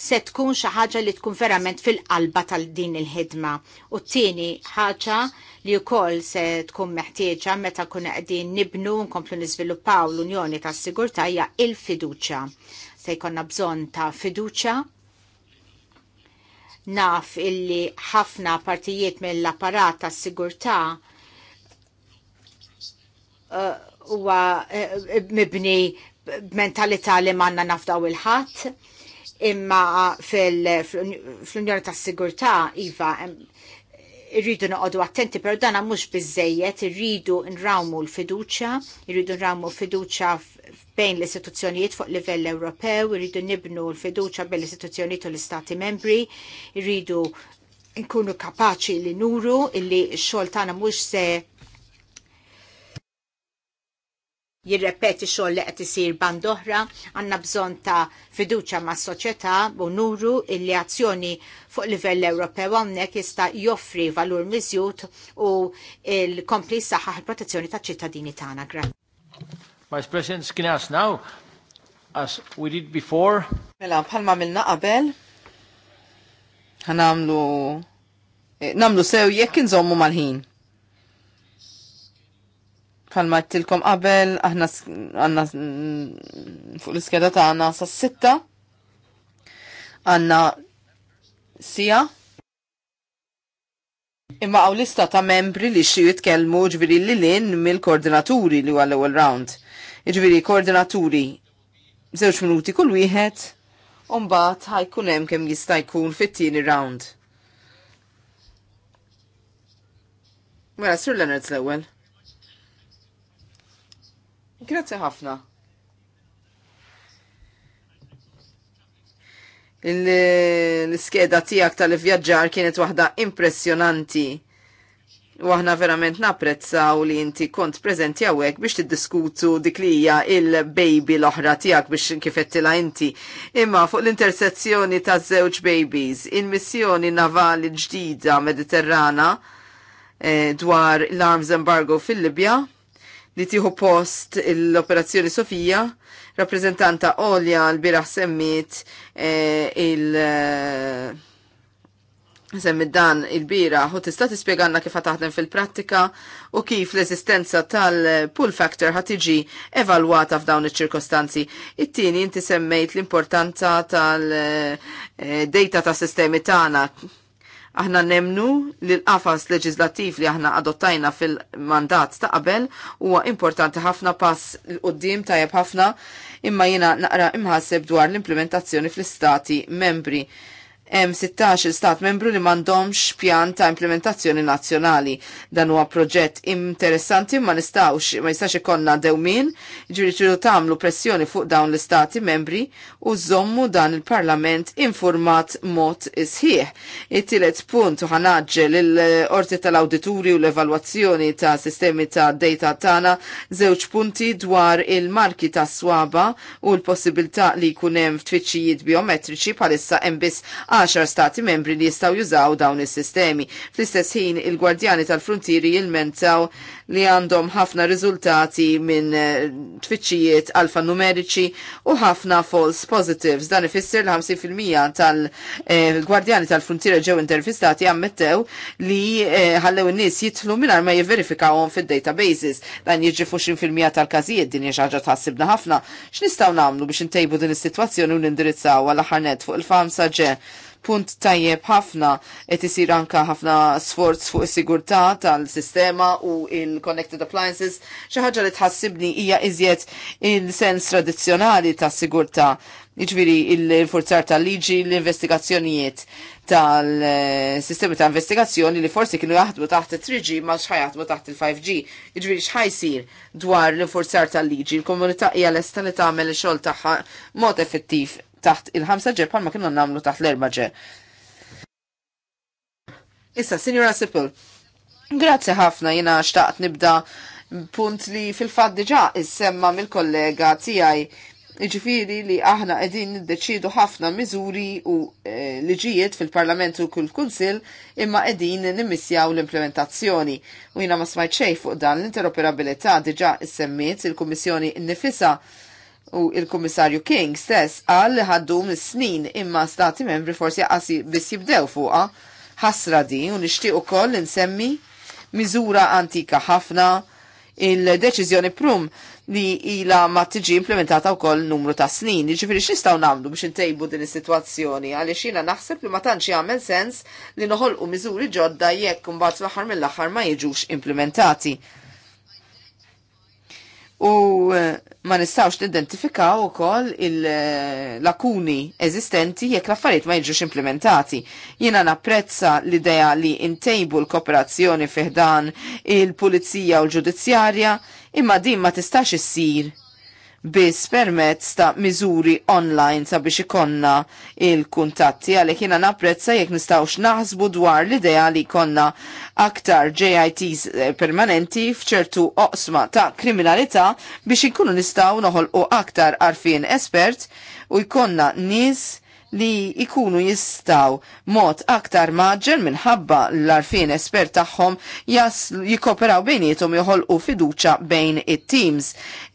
Speaker 3: se tkun xi ħaġa li tkun verament fil-qalba tal din il-ħidma. U t-tieni ħaġa li wkoll se tkun meħtieġa meta kun qegħdin nibnu nkomplu niżviluppaw l-Unjoni tas-Sigurtà hija il-fiduċja. Se jkollna bżonn ta' fiduċja naf illi ħafna partijiet mill-apparat tas-sigurtà uh, huwa uh, uh, mibni mentalità li manna nafdaw il-ħadd imma fl-Unjoni tas-Sigurtà iva irridu noqogħdu attenti, però dana mhux bizzejiet, irridu nrawmu l-fiduċja, irridu nrawmu l-fiduċja bejn l-istituzzjonijiet fuq livell Ewropew, irridu nibnu l-fiduċja bejn l-istituzzjonijiet u l-Istati membri, irridu nkunu kapaċi li nuru illi x-xogħol tagħna mhux se jirrepeti xoll li qed isir oħra, għandna bżonn ta' fiduċa ma' soċjetà u nuru illi azzjoni fuq livell Ewropew hawnhekk jista' joffri valur miżjud u l-kompli saħħa il-protezzjoni ta' ċittadini tagħna.
Speaker 1: Vice President, skin us now, as we did before.
Speaker 4: Mela, bħalma milna qabel, ħanamlu, eh, namlu sew jekk nżommu mal-ħin. Palma tilkom qabel, aħna għanna fuq l-iskeda ta' għanna sa' sitta, għanna sija, imma għaw lista ta' membri li xie jitkelmu ġviri li l-in mill-koordinaturi li għall ewwel round. Ġviri koordinaturi, zewċ minuti kull wieħed, Umbat ħajkun hemm kemm jista' jkun fit-tieni round. Mela, Sir Leonard l-ewwel. Grazzi ħafna. L-skeda tijak tal-vjaġġar kienet waħda impressjonanti. U aħna verament napprezzaw li inti kont prezenti għawek biex tiddiskutu dik li hija il-baby l-oħra tiegħek biex kifettila inti. Imma fuq l-intersezzjoni ta' żewġ babies, il-missjoni navali ġdida mediterrana eh, dwar l-arms embargo fil-Libja, li tieħu post l-operazzjoni Sofija, rappreżentanta Olja l birax semmit eh, il- eh, Semmi dan il-bira, u tista tispieganna kif taħdem fil-prattika u kif l-esistenza tal-pull factor ħat evalwata f'dawn iċ-ċirkostanzi. It-tieni inti semmejt l-importanza tal-data eh, ta' sistemi tagħna Aħna nemnu li l-qafas leġislattiv li aħna adottajna fil-mandat ta' qabel huwa importanti ħafna pass l-qoddim tajjeb ħafna imma jiena naqra imħaseb dwar l-implementazzjoni fl-istati membri hemm 16 stat membru li m'għandhomx pjan ta' implementazzjoni nazzjonali. Dan huwa proġett interessanti ma nistgħux ma jistax ikollna dewmin, ġifieri tridu tagħmlu pressjoni fuq dawn l-istati membri u żommu dan il-Parlament informat mod sħiħ. It-tielet punt u ħanaġġel il-orti tal-awdituri u l-evalwazzjoni ta' sistemi ta' data tagħna żewġ punti dwar il-marki ta' swaba u l-possibilità li jkun hemm tfittxijiet biometriċi bħalissa hemm biss 10 stati membri li jistaw jużaw dawn is-sistemi. Fl-istess ħin il-Gwardjani tal-Frontieri jilmentaw li għandhom ħafna riżultati minn eh, tfittxijiet alfanumeriċi u ħafna false positives. Dan ifisser l-50% tal-Gwardjani tal eh, frontieri ġew intervistati ammettew li eh, ħallew in-nies jitlu mingħajr ma jivverifikawhom fid-databases. Dan jiġri fil-mija tal-każijiet din hija xi ħaġa tħassibna ħafna. X'nistgħu nagħmlu biex intejbu din is-sitwazzjoni u nindirizzaw għal aħħar fuq il-famsa ġe punt tajjeb ħafna qed isir anka ħafna sforz fuq is-sigurtà tal-sistema u il-connected appliances. Xi ħaġa li tħassibni hija iżjed il-sens tradizzjonali tas-sigurtà iġviri il-forzar tal-liġi l-investigazzjonijiet tal-sistemi ta' investigazzjoni li forsi kienu jaħdmu taħt 3G ma xħajatmu taħt il-5G. Iġviri xħajsir dwar l-forzar tal-liġi, l-komunità hija l-estan li tagħmel ix-xogħol tagħha mod effettiv taħt il ħamsa ġe bħalma kienu namlu taħt l erba ġe. Issa, Signora Sippel, grazzi ħafna jina xtaqt nibda punt li fil-fat diġa issemma mill-kollega tijaj Iġifiri li aħna edin deċidu ħafna miżuri u e, liġijiet fil-Parlament u kull kunsil imma edin nimmissjaw l-implementazzjoni. U jina ma smajt xej fuq dan l-interoperabilità diġa issemmiet il-Kummissjoni nifisa U il-Kummissarju King stess qal li ħaddum snin imma stati membri forsi għasi biss jibdew fuqha. Ħasra din u nixtieq ukoll insemmi miżura antika ħafna il-deċiżjoni prum li ila ma tiġi implementata wkoll numru ta' snin. Jiġifieri xistgħu nagħmlu biex intejbu din is-sitwazzjoni għaliex jiena naħseb li ma tantx jagħmel sens li noħolqu miżuri ġodda jekk imbagħad fl-aħħar mill-aħħar ma jiġux implementati u eh, ma nistawx u ukoll il-lakuni eżistenti jekk l-affarijiet ma jiġux implementati. Jiena napprezza l-idea li intejbu l-kooperazzjoni fiħdan il-pulizija u l-ġudizzjarja imma din ma tistax issir biss permezz ta' miżuri online sabiex ikonna il-kuntatti għalli kiena napprezza jekk nistgħux naħsbu dwar l-idea li konna aktar JITs eh, permanenti f'ċertu oqsma ta' kriminalità biex inkunu nistgħu noħolqu aktar arfin espert u jkonna nies li ikunu jistaw mod aktar maġġel minħabba l-arfin espert tagħhom jikoperaw bejnietom joħolqu fiduċa bejn it-teams.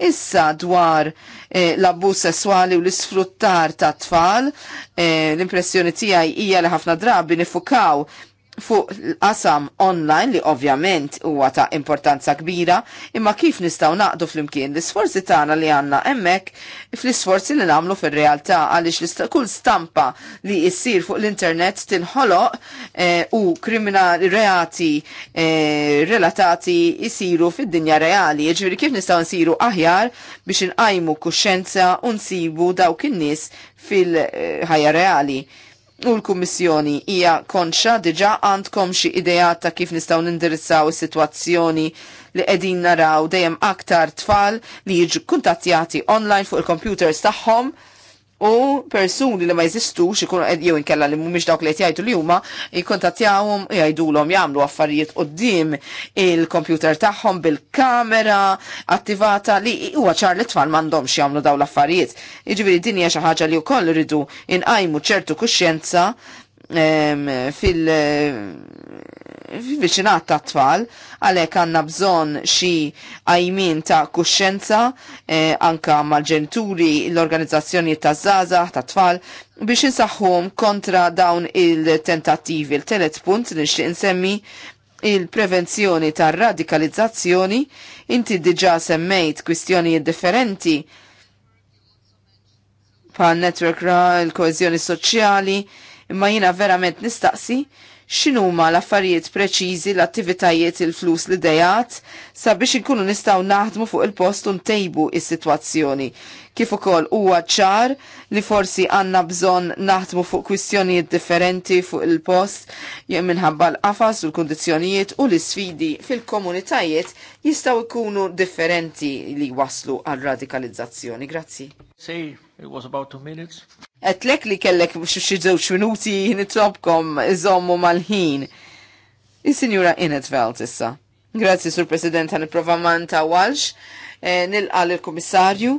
Speaker 4: Issa dwar eh, l-abbuż sessuali u l-isfruttar ta' tfal, eh, l-impressjoni tiegħi hija li ħafna drabi nifukaw fuq l-qasam online li ovvjament huwa ta' importanza kbira, imma kif nistgħu naqdu flimkien l-isforzi tagħna li għandna hemmhekk fl-isforzi li nagħmlu fir-realtà għaliex kull stampa li jsir fuq l-internet tinħoloq eh, u kriminali reati eh, relatati jisiru fid-dinja reali. Jiġifieri kif nistgħu nsiru aħjar biex inqajmu kuxenza u nsibu dawk in-nies fil-ħajja eh, reali U l-Kummissjoni hija konxa diġa għandkom xi idea ta' kif nistgħu nindirizzaw is-sitwazzjoni li qegħdin naraw dejjem aktar tfal li jiġu kuntattjati online fuq il-computers tagħhom u persuni li ma jeżistux ikun jew inkella li mhumiex dawk li qed jgħidu li huma jikkontattjawhom jgħidulhom jagħmlu affarijiet qudiem il-kompjuter tagħhom bil-kamera attivata li huwa ċar li tfal m'għandhomx jagħmlu dawn l-affarijiet. Jiġifieri din hija xi ħaġa li wkoll rridu inqajmu ċertu kuxjenza fil- vicinat ta' tfal, għalek għanna bżon xi għajmin ta' kuxenza, eh, anka mal-ġenturi, l-organizzazzjoni ta' zaza, ta' tfal, biex insaħħom kontra dawn il-tentativi. Il-telet punt nixtieq insemmi il-prevenzjoni ta' radikalizzazzjoni, inti diġa semmejt kwistjoni differenti pa' network ra, il-koezjoni soċjali, imma jina verament nistaqsi x'inhuma l-affarijiet preċiżi, l-attivitajiet, il-flus li dejat sabiex inkunu nistgħu naħdmu fuq il-post u ntejbu is-sitwazzjoni. Kif ukoll huwa ċar li forsi għandna bżonn naħdmu fuq kwistjonijiet differenti fuq il-post jew minħabba l-qafas u l-kundizzjonijiet u l-isfidi fil-komunitajiet jistgħu jkunu differenti li waslu għal radikalizzazzjoni. Grazzi. It was about two minutes. Etlek li kellek xi żewġ minuti nitrobkom iżommu mal-ħin. signora sinjura Inetveld issa. Grazzi, Sur President, għan il-provamanta Walsh. Eh, nil-għal l-Komissarju.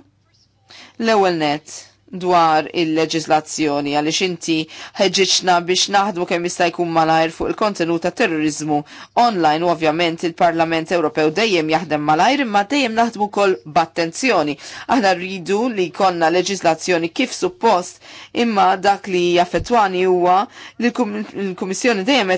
Speaker 4: L-ewel net dwar il-leġizlazzjoni għaliex inti ħeġġiċna biex naħdmu kemm jista' jkun malajr fuq il-kontenut ta' terrorizmu online u ovvjament il-Parlament Ewropew dejjem jaħdem malajr imma dejjem naħdmu kol b'attenzjoni. Aħna rridu li konna leġizlazzjoni kif suppost imma dak li jaffettwani huwa li l-Kummissjoni dejjem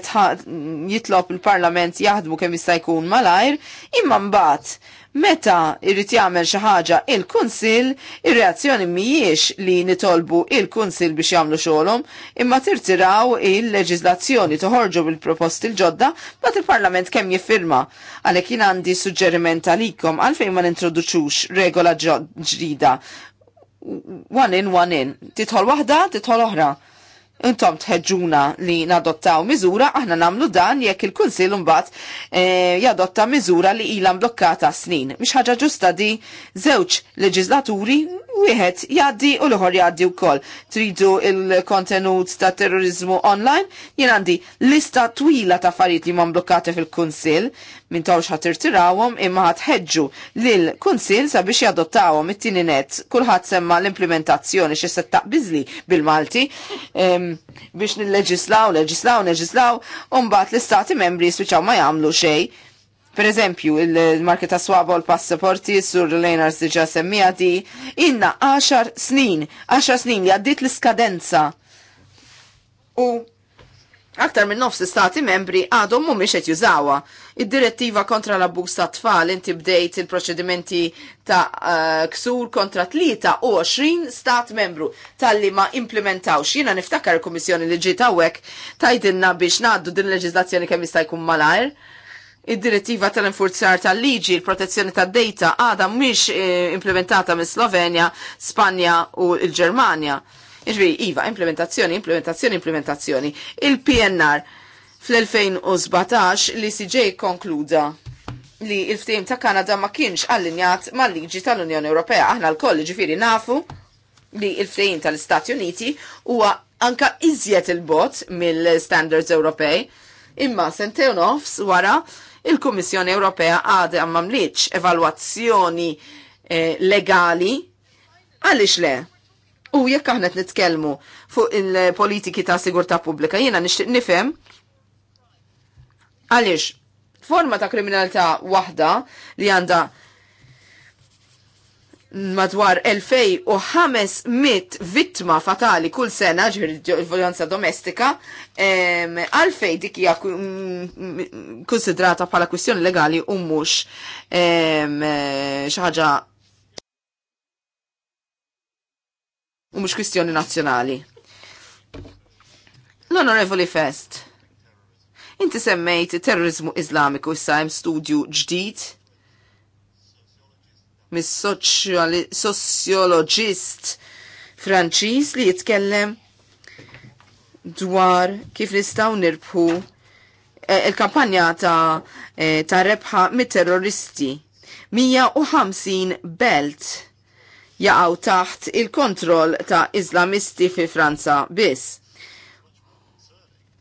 Speaker 4: jitlob il-Parlament jaħdmu kemm jista' jkun malajr imma mbagħad Meta irrit jagħmel xi ħaġa il-Kunsill, ir-reazzjoni mhijiex li nitolbu il-Kunsill biex jagħmlu xogħolhom, imma tirtiraw il-leġiżlazzjoni toħorġu bil-proposti l-ġodda bat il-Parlament kemm jiffirma. Għalhekk jien għandi suġġeriment għalikom għalfejn ma nintroduċux regola ġdida. One in, one in. Titħol waħda, titħol oħra intom tħedġuna li nadottaw miżura, aħna namlu dan jekk il-Kunsil mbagħad eh, jadotta miżura li ilha mblokkata snin. Mhix ħaġa ġusta di żewġ leġislaturi wieħed jgħaddi u l oħor jgħaddi wkoll. Tridu il-kontenut ta' terrorizmu online, jien għandi lista twila ta' affarijiet li ma mblokkati fil-Kunsil, Mintomx ħatirtirawhom imma ħatħeġġu lil kunsil sabiex jadottawhom it-tieni net. Kulħadd semma l-implementazzjoni xi se taqbiżli bil-Malti biex nilleġislaw, leġislaw, leġislaw, u mbagħad l-istati membri jispiċaw ma jagħmlu xejn. Per eżempju, il marketa ta' l-passaporti sur Lejnars diġa semmija di, inna 10 snin, 10 snin li għaddit l-skadenza. U Aktar minn nofs stati membri għadhom mhumiex qed jużawha. Id-direttiva kontra l-abbuż ta' tfal inti bdejt il-proċedimenti ta' uh, ksur kontra tlieta u 20 stat membru tal-li ma implementawx. Jiena niftakar il-Kummissjoni li ġiet hawnhekk tajdilna biex ngħaddu din leġiżlazzjoni kemm jista' jkun malajr. Id-direttiva tal-infurzar tal-liġi, il-protezzjoni tad-dejta għadha mhix eh, implementata minn Slovenja, Spanja u l-Ġermanja Iġbiri, Iva, implementazzjoni, implementazzjoni, implementazzjoni. Il-PNR fl-2017 li CJ konkluda li il-ftehim ta' Kanada ma kienx allinjat mal-liġi tal-Unjoni Ewropea. Aħna l-koll ġifiri nafu li il ftim tal-Istati Uniti huwa anka iżjed il-bot mill-standards Ewropej. Imma sentew nofs wara il-Kummissjoni Ewropea għadha għammamliċ evalwazzjoni eh, legali għaliex le U jekk aħna nitkellmu fuq il-politiki ta' sigurtà pubblika, jiena nixtieq nifhem għaliex forma ta' kriminalità waħda li għandha madwar 2500 vittma fatali kull sena ġir violenza domestika għalfej dik hija konsidrata bħala kwistjoni legali u mhux xi ħaġa u mhux kwistjoni nazzjonali. L-Onorevoli Fest, inti semmejt terrorizmu islamiku issa hemm studju ġdid mis-soċjoloġist Franċiż li jitkellem dwar kif nistgħu nirbħu eh, il-kampanja ta' eh, ta' rebħa mit-terroristi. 150 belt jaqgħu taħt il-kontroll ta' Islamisti fi Franza biss.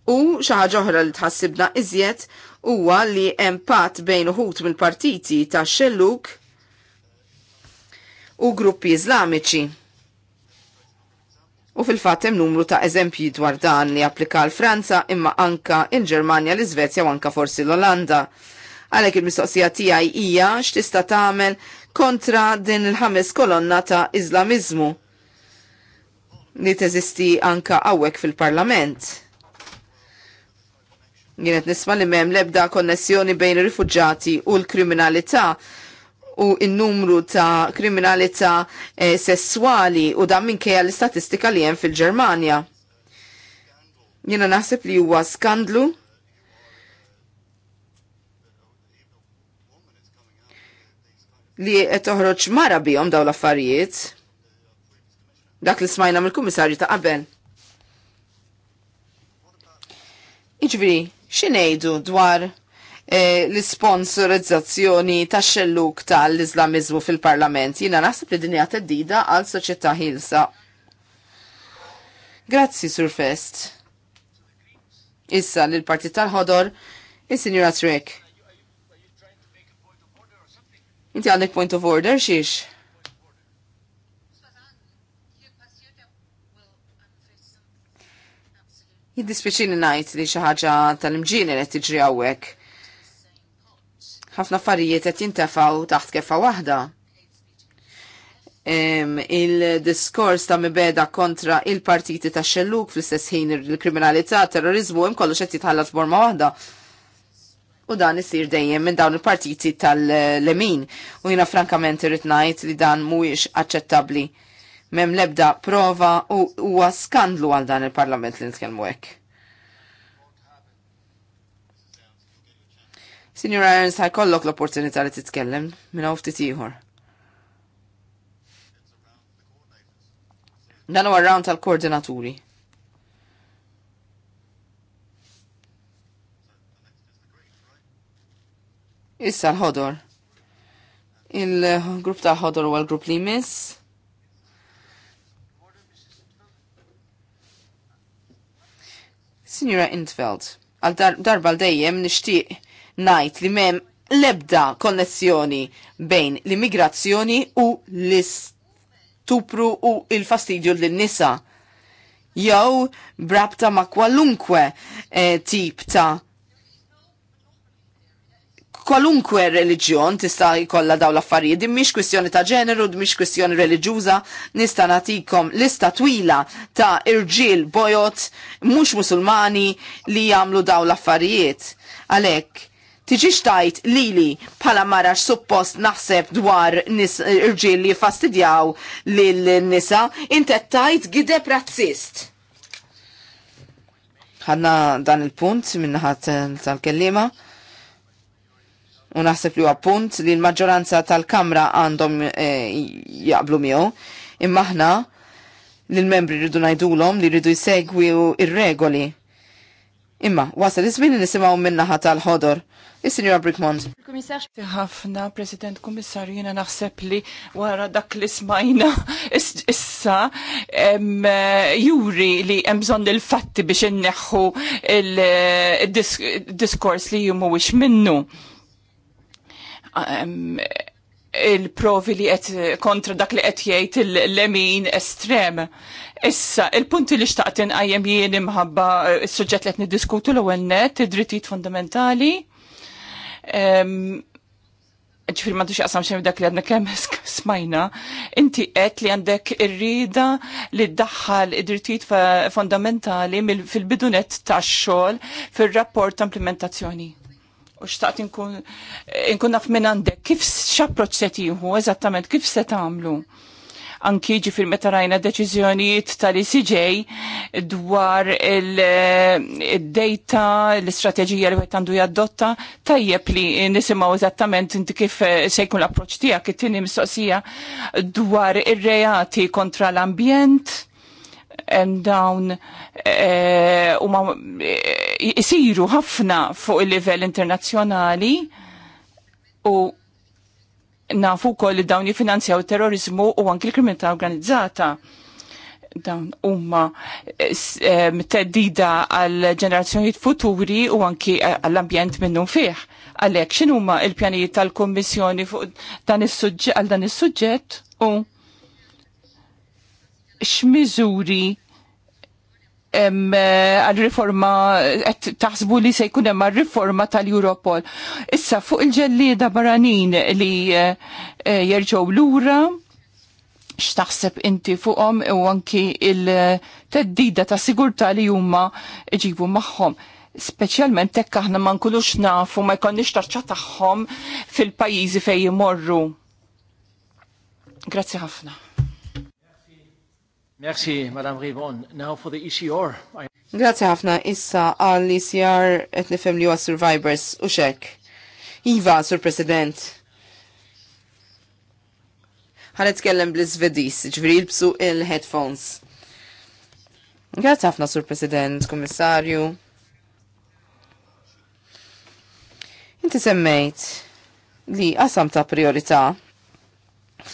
Speaker 4: U xi ħaġa oħra li tħassibna iżjed huwa li empat bejn uħut mill-partiti ta' xelluk u gruppi iżlamiċi. U fil-fatt hemm numru ta' eżempji dwar dan li applika l-Franza imma anka il-Ġermanja, l-Iżvezja u anka forsi l-Olanda. Għalhekk il-mistoqsija tiegħi hija x'tista' tagħmel kontra din il-ħames kolonna ta' Islamizmu li teżisti anka għawek fil-parlament. Jienet nisma li mem lebda konnessjoni bejn il-rifugġati u l-kriminalità u il-numru ta' kriminalità e, sessuali u da' minkeja l-istatistika li jem fil-Germania. Jena naħseb li huwa skandlu li qed toħroġ mara bihom daw l-affarijiet. Dak li smajna mill-kummissarju ta' qabel. Iġviri, xinejdu dwar eh, l-sponsorizzazzjoni ta' xelluk tal-Islamizmu fil-Parlament. Jina naħseb li dinja teddida għal soċjetà ħilsa. Grazzi, Sur Fest. Issa l-Partit tal-ħodor, il-Sinjura Trek. Inti għandek point of order xiex? Jiddispieċini najt li xaħġa tal-imġini li t-ġri għawek. ħafna affarijiet qed jintafaw taħt kefa waħda. Il-diskors ta' mibeda kontra il-partiti ta' xelluk fl-istess ħin il-kriminalità, terrorizmu, hemm kollox qed jitħallat forma waħda u dan isir dejjem minn dawn il-partiti tal-lemin. U jina frankament irrit ngħid li dan mhuwiex aċċettabbli. Mem lebda prova u huwa skandlu għal dan il-Parlament li nitkellmu hekk. Signor Irons, ħajkollok l-opportunità li titkellem minn hawn ftit ieħor. Dan huwa round tal-koordinaturi. Issa l-ħodor. Il-grupp ta' ħodor u l-grupp li jmiss. Signora Intveld, għal darba l-dejjem nishtiq najt li mem lebda konnessjoni bejn l-immigrazzjoni u l-istupru u il-fastidju l-nisa jew brabta ma' kwalunkwe eh, tip ta' kwalunkwe reliġjon tista' jkollha daw l-affarijiet, din mhix kwistjoni ta' ġeneru, din mhix kwistjoni reliġjuża, nista' nagħtikom lista twila ta' irġiel bojot mhux musulmani li jagħmlu daw l-affarijiet. Għalhekk tiġi xtajt lili pala marax suppost naħseb dwar irġiel li fastidjaw lil-nisa, intet tajt gideb razzist. Għanna dan il-punt minnaħat tal-kellima u naħseb li huwa li l-maġġoranza tal-Kamra għandhom eh, jaqblu miegħu, imma aħna l membri rridu ngħidulhom li rridu jsegwi ir-regoli. Imma, wasal iż-żmien li nisimgħu minnaħa tal-ħodor. Is-Sinjora Brickmont.
Speaker 2: Komissar ħafna, President Komissar, jiena naħseb li wara dak li smajna issa juri li hemm bżonn il-fatti biex inneħħu il-diskors eh, li jumhuwiex minnu il-provi li qed kontra dak li qed jgħid il-lemin estrem. Issa, il-punti li xtaqt inqajjem jien imħabba eh, s-suġġett li qed niddiskutu l-ewwel net, id-drittijiet fundamentali. Ġifir ma tux jaqsam xemmi dak li għadna kemm smajna, inti qed li għandek irrida li ddaħħal id-drittijiet fundamentali fil-bidunet tax-xogħol fir-rapport implementazzjoni u xtaqt inkun naf minn għandek kif x'approċċ se tieħu eżattament kif se tagħmlu. Anki ġifir meta rajna deċiżjonijiet tal-ICJ dwar il-data, l-istrateġija li għet għandu jaddotta, tajjeb li nisimaw eżattament inti kif eh, se jkun l-approċ tiegħek it-tieni mistoqsija dwar ir-reati kontra l-ambjent dawn eh, ma eh, isiru ħafna fuq il-livell internazzjonali u nafu wkoll li dawn jifinanzjaw terrorizmu u anki l-kriminalità organizzata dawn umma eh, teddida għal ġenerazzjonijiet futuri u anki għall-ambjent minnu fih. Għalek, xin huma il-pjanijiet tal-Kommissjoni fuq dan il-sujġet għal dan is-suġġett u x'miżuri eh, għal-riforma, taħsbu li se jkun hemm riforma tal-Europol. Issa fuq il-ġellieda baranin li eh, eh, jerġgħu lura, x'taħseb inti fuqhom u anki il-teddida ta' sigurtà li huma ġibu magħhom. Speċjalment hekk aħna ma nkunux nafu ma jkollniex tarċa tagħhom fil-pajjiżi fejn jmorru.
Speaker 4: Grazzi ħafna.
Speaker 1: Merci, Madame Rivon. Now for the ECR.
Speaker 4: Grazie ħafna issa għall ecr qed nifhem li huwa Survivors u xek. Iva, Sur President. Ħan nitkellem bl-Svedis, ġifieri jilbsu il-headphones. Grazie ħafna, Sur President, Komissarju. Inti semmejt li għasam ta' priorita'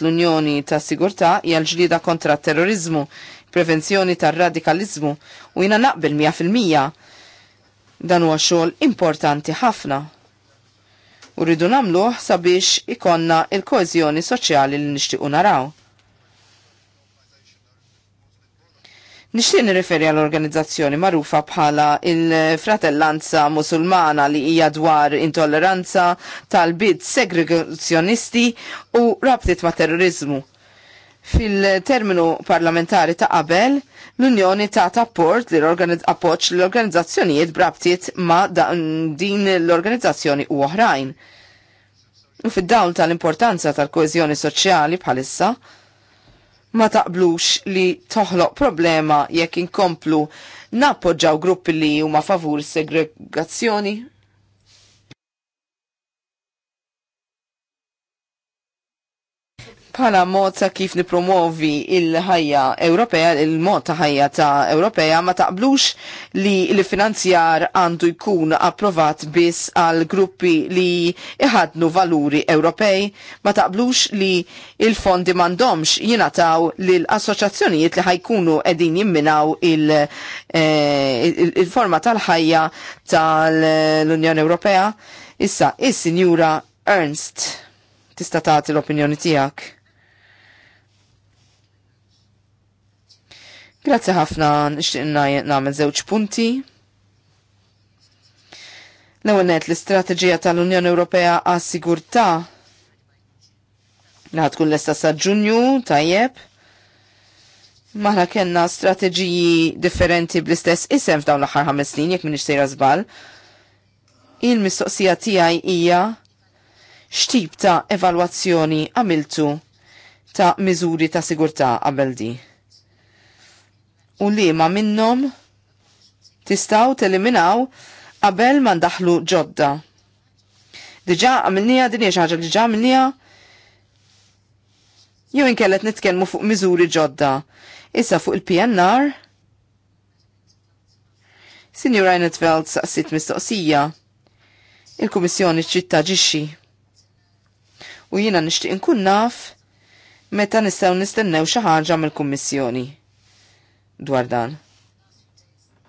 Speaker 4: l unjoni ta' Sigurtà hija ġlida kontra t terrorizmu, prevenzjoni tar-radikalizmu u jiena naqbel 100% dan huwa xogħol importanti ħafna. U rridu namluħ sabiex ikonna il-koeżjoni soċjali li nixtiequ naraw. Nixtie nirriferi għall organizzazzjoni magħrufa bħala il-Fratellanza Musulmana li hija dwar intolleranza tal-bid segregazzjonisti u rabtiet ma' terrorizmu. Fil-terminu parlamentari ta' qabel, l-Unjoni ta' tapport li appoġġ l-organizzazzjonijiet brabtiet ma' din l-organizzazzjoni u oħrajn. U fid-dawl tal-importanza tal-koezjoni soċjali bħalissa, ma taqblux li toħloq problema jekk inkomplu nappoġġaw gruppi li huma favur segregazzjoni bħala mod sa kif nipromovi il-ħajja Ewropea, il-mod ta' ħajja ta' Ewropea ma taqblux li l-finanzjar għandu jkun approvat biss għal gruppi li iħadnu valuri Ewropej, ma taqblux li il-fondi mandomx jinataw l-assoċazzjonijiet li ħajkunu edin jimminaw eh, il-forma il tal-ħajja tal-Unjoni Ewropea. Issa, is-Sinjura Ernst tista' tagħti l-opinjoni tiegħek. Grazzi ħafna nixtieq nagħmel żewġ punti. L-ewwel l-istrateġija tal-Unjoni Ewropea għas-sigurtà li tkun l-esta sa' Ġunju tajjeb. Maħna kellna strateġiji differenti bl-istess isem f'dawn l-aħħar ħames snin jekk minn sejra żball. Il-mistoqsija tiegħi hija x'tip ta' evalwazzjoni għamiltu ta' miżuri ta' sigurtà għabel di u li ma minnom tistaw teliminaw qabel ma ndaħlu ġodda. Diġa għamilnija, din xaġa ħaġa li diġa għamilnija, jew inkellet nitkellmu fuq miżuri ġodda. Issa fuq il-PNR, Sinjur Reinetfeld saqsit mistoqsija. Il-Kummissjoni ċitta ġixxi. U jiena nixtieq inkun naf meta nistgħu nistennew xi ħaġa mill-Kummissjoni dwar dan.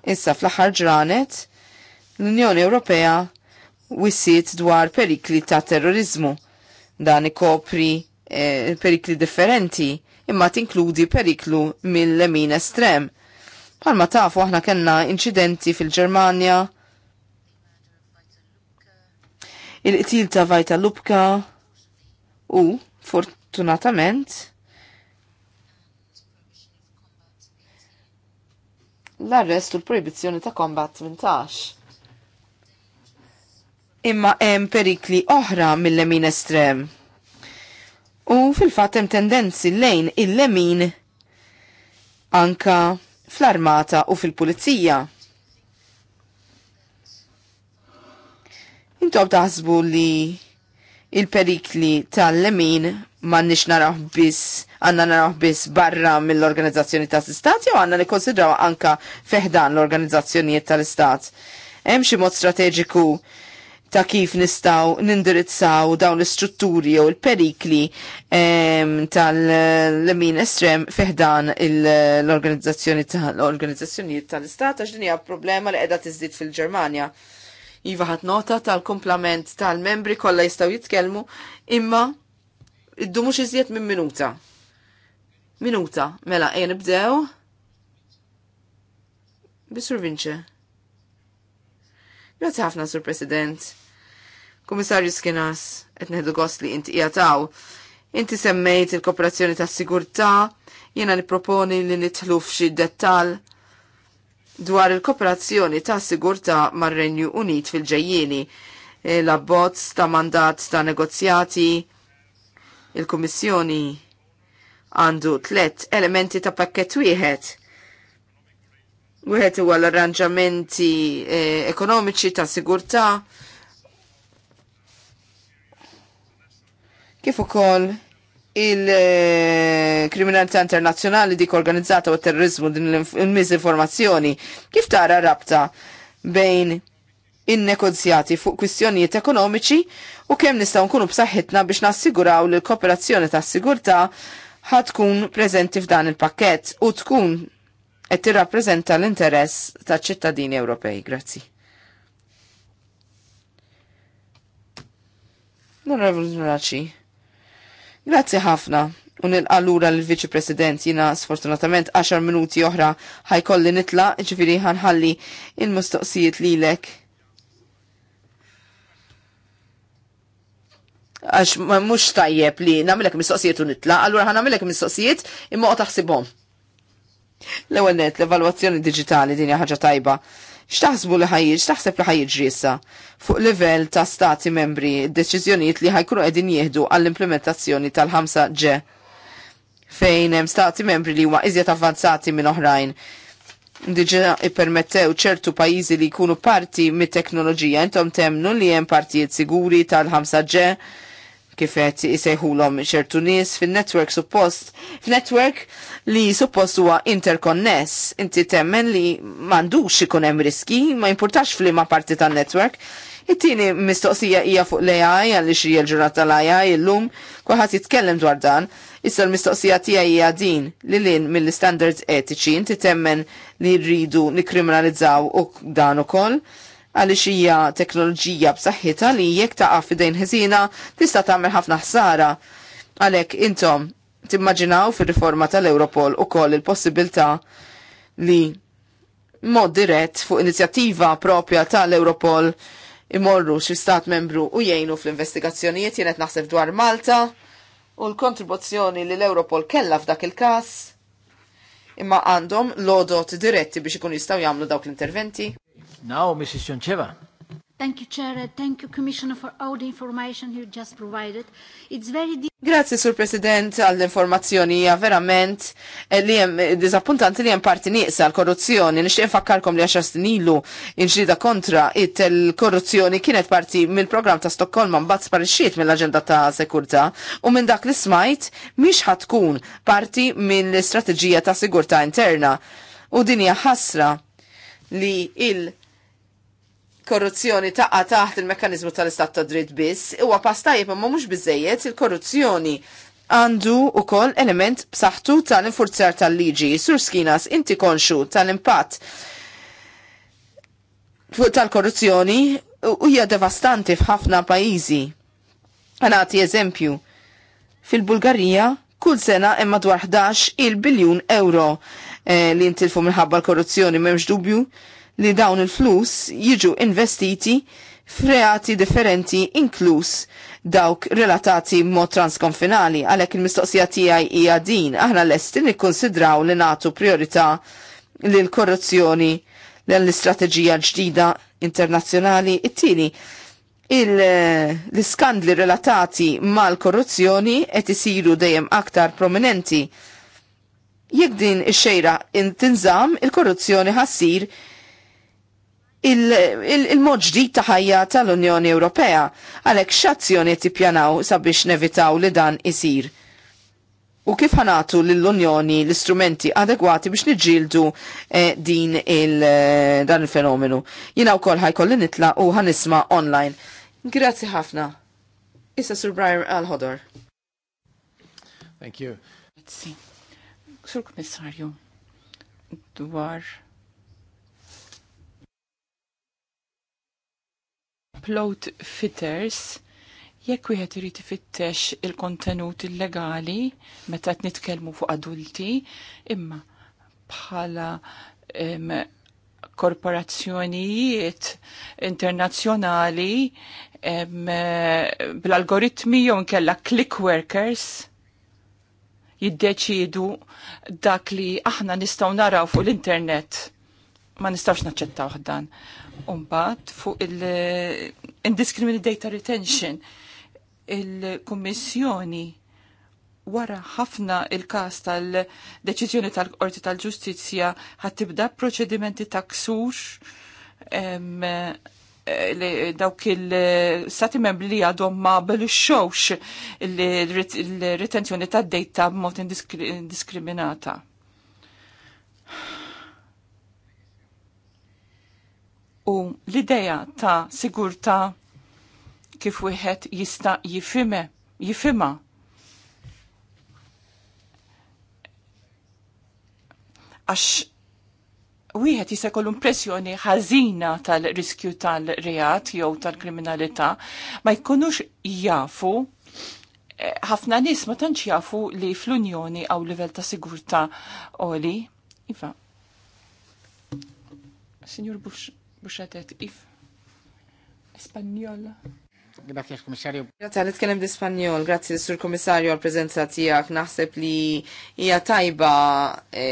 Speaker 4: Issa fl-aħħar ġranet, l-Unjoni Ewropea wissiet dwar perikli ta' terrorizmu. Dan ikopri eh, perikli differenti, imma tinkludi periklu mill-lemin estrem. Palma tafu aħna kenna incidenti fil-Germania, il-qtil ta' Vajta Lubka u, fortunatament, l-arrest u l-proibizzjoni ta' kombat 18. Imma hemm perikli oħra mill-lemin estrem. U fil-fatt hemm tendenzi lejn il-lemin anka fl-armata u fil-pulizija. Intom taħsbu li il-perikli tal-lemin ma nix naraħ biss għanna naraw biss barra mill-organizzazzjoni tal-istat jew għanna nikkonsidraw anka feħdan l-organizzazzjonijiet tal-istat. Hemm xi mod strateġiku ta' kif nistaw nindirizzaw dawn l-istrutturi jew il-perikli ehm, tal-lemin estrem feħdan l-organizzazzjonijiet tal-istat għax din hija problema li qiegħda tiżdied fil-Ġermanja. Iva ħat nota tal-komplament tal-membri kollha jistgħu jitkellmu imma id-dumu iżjed minn minuta. Minuta, mela, ejn nibdew. Bisur vinċe. Grazie ħafna, Sur President. Komissarju Skinas, neħdu gost li inti jataw. Inti semmejt il-kooperazzjoni ta' sigurtà, jena niproponi li nitħlu f'xi dettal dwar il-kooperazzjoni ta' sigurtà mar-Renju Unit fil-ġejjieni, e, l-abbozz ta' mandat ta' negozjati, il-Kummissjoni għandu tlet elementi ta' pakket wieħed. Wieħed huwa l-arranġamenti eh, ekonomiċi ta' sigurtà. Kif ukoll il-kriminalità internazzjonali dik organizzata u terrorizmu din il-mizinformazzjoni, kif tara rabta bejn in-negozjati fuq kwistjonijiet ekonomiċi u kemm nistgħu nkunu b'saħħitna biex nassiguraw lill l-kooperazzjoni tas-sigurtà ħatkun preżenti f'dan il-pakket u tkun qed tirrappreżenta l-interess taċ ċittadini Ewropej. Grazzi. L-Onorevoli Nuraċi, grazzi ħafna u nilqalura l-Viċi President jina sfortunatament 10 minuti oħra ħajkolli nitla ġifiri ħanħalli il-mistoqsijiet lilek għax mux tajjeb li namilek mistoqsijiet u nitla, allura namilek mistoqsijiet imma u taħsibhom. L-ewwel l-evalwazzjoni digitali din ħaġa tajba. X'taħsbu li ħajjiġ, x'taħseb li ħajjiġ issa fuq livell ta' stati membri deċiżjonijiet li ħajkunu qegħdin jieħdu għall-implementazzjoni tal ħamsa g fejn hemm stati membri li huma iżjed avvanzati minn oħrajn diġa ippermettew ċertu pajjiżi li jkunu parti mit teknoloġija intom temnu li hemm partijiet siguri tal ħamsa g kifet jisejħulhom ċertu nies fin-network suppost, f'network li suppost huwa interkonness, inti temmen li m'għandux ikun hemm riski, ma jimpurtax f'liema parti tan-network. It-tieni mistoqsija hija fuq l-AI għalli xie l-ġurnata l-AI illum kulħadd jitkellem dwar dan. Issa l-mistoqsija tiegħi hija din li lin mill-standards etiċi inti temmen li rridu nikkriminalizzaw u dan ukoll. koll għaliex hija teknoloġija b'saħħitha li jekk taqa' f'idejn ħisina tista' tagħmel ħafna ħsara. Għalhekk intom timmaġinaw fir-riforma tal-Europol ukoll il-possibilità li mod dirett fuq inizjattiva propja tal-Europol imorru xi stat membru u jgħinu fl-investigazzjonijiet jienet naħseb dwar Malta u l-kontribuzzjoni li l-Europol kellha f'dak il-każ imma għandhom lodot diretti biex ikun jistgħu jagħmlu dawk l-interventi. Now, Mrs. Joncheva.
Speaker 3: Thank you, Chair. Thank you, Commissioner, for all the information you just provided. It's very
Speaker 4: Grazie, Sur President, għall-informazzjoni hija verament eh, li hemm eh, diżappuntanti li hemm parti nieqsa l-korruzzjoni. Nixtieq infakkarkom li għaxar snilu inġrida kontra it-korruzzjoni kienet parti mill-programm ta' Stokkolma mbagħad sparixxiet mill-aġenda ta' sekurtà u minn dak li smajt mhix ħatkun parti mill-istrateġija ta' sigurtà interna. U dinja ħasra li il- korruzzjoni taqa taħt il mekanizmu tal-istat ta' dritt biss, huwa pastajib ma mhux biżejjed il-korruzzjoni għandu u koll element b'saħħtu tal-infurzjar tal-liġi. Sur skinas, inti konxu tal-impatt tal-korruzzjoni u hija devastanti f'ħafna pajjiżi. Għanati eżempju, fil-Bulgarija kull sena hemm madwar 11 il-biljun euro eh, li jintilfu minħabba l-korruzzjoni m'hemmx dubju li dawn il-flus jiġu investiti f'reati differenti inkluż dawk relatati mod transkonfinali għalhekk il-mistoqsija tiegħi hija din aħna lesti nikkonsidraw li nagħtu priorità lil korruzzjoni l-istrateġija ġdida internazzjonali it-tieni l-iskandli relatati mal-korruzzjoni qed isiru dejjem aktar prominenti. Jekk din ix-xejra intinżam, il-korruzzjoni ħassir il-mod ġdid ta' ħajja tal-Unjoni Ewropea għalhekk x'azzjoni tippjanaw sabiex nevitaw li dan isir. U kif ħanatu lill-Unjoni l-istrumenti adegwati biex niġġieldu eh, din il, eh, dan il-fenomenu. Jina u kol ħajkolli nitla u ħanisma online. Grazzi ħafna. Issa Sur Brian Al-Hodor. Thank you. Sur Commissario, dwar
Speaker 2: upload fitters jekk wieħed irid ifittex il-kontenut illegali meta qed nitkellmu fuq adulti, imma bħala um, korporazzjonijiet internazzjonali bl-algoritmi jew nkella click workers jiddeċidu dak li aħna nistgħu naraw fuq l-internet ma nistax naċċettaw dan. Umbat fuq il-indiscriminate eh, data retention il-Kummissjoni wara ħafna il-kas tal-deċizjoni tal-Qorti tal-Ġustizzja ħattibda proċedimenti ta' ksur eh, dawk il sati membri li għadhom ma belixxewx il-retenzjoni tad-dejta b'mod indiskriminata. u l-ideja ta' sigurta kif wieħed jista' jifime, jifima. Għax wieħed jista' jkollu impressjoni ħażina tal-riskju tal-reat jew tal-kriminalità ma jkunux jafu eh, ħafna nies ma tantx jafu li fl-Unjoni għaw livell ta' sigurtà oli. Iva. Signor Bush biex qed if Espanjol
Speaker 4: Grazie, komissarju. Grazie, għan itkellem l-Ispanjol. Grazie, sur komissarju, għal-prezenza tijak. Naħseb li hija tajba e,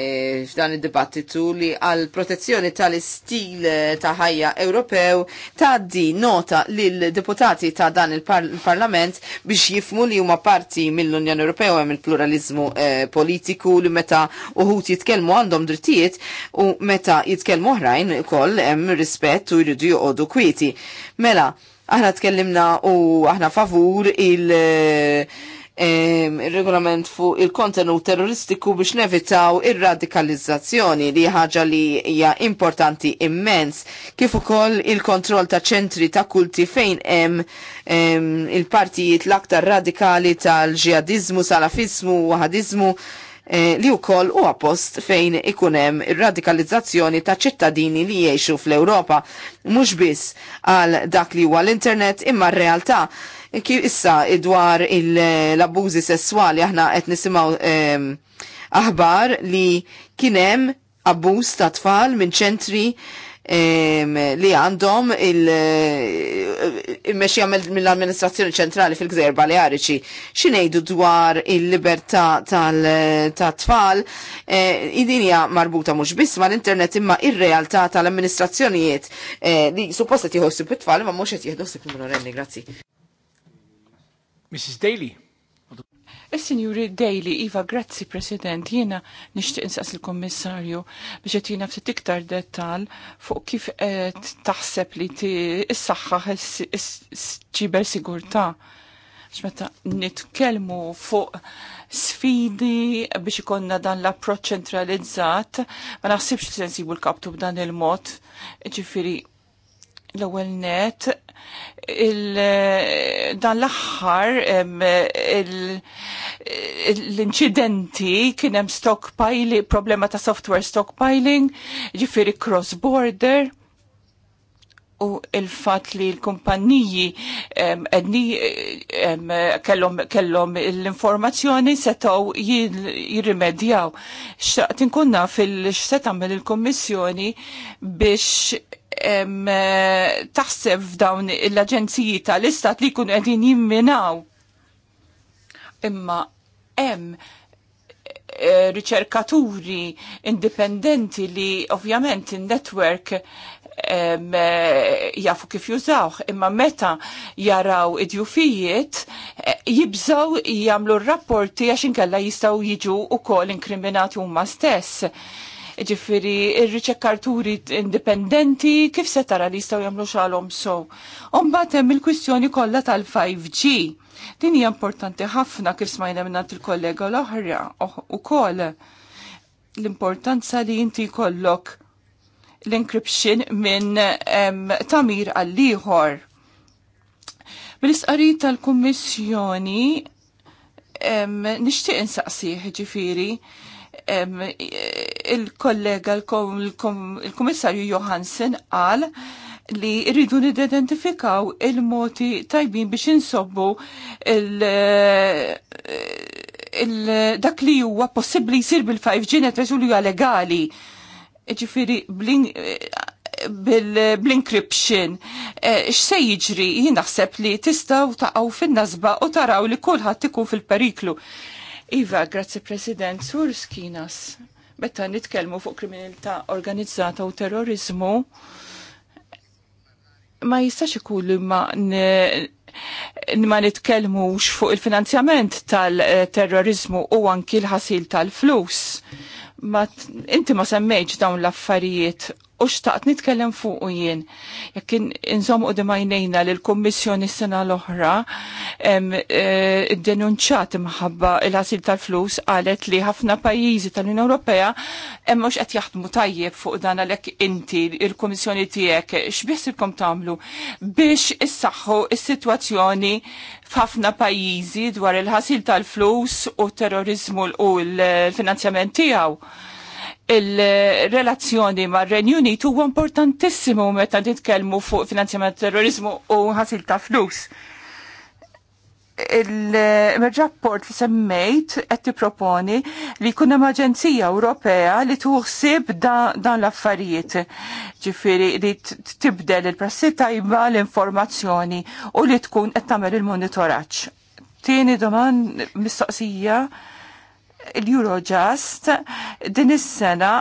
Speaker 4: f'dan id-dibattitu li għal-protezzjoni tal-istil ta' ħajja Ewropew ta' di nota lil-deputati ta' dan il-parlament biex jifmu li huma parti mill-Unjoni Ewropew hemm il-pluralizmu e, politiku li meta uħut jitkellmu għandhom drittijiet u meta jitkellmu oħrajn ukoll hemm rispett u jridu joqogħdu kwieti. Mela, Aħna tkellimna u aħna favur il- eh, regolament fuq il-kontenut terroristiku biex nevitaw ir-radikalizzazzjoni li ħaġa li hija importanti immens kif ukoll il-kontroll ta' ċentri ta' kulti fejn hemm il-partijiet l-aktar radikali tal-ġihadizmu, salafizmu, wahadizmu li eh, li wkoll huwa post fejn ikun hemm radikalizzazzjoni ta' ċittadini li jgħixu fl-Ewropa mhux biss għal dak li huwa l-internet imma r-realtà kif issa dwar l-abbużi sessuali aħna qed nisimgħu ehm, aħbar li kien hemm abbuż ta' tfal minn ċentri li għandhom il-mexja eh, mill-amministrazzjoni ċentrali fil-gżer baleariċi. Xinejdu dwar il-libertà tal-tfal, eh, id-dinja marbuta mux biss ma l-internet imma ir-realtà tal-amministrazzjonijiet eh, li supposta tiħossu bit-tfal ma mux jtieħdu s-sib minorenni, grazzi. Mrs. Daly.
Speaker 2: Is-Sinjuri Daily, Iva, grazzi President, jiena nixtieq insaqs il-Kommissarju biex qed jiena ftit iktar dettal fuq kif qed taħseb li s-saħħa ċiber sigurtà xmeta nitkelmu fuq sfidi biex ikonna dan l-approċ ċentralizzat, ma naħsibx li sensibu l-kaptu b'dan il-mod, ġifiri l-ewwel net dan l-aħħar l-inċidenti kien hemm stockpiling, problema ta' software stockpiling, ġifieri cross border u il-fat li l-kumpanniji edni kellom l-informazzjoni setaw jirrimedjaw. Tinkunna fil-setamil il-kommissjoni biex taħseb f'dawn l-aġenziji tal-istat li kun edin jimminaw. Imma em e, riċerkaturi indipendenti li ovvjament in-network Eh, jafu kif jużawh, imma meta jaraw id id-jufijiet, eh, jibżaw jamlu r-rapporti għax inkella jistgħu jiġu wkoll inkriminati huma stess. Ġifiri, il riċekkarturi indipendenti kif se tara li jistgħu jagħmlu xalom so. Imbagħad hemm il-kwistjoni kollha tal-5G. Din hija importanti ħafna kif smajna minnant il-kollega l-oħra kol l-importanza li inti kollok l-encryption minn tamir għall-liħor. Bil-isqari tal-Kummissjoni nixtieq insaqsih ġifiri il-kollega il-Kummissarju Johansen qal li rridu nid-identifikaw il-moti tajbin biex insobbu il- dak li huwa possibbli jsir bil-5G netresu li huwa legali ġifiri bil-encryption, e, x'se jiġri jien naħseb li tistgħu taqgħu fin-nasba u taraw li kulħadd ikun fil-periklu. Iva, grazzi President, sur skinas. Meta nitkellmu fuq kriminalità organizzata u terrorizmu, ma jistax ikun li ma ma nitkellmux fuq il-finanzjament tal-terrorizmu u anki l-ħasil tal-flus ma inti ma semmejġ dawn l-affarijiet u xtaqt nitkellem fuq u jien. Jekk inżom u d li l-Kommissjoni sena l-oħra e, denunċat imħabba il-ħasil tal-flus għalet li ħafna pajjiżi tal-Unjoni Ewropea hemm mhux qed jaħdmu tajjeb fuq dan għalhekk inti il-Kummissjoni tiegħek kom tagħmlu biex issaħħu s sitwazzjoni f'ħafna pajjiżi dwar il-ħasil tal-flus u terrorizmu u l-finanzjament tiegħu il-relazzjoni ma' Renju Unit huwa importantissimu meta nitkellmu fuq finanzjament terrorizmu u ħasil ta' flus. Il-rapport li semmejt qed tipproponi li jkun hemm aġenzija Ewropea li tuħsib dan l-affarijiet. Ġifieri li tibdel il-prassi tajba l-informazzjoni u li tkun qed tagħmel il-monitoraġġ. Tieni domanda mistoqsija l-Eurojust din is-sena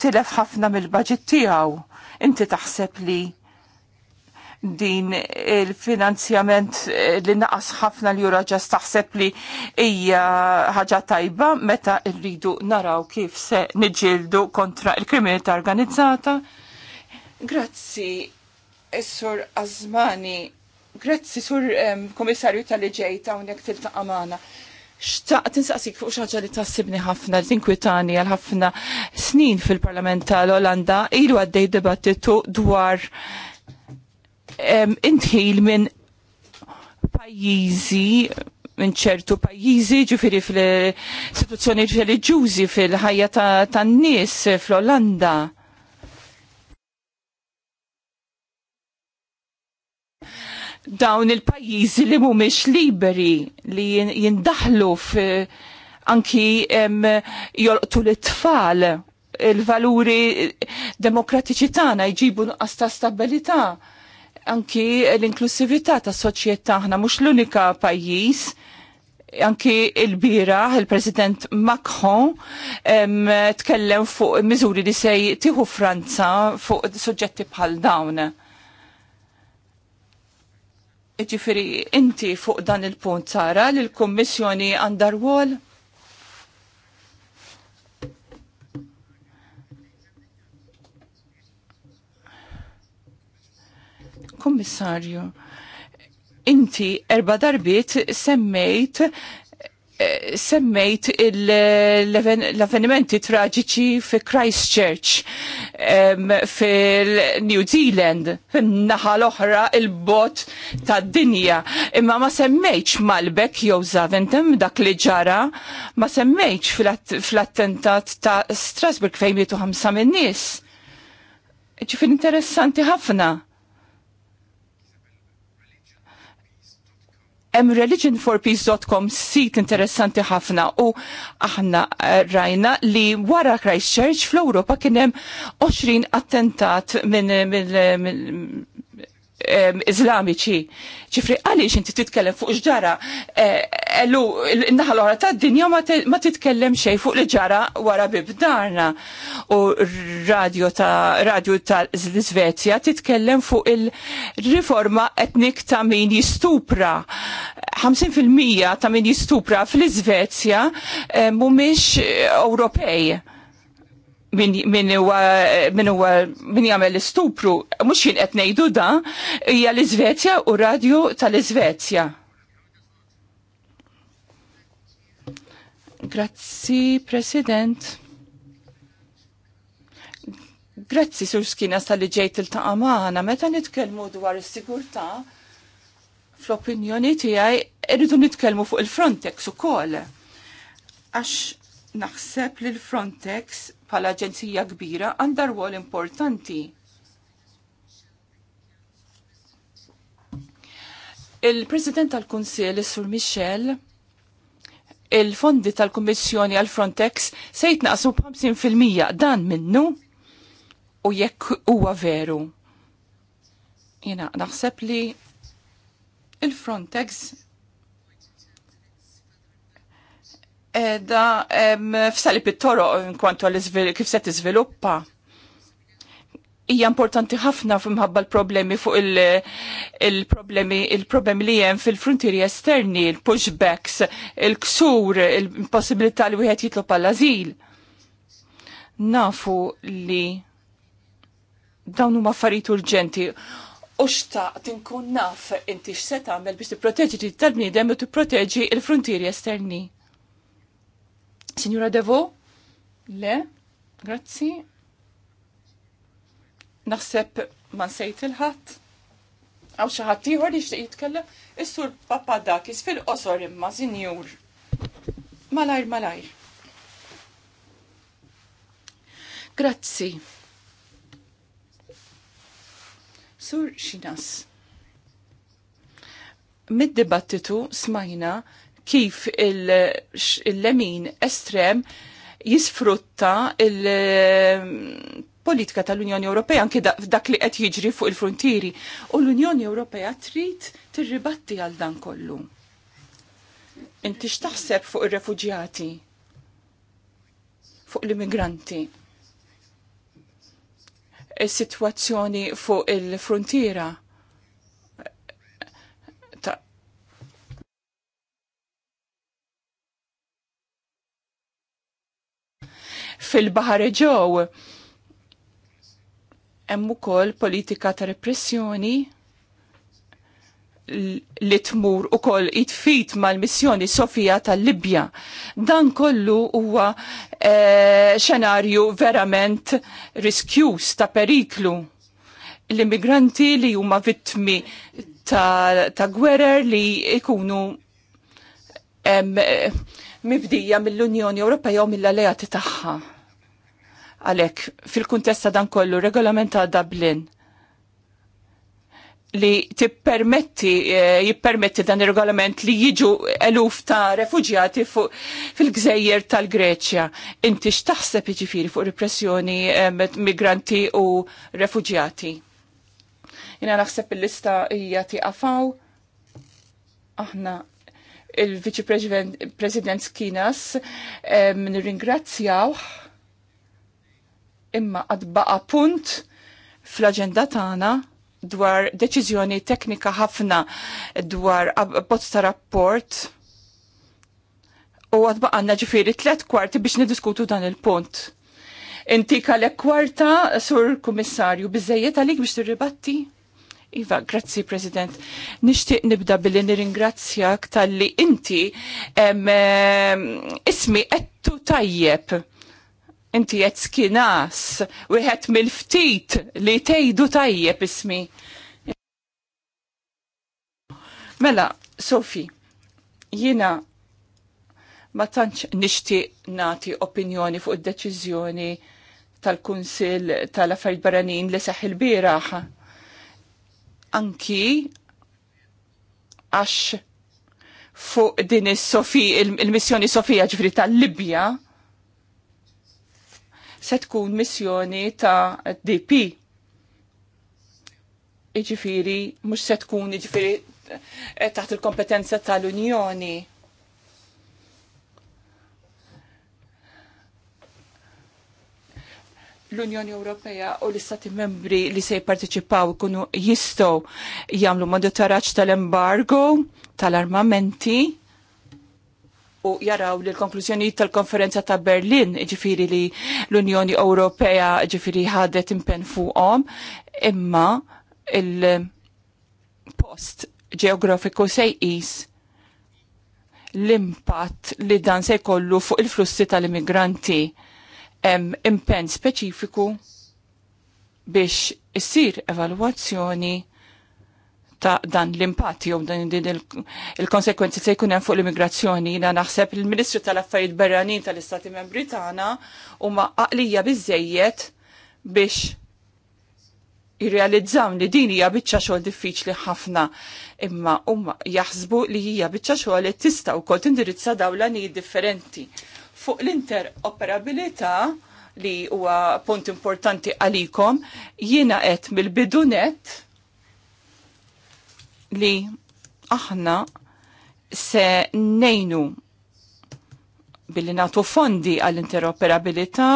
Speaker 2: tilef ħafna mill-budget tiegħu. Inti taħseb li din il-finanzjament li naqas ħafna l eurojust taħseb li hija ħaġa tajba meta rridu naraw kif se niġildu kontra il-kriminalità organizzata. Grazzi, Sur Azmani. Grazzi, Sur Kommissarju Komissarju tal-Liġej ta' unek tilta' amana xtaq tinsaqsik fuq xaġa li tassibni ħafna, tinkwitani għal ħafna snin fil-Parlament tal-Olanda, ilu għaddej dibattitu dwar intħil minn pajjiżi minn ċertu pajjiżi ġifiri fil-istituzzjoni reliġjużi fil-ħajja tan-nies fl-Olanda. Ta dawn il-pajjiżi li mhumiex liberi li jindaħlu anki jolqtu l-tfal il-valuri demokratiċi tagħna jġibu nuqqas ta' stabilità anki l-inklusività tas soċjetà aħna mhux l-unika pajjiż anki l bira il-President Macron, tkellem fuq miżuri li sej tiħu Franza fuq suġġetti bħal dawn. Ġifiri, inti fuq dan il-punt Sara li l-Kommissjoni Wol? Kommissarju, inti erba darbit semmejt Eh, semmejt l-avvenimenti traġiċi fi Christchurch fil-New Zealand fin-naħa l-oħra il-bot tad dinja imma ma semmejċ Malbek jew Zaventem dak li ġara ma semmejċ fl-attentat ta' Strasburg fejn mietu ħamsa minn nies ġifin interessanti ħafna hemm religionforpeace.com sit interessanti ħafna u aħna eh, rajna li wara Christchurch fl-Ewropa kien hemm 20 attentat minn min, min, min, Iżlamiċi. Ċifri, għaliex inti titkellem fuq xġara għallu, eh, naħal ora ta' dinja ma titkellem xej fuq li ġara wara bibdarna. U radio ta' radio ta' Svezja titkellem fuq il-riforma etnik ta' min jistupra. 50% ta' min jistupra fl-Svezja eh, mumiex Ewropej min jagħmel l-istupru, mhux jien qed ngħidu da, hija l-Iżvezja u radju tal-Iżvezja. Grazzi, President. Grazzi, Sur Skina, tal-li ġejt il-taqa maħna. Meta nitkellmu dwar is-sigurtà, fl-opinjoni tiegħi irridu nitkellmu fuq il-Frontex ukoll. Għax naħseb li l-Frontex bħala aġenzija kbira għandha rwol importanti. Il-President tal-Kunsill, Sur Michel, il-fondi tal-Kummissjoni għal Frontex se jitnaqsu 50% dan minnu u jekk huwa veru. Jena naħseb li il-Frontex edha f'sali pittoro kwanto kif se tiżviluppa. Hija importanti ħafna f'imħabba l-problemi fuq il-problemi il-problemi li hemm fil-frontieri esterni, il-pushbacks, il-ksur, il-possibilità li wieħed jitlob l ażil Nafu li dawn huma affarijiet urġenti. U xta tinkun naf inti x'se tagħmel biex tipproteġi tal-bniedem u tipproteġi l-frontieri esterni. Signora Devo? Le? Grazzi. Naħseb ma sejt il ħat Għaw xi ħadd ieħor li jixtieq jitkellem, is-sur Papadakis fil-qosor imma, sinjur. Malajr, malajr. Grazzi. Sur Xinas. mid debattitu smajna kif il-lemin il estrem jisfrutta il-politika ehm, tal-Unjoni Ewropea anke dak li qed jiġri fuq il-frontieri u l-Unjoni Ewropea trid tirribatti għal dan kollu. Inti x'taħseb fuq ir-refuġjati? Fuq l-immigranti? Is-sitwazzjoni fuq il-frontiera? fil-Bahar Ġew. Hemm ukoll politika ta' repressjoni li tmur u koll it-fit mal-missjoni Sofija tal-Libja. Dan kollu huwa e, xenarju verament riskjus ta' periklu. L-immigranti li huma vittmi ta', ta gwerer li ikunu em, eh, mibdija mill-Unjoni Ewropea u mill-alleati tagħha Għalek, fil-kuntesta dan kollu, regolament ta' Dublin li tippermetti, eh, jippermetti dan il-regolament li jiġu eluf ta' refugjati fil-gżejjer tal-Greċja. Inti x'taħseb iġifiri fuq repressjoni eh, migranti u refugjati? Jina naħseb il-lista hija tiqafaw. Aħna il-Viċi President Skinas eh, nirringrazzjawh imma qatt baqa' punt fl-aġenda tagħna dwar deċiżjoni teknika ħafna dwar bozz ta' rapport u għad għandna ġifiri tlet kwarti biex nidiskutu dan il-punt. Inti kalek kwarta, sur kummissarju, bizzejiet għalik biex tirribatti? Iva, grazzi, President. Nishtiq nibda billi nirringrazzjak tal-li inti ismi ettu tajjeb inti qed skinas wieħed mill-ftit li tgħidu tajjeb ismi. Mela, Sofi, jina ma tantx nixtieq nagħti opinjoni fuq id-deċiżjoni tal-Kunsill tal-Affarijiet Barranin li seħħ il-bieraħ. Anki għax fuq din is-Sofi il-missjoni Sofija ġifri tal-Libja se tkun missjoni ta' DP. Iġifiri, mux se tkun iġifiri eh, taħt il-kompetenza tal-Unjoni. l-Unjoni Ewropea u l-Istati membri li se jipparteċipaw ikunu jistgħu jagħmlu monitoraġġ tal-embargo tal-armamenti u jaraw li l-konklużjoni tal-konferenza ta' Berlin ġifiri li l-Unjoni Ewropea ġifiri ħadet impen fuqom imma il-post ġeografiku is l-impatt li dan se jkollu fuq il-flussi tal-immigranti impen speċifiku biex issir evalwazzjoni ta' dan l-impatt jew dan il-konsekwenzi se jkun hemm fuq l-immigrazzjoni. Jiena naħseb il-Ministru tal-Affarijiet Barranin tal-Istati Membri tagħna huma qaqlija biżejjed biex jirrealizzaw li din hija biċċa xogħol diffiċli ħafna imma huma jaħsbu li hija biċċa xogħol li tista' wkoll tindirizza dawlani differenti. Fuq l-interoperabilità li huwa punt importanti għalikom, jiena qed mill-bidunet li aħna se nejnu billi natu fondi għall-interoperabilità,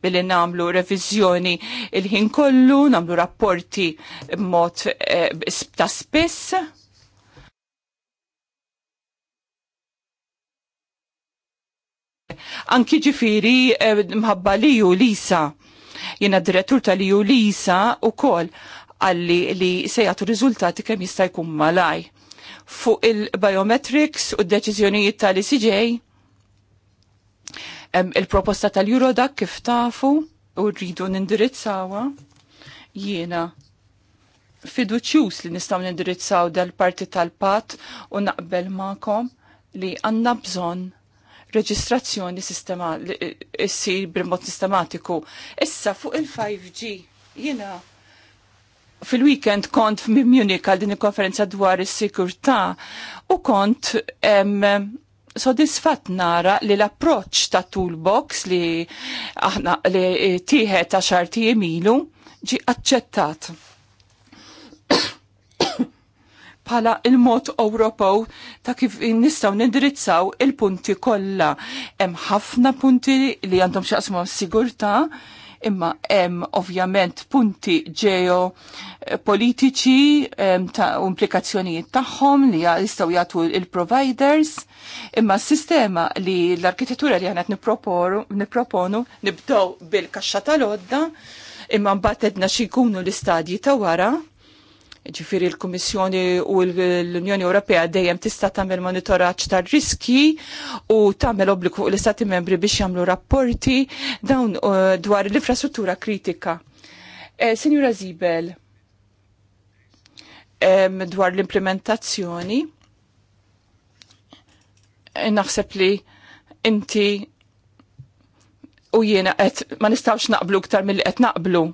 Speaker 2: billi namlu revizjoni il-ħin kollu, namlu rapporti mod eh, ta' spess. Anki ġifiri eh, mħabba li ju Lisa, jena direttur tal-ju Lisa u kol, għalli li se jagħtu riżultati kemm jista' jkun malaj. Fuq il-biometrics u d-deċiżjonijiet tal-ICJ, il-proposta tal-Eurodac kif tafu u rridu nindirizzawa jiena fiduċjus li nistaw nindirizzaw dal-parti tal-pat u naqbel ma'kom li għanna bżon reġistrazzjoni sistema, eh, issir bil-mod sistematiku. Issa fuq il-5G, jiena fil-weekend kont f-Munich għal din il-konferenza dwar is sikurta u kont sodisfatt nara li l-approċ ta' toolbox li aħna li tieħed ta' xarti ilu ġi aċċettat pala il-mod Ewropew ta' kif nistgħu nindirizzaw il-punti kollha. Hemm ħafna punti li għandhom x'jaqsmu sigurtà, sigurta imma hemm ovvjament punti ġeo politiċi ta' implikazzjonijiet tagħhom li jistgħu jagħtu il-providers, imma s-sistema li l-arkitettura li għanet niproponu nibdew bil-kaxxa tal-odda imma mbagħad edna xi jkunu l-istadji ta' wara ġifiri l komissjoni u l-Unjoni Ewropea dejjem tista' tagħmel monitoraġġ tar-riski u tagħmel obbligu fuq l-Istati membri biex jagħmlu rapporti dawn uh, dwar l-infrastruttura kritika. Eh, Sinjura Zibel, dwar l-implementazzjoni, eh, naħseb li inti u jiena qed ma nistgħux naqblu iktar milli qed naqblu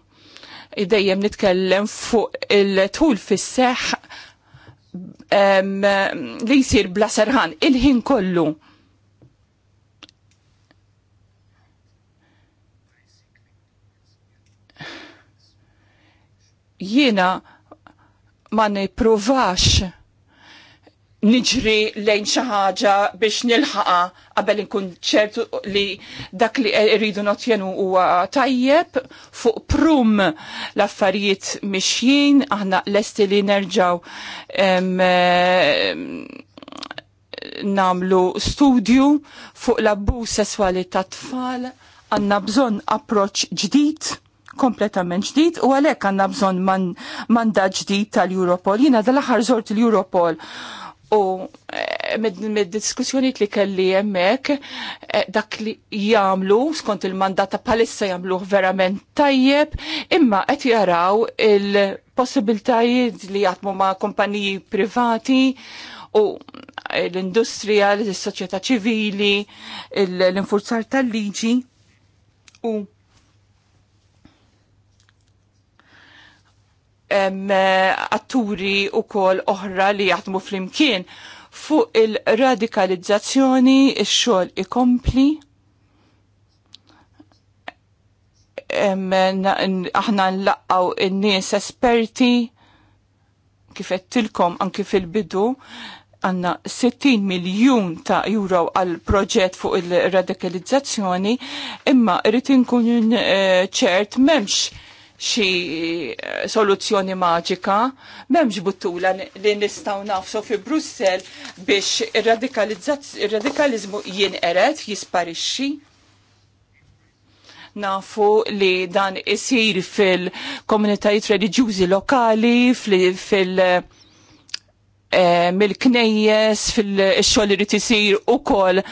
Speaker 2: dejjem nitkellem fuq il-tul fis-seħ li jsir bla serħan il-ħin kollu. Jiena ma niprovax niġri lejn xi ħaġa biex nilħaqa qabel inkun ċertu li dak li rridu notjenu huwa tajjeb fuq prum l-affarijiet mixjin aħna lesti li nerġaw namlu studju fuq l-abbuż sesswali tat tfal għandna bżonn approċċ ġdid kompletament ġdid u għalhekk għandna bżonn mandat ġdid tal-Europol. Jiena dal-aħħar zort l-Europol u eh, mid-diskussjoni li kelli jemmek eh, dak li jamlu skont il-mandata palissa jamlu verament tajjeb imma qed jaraw il-possibiltajiet li jatmu ma' kompaniji privati u l-industrija, l-soċjetà ċivili, l-infurzar tal-liġi u Eh, atturi u kol oħra li jaħdmu fl-imkien fuq il-radikalizzazzjoni, il-xol ikompli. Aħna nlaqaw il-nies esperti kifet tilkom anki fil-bidu għanna 60 miljon ta' euro għal proġett fuq il-radikalizzazzjoni imma rritin inkun eh, ċert memx xi eh, soluzzjoni maġika, m'hemmx buttula li nistgħu nafsu fi Brussel biex ir-radikalizmu eret jisparixxi. Nafu li dan isir fil-komunitajiet reliġjużi lokali, fil- eh, mill-knejjes, fil li tisir isir ukoll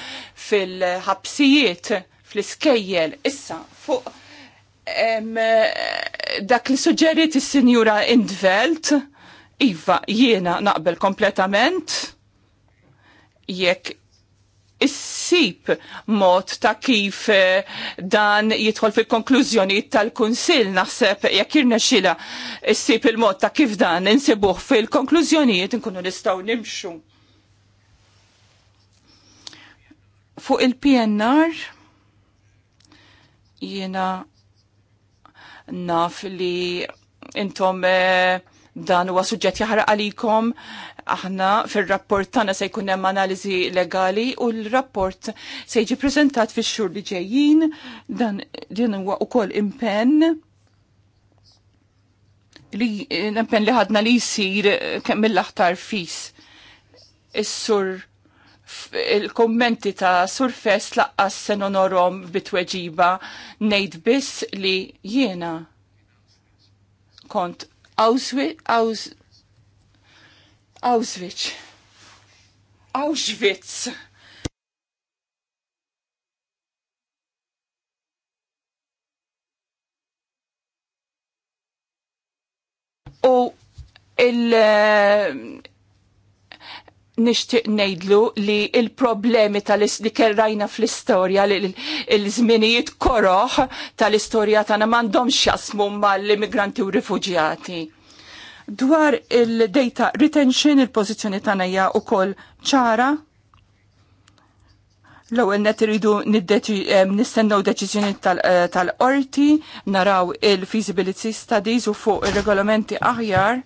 Speaker 2: fil-ħabsijiet, fl-iskejjel, issa fuq Eh, dak li suġġeriet is-Sinjura Indvelt, iva jiena naqbel kompletament jekk issib mod ta' kif eh, dan jidħol fil-konklużjoni tal-Kunsil naħseb jekk irnexxila issib il-mod ta' kif dan insibuh fil-konklużjonijiet inkunu nistgħu nimxu. Fuq il-PNR jiena naf li intom eh, dan huwa suġġett jaħraq għalikom aħna fir-rapport tagħna se jkun hemm analiżi legali u l-rapport se jiġi preżentat fix-xhur li ġejjin dan din huwa wkoll impenn li impenn li ħadna li jsir kemm mill-aħtar fis. Is-sur il-kommenti ta' surfest laqqas sen onorom bitweġiba nejt biss li jiena kont Auschwitz Auschwitz u il nishtiq nejdlu li il-problemi tal-li kerrajna fl-istoria li l-zminijiet koroħ tal-istoria tana mandom xasmu mal-immigranti u rifugjati. Dwar il-data retention il-pozizjoni tana ja u kol ċara L-ewwel net iridu nistennew deċiżjoni eh, tal-qorti, naraw il-feasibility studies u fuq ir-regolamenti aħjar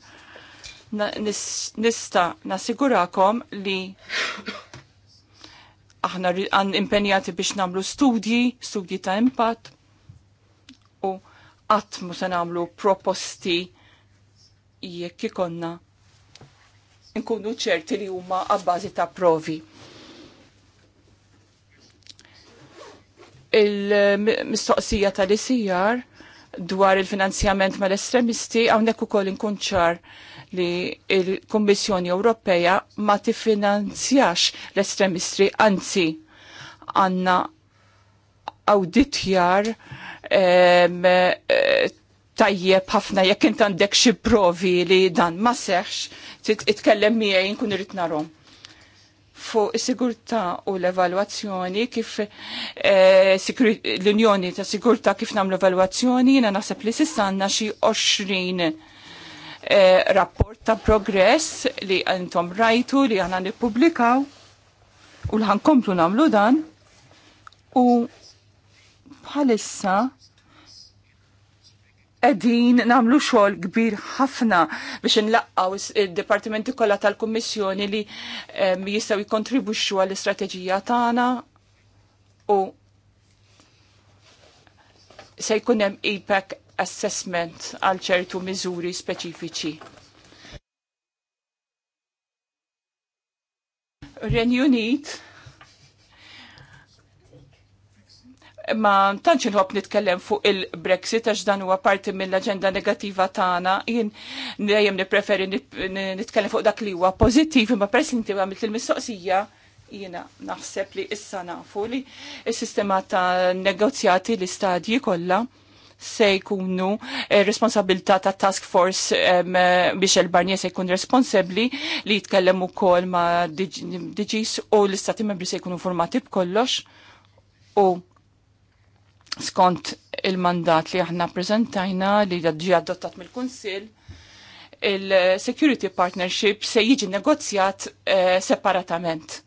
Speaker 2: nista nasigurakom li aħna għan impenjati biex namlu studji, studji ta' impatt u għatmu se namlu proposti jekk ikonna nkunu ċerti li huma għabbażi ta' provi. Il-mistoqsija tal-ISIR dwar il-finanzjament mal-estremisti għawnek u koll inkunċar ċar li il-Kommissjoni Ewropeja ma tifinanzjax l-estremistri, anzi għanna auditjar eh, tajjeb ħafna jekk int għandek xi provi li dan ma seħx titkellem miegħi nkun irid narhom fuq is-sigurtà u l-evalwazzjoni kif eh, l-Unjoni ta' Sigurtà kif nagħmlu evalwazzjoni jiena naħseb li s'issa għandna xi 20 Eh, rapport ta' progress li għantom rajtu li għana nipublikaw u l komplu namlu dan u bħalissa edin namlu xogħol kbir ħafna biex nlaqqaw id-dipartimenti kollha tal-Kummissjoni li um, jistgħu jikkontribwixxu għall-istrateġija tagħna u se jkun hemm APEC assessment għal ċertu miżuri speċifiċi. Renjunit ma tantx inħobb nitkellem fuq il-Brexit għax dan huwa parti mill-aġenda negattiva tagħna. Jien dejjem nippreferi nitkellem fuq dak li huwa pożittiv, imma peress li inti għamilt il-mistoqsija jiena naħseb li issa nafu li s-sistema ta' negozjati l-istadji kollha se jkunu eh, responsabilità ta' task force eh, biex il barnie se jkun responsabli li jitkellem ukoll ma' DGs u l-istati membri se jkunu formati b'kollox u skont il-mandat li aħna prezentajna li ġi adottat mill-Kunsill il-security partnership se jiġi negozjat eh, separatament.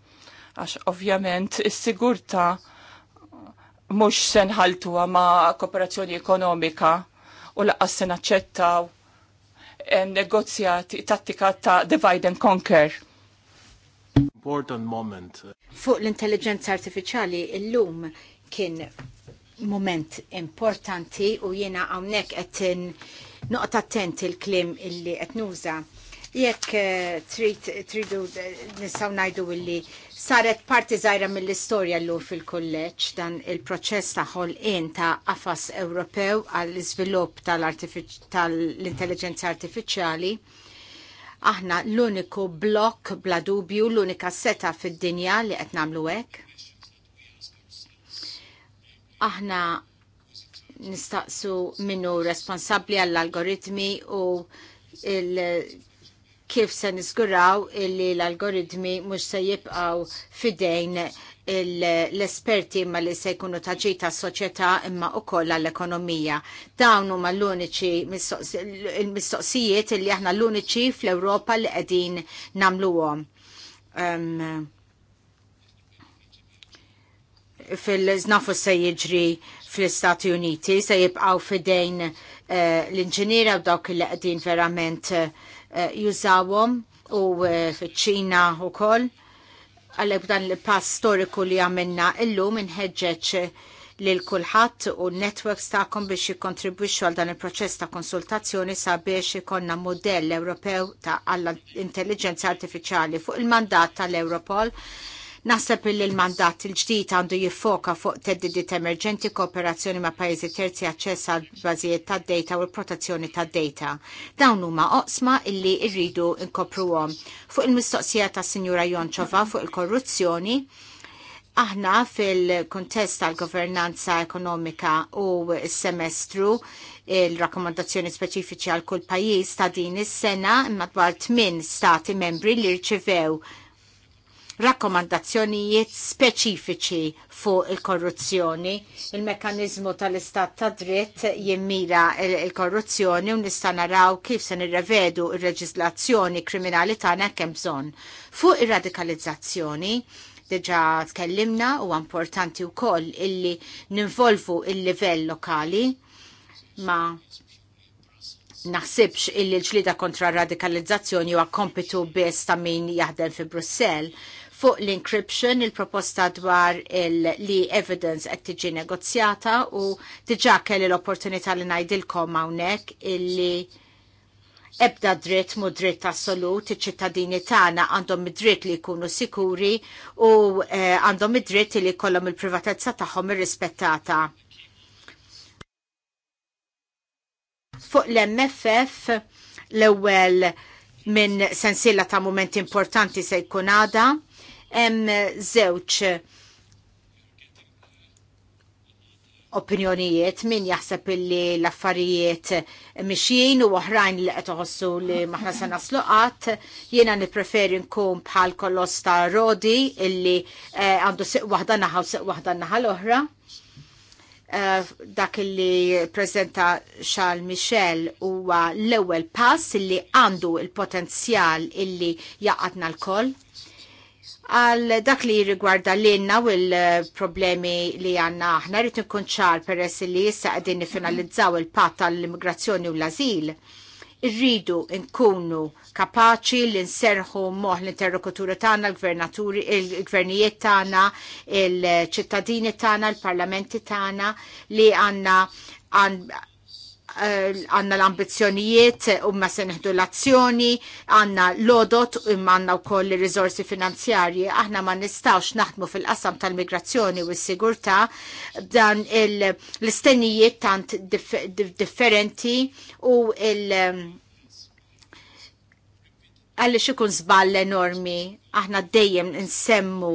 Speaker 2: Għax ovvjament is-sigurta' mhux senħaltu ma' kooperazzjoni ekonomika u laqqas se naċċettaw eh, negozjati tattika ta' divide and conquer.
Speaker 1: Important moment.
Speaker 3: Fuq l-intelligenza artificiali illum kien moment importanti u jiena hawnhekk qed noqta attenti il-klim illi qed nuża Jekk eh, tridu eh, nistgħu ngħidu illi saret parti żgħira mill-istorja llum fil-kulleġġ dan il-proċess ta' ħolqien ta' qafas Ewropew għall iżvilupp tal-intelligenza artifiċjali. Aħna l-uniku blok bla dubju, l-unika seta fid-dinja li qed nagħmlu hekk. Aħna nistaqsu minnu responsabli għall-algoritmi u il kif se nisguraw illi l-algoritmi mhux se jibqgħu fidejn l-esperti ma li se jkunu ta'ġita s soċjetà imma wkoll għall-ekonomija. Dawn huma l-uniċi mistoqsijiet illi aħna l-uniċi fl-Ewropa li qegħdin nagħmluhom. Um, fil-znafu se jiġri fl-Istati Uniti, se jibqgħu fidejn uh, eh, l-inġiniera u dawk li qegħdin verament uh, Eh, jużawhom u eh, fiċ-Ċina wkoll. Għalhekk dan il-pass storiku li għamilna illum inħeġġeġ lil kulħadd u n-networks tagħkom biex jikkontribwixxu għal dan il-proċess ta' konsultazzjoni sabiex ikonna modell Ewropew ta' għall intelligenza artifiċjali fuq il-mandat tal-Europol Naħseb illi l-mandat il-ġdid għandu jiffoka fuq teddidiet emerġenti kooperazzjoni ma' pajjiżi terzi aċċess għal bażijiet tad-data u l-protezzjoni tad-data. Dawn huma oqsma illi rridu nkopruhom. Fuq il-mistoqsija ta' Sinjura Jonċova fuq il-korruzzjoni, aħna fil-kontest tal-governanza ekonomika u s-semestru il-rakkomandazzjoni speċifiċi għal kull pajjiż ta' din is-sena madwar tmien stati membri li rċivew rakkomandazzjonijiet speċifiċi fuq il-korruzzjoni. Il-mekanizmu tal-istat ta' dritt jimmira il-korruzzjoni u nista' naraw kif se nirrevedu il reġislazzjoni kriminali tagħna kemm bżonn. Fuq ir-radikalizzazzjoni, deġa tkellimna u importanti wkoll illi ninvolvu il-livell lokali ma naħsibx illi l-ġlida kontra radikalizzazzjoni huwa kompitu biss ta' min jaħdem fi Brussell Fuq l-encryption, il-proposta dwar il-li evidence qed tiġi negozjata u diġà kelli l-opportunità li ngħidilkom hawnhekk illi ebda dritt mu dritt assolut, iċ-ċittadini tagħna għandhom id-dritt li jkunu sikuri u eh, għandhom id-dritt li jkollhom il-privatezza tagħhom irrispettata. Fuq l-MFF l-ewwel minn sensiela ta' mumenti importanti se jkun għada hemm żewġ opinjonijiet min jaħseb illi l-affarijiet mixjien u oħrajn li qed toħossu li maħna se naslu qatt jiena nippreferi nkun bħal kolos ta' Rodi illi eh, għandu siq waħda naħa u siq waħda naħa l-oħra. Eh, dak illi prezenta Charles Michel huwa l-ewwel pass illi għandu il-potenzjal illi jaqatna l-koll għal dak li rigwarda l-inna u l-problemi li għanna aħna rrit nkun ċar peress li jissa għedin nifinalizzaw il-pat tal-immigrazzjoni u l-azil. Irridu nkunu kapaċi li nserħu moħ l-interlokuturi tagħna, l-gvernaturi, il-gvernijiet tagħna, il-ċittadini tagħna, il-parlamenti tagħna li għanna għanna l-ambizjonijiet u ma se neħdu l-azzjoni, għanna l-odot u għanna u koll l-rizorsi finanzjarji. Aħna ma nistawx naħdmu fil-qasam tal-migrazzjoni u s-sigurta dan l-istennijiet tant differenti u il- għalli xikun zball enormi, aħna dejjem nsemmu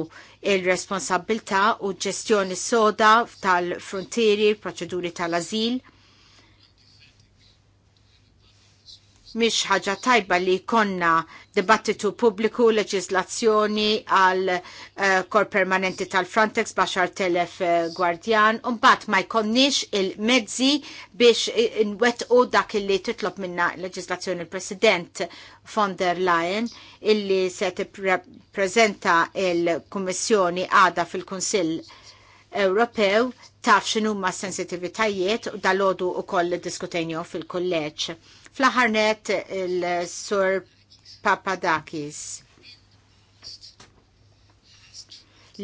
Speaker 3: il-responsabilta u ġestjoni soda tal-frontieri, proċeduri tal-azil. tal frontieri tal frontieri proċeduri tal azil mhix ħaġa tajba li konna dibattitu pubbliku leġislazzjoni għal eh, kor permanenti tal-Frontex baxar telef eh, gwardjan un bat ma jkonnix il-mezzi biex nwettqu dak illi titlob minna leġislazzjoni il-President von der Leyen illi se prezenta il-Kummissjoni għada fil-Kunsill Ewropew taf xinu ma sensitivitajiet u dal-ħodu u koll diskutenju fil-kolleċ Fl-ħarnet il-Sur Papadakis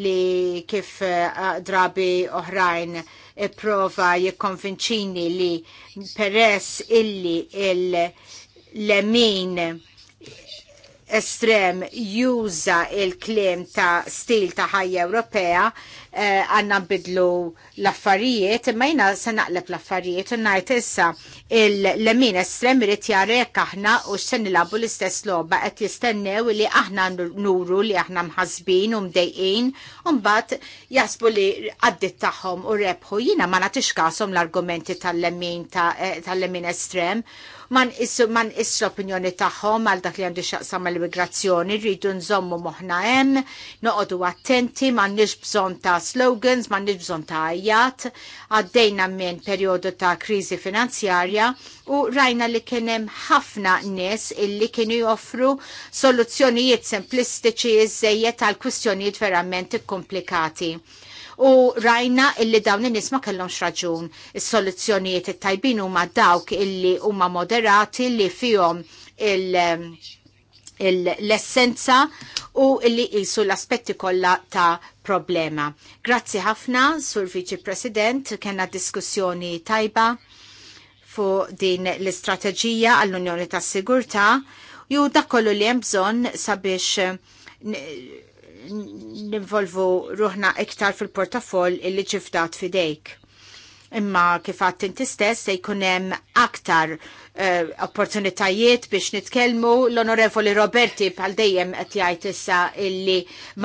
Speaker 3: li kif uh, drabi oħrajn e prova jikkonvinċini li peress illi il-lemin estrem juża il-klim ta' stil ta' ħajja Ewropea eh, għanna bidlu l-affarijiet, imma jina se naqleb l-affarijiet u najt issa l-lemin estrem rrit jarek aħna u xsen nilabu l-istess loba qed jistennew li aħna nuru li aħna mħazbin u mdejqin u mbagħad jasbu li għaddit tagħhom u rebħu jina ma nagħtix kasom l-argumenti tal-lemin ta eh, tal-lemin estrem man issu man issu opinjoni tagħhom għal dak li għandu xaqsam mal-immigrazzjoni, rridu nżommu moħna hemm, noqogħdu attenti, m'għandniex bżonn ta' slogans, m'għandniex bżonn ta' ajjat, għaddejna minn perjodu ta' kriżi finanzjarja u rajna li kien hemm ħafna nies illi kienu joffru soluzzjonijiet semplistiċi iżejjed għal kwistjonijiet verament komplikati u rajna illi dawn in-nies ma kellhomx raġun. Is-soluzzjonijiet it-tajbin huma dawk illi huma moderati li fihom il- l-essenza u li jisu l-aspetti kollha ta' problema. Grazzi ħafna, Sur Viċi President, kena diskussjoni tajba fu din l-istrateġija għall-Unjoni ta' Sigurta ju dakollu li hemm bżonn sabiex ninvolvu ruħna iktar fil-portafol illi ġiftat fidejk. Imma kif għat inti stess se jkunem aktar uh, opportunitajiet biex nitkellmu l-Onorevoli Roberti bħal dejjem qed jgħid issa illi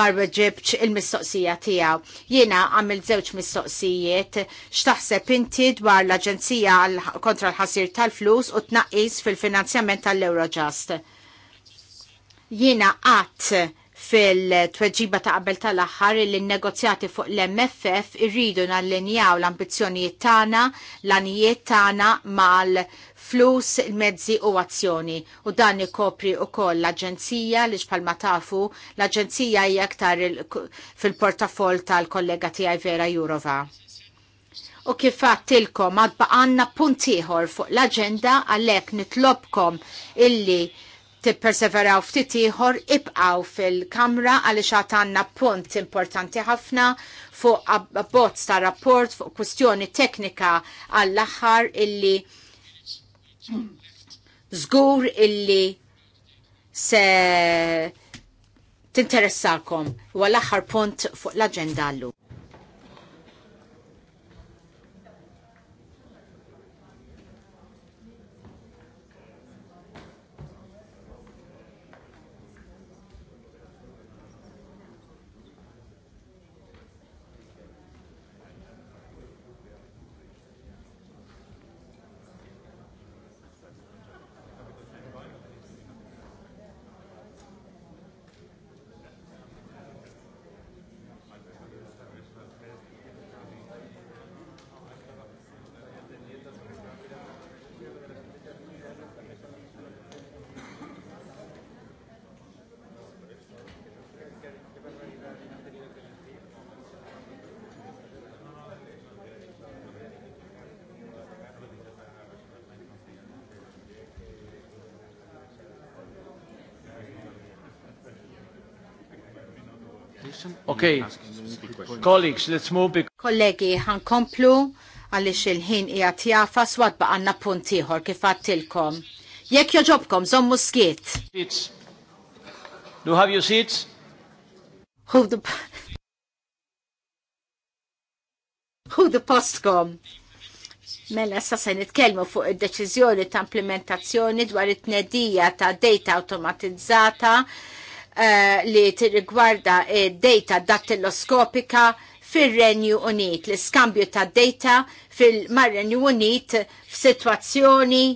Speaker 3: mar ġibx il-mistoqsija tiegħu. Jiena għamil żewġ mistoqsijiet x'taħseb inti dwar l-Aġenzija kontra l-ħasir tal-flus u tnaqqis fil-finanzjament tal-Eurojust. Jiena qatt fil-tweġiba ta' qabel tal-aħħar li n-negozjati fuq l-MFF irridu nallinjaw l-ambizzjonijiet tagħna, l-anijiet tagħna mal-flus, il-mezzi u azzjoni. U dan ikopri koll l-Aġenzija li xpalma tafu, l-Aġenzija hija aktar fil-portafol tal-kollega tiegħi Vera Jurova. U kif għattilkom għad għanna puntiħor fuq l-agenda għalek nitlobkom illi tipperseveraw ftit ieħor ibqgħu fil-Kamra għaliex għad punt importanti ħafna fuq abbozz ta' rapport fuq kwistjoni teknika għall-aħħar illi żgur illi se tinteressakom u l-aħħar punt fuq l-aġenda llum.
Speaker 1: Okay, colleagues, let's move.
Speaker 3: Kollegi, komplu għalix il-ħin ijat jafa swad għanna puntiħor kif għattilkom. Jekk joġobkom, zommu skiet.
Speaker 1: Seats. Do have your seats?
Speaker 3: Who the... Who the postkom? Mela sa se nitkellmu fuq id-deċiżjoni ta' implementazzjoni dwar it-tnedija ta' data automatizzata Eh, li tirrigwarda eh, data dattiloskopika fil-Renju Unit, l-iskambju ta' data fil-Mar-Renju Unit f'sitwazzjoni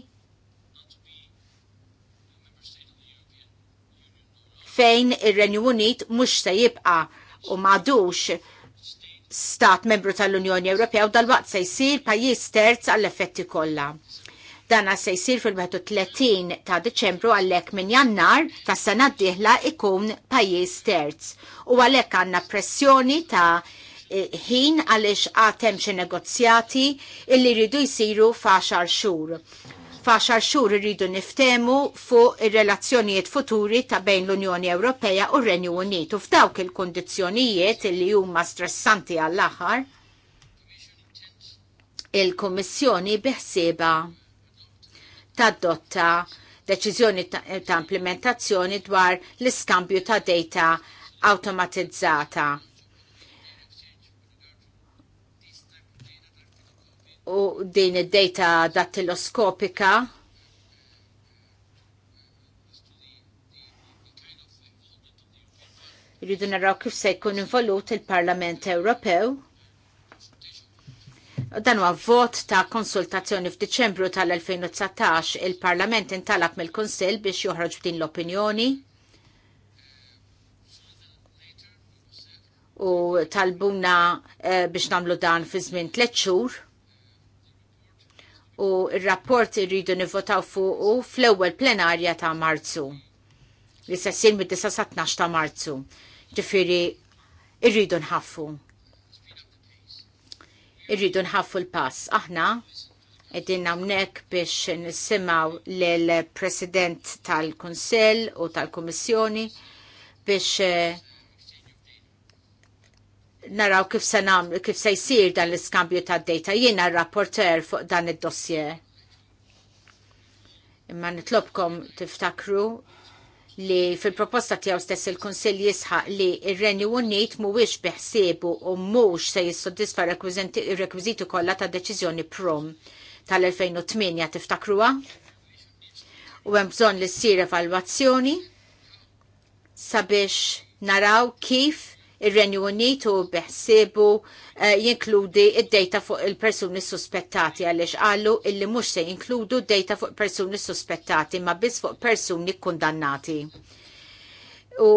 Speaker 3: fejn ir-Renju Unit mhux se jibqa' u m'għadux stat membru tal-Unjoni Ewropea u dal-waqt se jsir pajjiż terz għall-effetti kollha dan se jsir fil-31 ta' Deċembru għalhekk minn Jannar tas sena d-dieħla ikun pajjiż terz. U għalhekk għandna pressjoni ta' e, ħin għaliex għatem xi negozjati illi ridu jsiru faxar xhur. Faċar xhur irridu niftemu fuq ir-relazzjonijiet futuri ta' bejn l-Unjoni Ewropea u r-Renju Unitu. u f'dawk il-kundizzjonijiet illi huma stressanti għall-aħħar il-Kommissjoni biħsieba tadotta deċiżjoni ta' implementazzjoni dwar l-iskambju ta' data automatizzata. u din id-data dattiloskopika Rridu naraw kif se jkun involut il-Parlament Ewropew dan huwa vot ta' konsultazzjoni f'Diċembru tal-2019 il-Parlament intalab mill-Kunsill biex joħroġ b'din l-opinjoni. U talbuna eh, biex namlu dan fi żmien tliet xhur. U r-rapport irridu nivvotaw u fl-ewwel plenarja ta' Marzu. Li se ssir mid-9 ta' Marzu. Ġifieri irridu nħaffu irridu nħaffu l-pass. Aħna Eddin għamnek biex nisimaw l-President tal-Konsell u tal-Komissjoni biex eh, naraw kif se namlu, kif se jisir dan l-iskambju ta' data. Jiena rapporter fuq dan id-dossier. Imma nitlobkom tiftakru li fil-proposta tiegħu stess il-Kunsill jisħaq li il renju Unit mhuwiex biħsiebu u mhux se jissodisfa r-rekwiżiti kollha ta' deċiżjoni prom tal-2008 tiftakruwa. U hemm bżonn li s-sir evalwazzjoni sabiex naraw kif Ir-Renju Unit u beħsibu eh, jinkludi id dejta fuq il-persuni suspettati għaliex qalu illi mhux se jinkludu d-dejta fuq persuni suspettati ma biss fuq persuni kundannati. U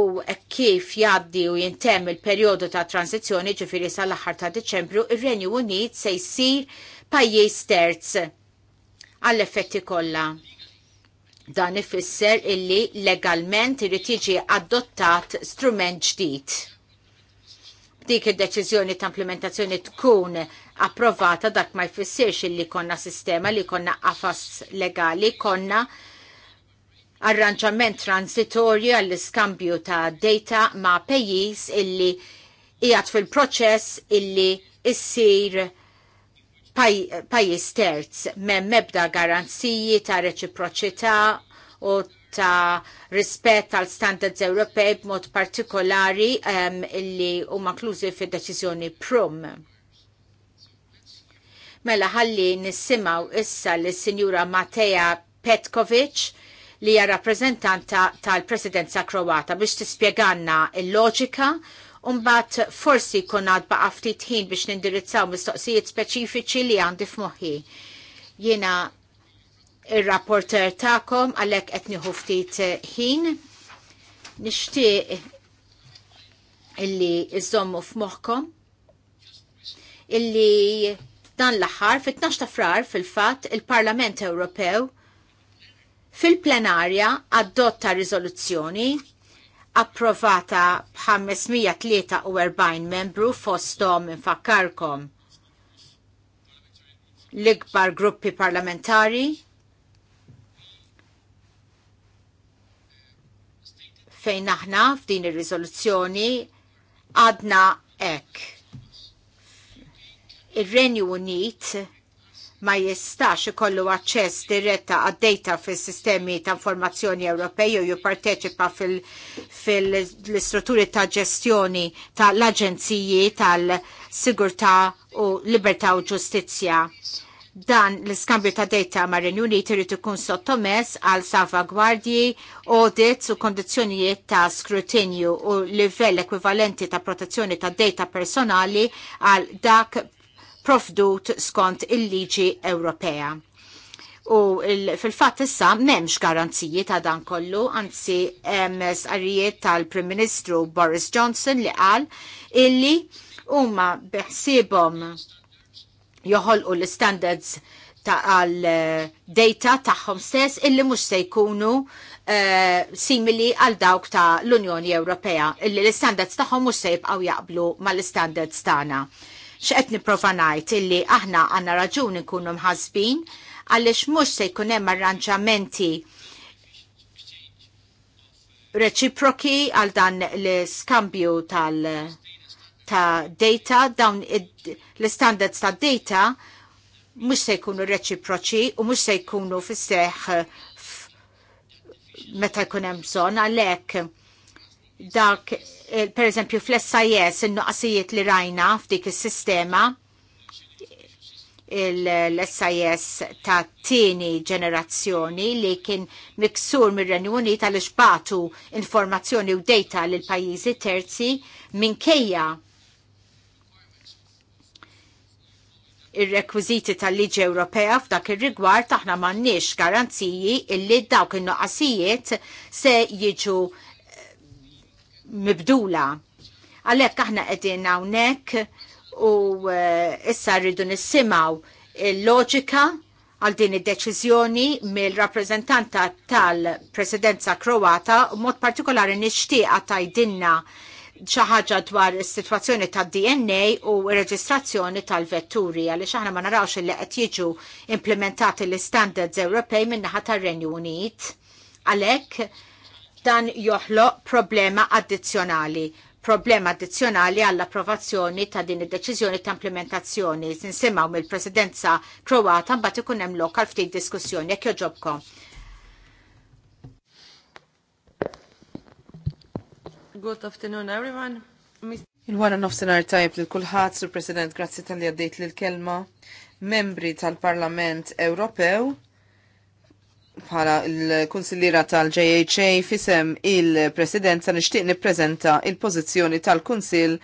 Speaker 3: kif jabdi u jintem il-perjodu ta' tranzizjoni ġifiri sal-aħħar ta' Deċembru, ir-Renju Unit se jsir pajjiż terz għall-effetti kollha. Dan ifisser illi legalment irid jiġi adottat strument ġdid dik id-deċiżjoni ta' implementazzjoni tkun approvata dak ma jfissirx illi konna sistema li konna għafas legali, konna arranġament transitorju għall-iskambju ta' data ma' pejjiż illi jgħat fil-proċess illi issir pajjiż terz me mebda garanziji ta' reċiproċità u ta' rispett għal standards Ewropej b'mod partikolari um, illi huma maklużi fid-deċiżjoni prum. Mela ħalli nissimaw issa lis sinjura Mateja Petkovic li hija rappreżentanta tal-Presidenza Kroata biex tispjeganna il-loġika Umbat forsi kun għadba ftit ħin biex nindirizzaw mistoqsijiet speċifiċi li għandi f'moħħi. Jiena il-rapporter ta'kom għalek etniħu ftit ħin. Nishtiq illi iżommu f'moħkom illi dan l-aħħar fit-12 ta' frar fil-fatt il-Parlament Ewropew fil-plenarja adotta riżoluzzjoni approvata b'543 membru fostom infakkarkom l-ikbar gruppi parlamentari fejn aħna f'din ir-riżoluzzjoni għadna hekk. Ir-Renju Unit ma jistax ikollu aċċess diretta għad-data fis sistemi ta' informazzjoni Ewropej u jipparteċipa fil-istrutturi fil ta' ġestjoni tal-aġenziji tal-sigurtà u libertà u ġustizzja dan l-iskambju ta' data ma' Renjuni trid ikun sottomess għal salvagwardji, audits u kondizzjonijiet ta' skrutinju u livell ekwivalenti ta' protezzjoni ta' data personali għal dak profdut skont il-liġi Ewropea. U fil-fatt issa m'hemmx garanziji ta' dan kollu, anzi hemm sqarrijiet tal-Prim Ministru Boris Johnson li qal illi huma beħsiebhom joħolqu l-standards ta' għal-data eh, tagħhom stess illi mhux se jkunu eh, simili għal dawk ta' l-Unjoni Ewropea illi l-standards tagħhom mhux se jibqgħu jaqblu mal-standards tagħna. X'qed nipprova ngħid illi aħna għandna raġun nkunu mħasbin għaliex mhux se jkun hemm arranġamenti reċiproki għal dan l-skambju tal- ta' data, dawn l-standards ta' data mux se jkunu reċiproċi u mux se jkunu fisseħ meta jkun hemm bżonn għalhekk dak eh, per eżempju fl-SIS in-nuqqasijiet li rajna f'dik is-sistema l-SIS ta' tieni ġenerazzjoni li kien miksur mir-Renju Unit għal batu informazzjoni u data lil pajjiżi terzi minkejja ir-rekwiżiti tal-Liġi Ewropea f'dak ir-rigward aħna m'għandniex garanziji illi dawk in-noqasijiet se jiġu eh, mibdula. Għalhekk aħna qegħdin hawnhekk u eh, issa rridu nissimgħu il-loġika għal din id-deċiżjoni mill-rappreżentanta tal-Presidenza Kroata u mod partikolari nixtieqa tajdinna ċaħġa dwar is-sitwazzjoni tad DNA u reġistrazzjoni tal-vetturi għaliex aħna ma narawx li qed jiġu implementati l-standards Ewropej min-naħa tar-Renju Unit. Għalhekk dan joħloq problema addizzjonali problema addizzjonali għall-approvazzjoni ta' din id-deċiżjoni ta' implementazzjoni. Nsimgħu mill-Presidenza Kroata mbagħad ikun hemm lokal ftit diskussjoni jekk joġobkom.
Speaker 5: Good afternoon, everyone.
Speaker 4: Il-wara nofsenar tajb li kulħadd, Sur President, grazzi tal-li għaddejt li l-kelma, membri tal-Parlament Ewropew, bħala l-Kunsillira tal-JHA fisem il-President sa nixtieq nippreżenta il-pożizzjoni tal-Kunsill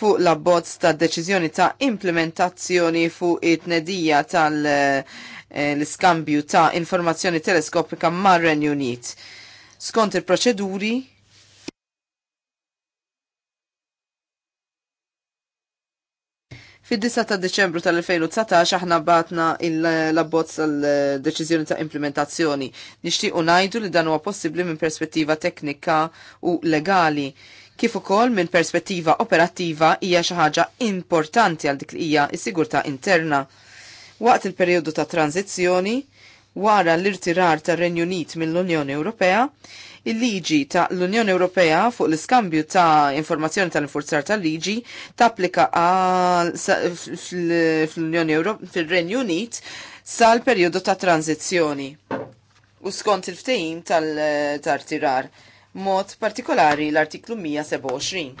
Speaker 4: fuq l-abbozz ta' deċiżjoni ta' implementazzjoni fuq it-nedija tal-iskambju eh, ta' informazzjoni teleskopika mar-Renju Unit. Skont il-proċeduri, fid 10 ta' Deċembru tal-2019 aħna batna l-abbozz tal-deċiżjoni ta' implementazzjoni. Nixtiequ ngħidu li dan huwa possibbli minn perspettiva teknika u legali kif ukoll minn perspettiva operattiva hija xi ħaġa importanti għal dik li hija s-sigurtà interna. Waqt il-perjodu ta' tranzizzjoni, wara l-irtirar tar renju Unit mill-Unjoni Ewropea, il-liġi ta' l-Unjoni Ewropea fuq l-iskambju ta' informazzjoni tal-infurzar tal-liġi tapplika fil unjoni Ewropea fil-Renju Unit sal-perjodu ta' tranzizjoni u skont il-ftehim tal-tirar, mod partikolari l-artiklu 127.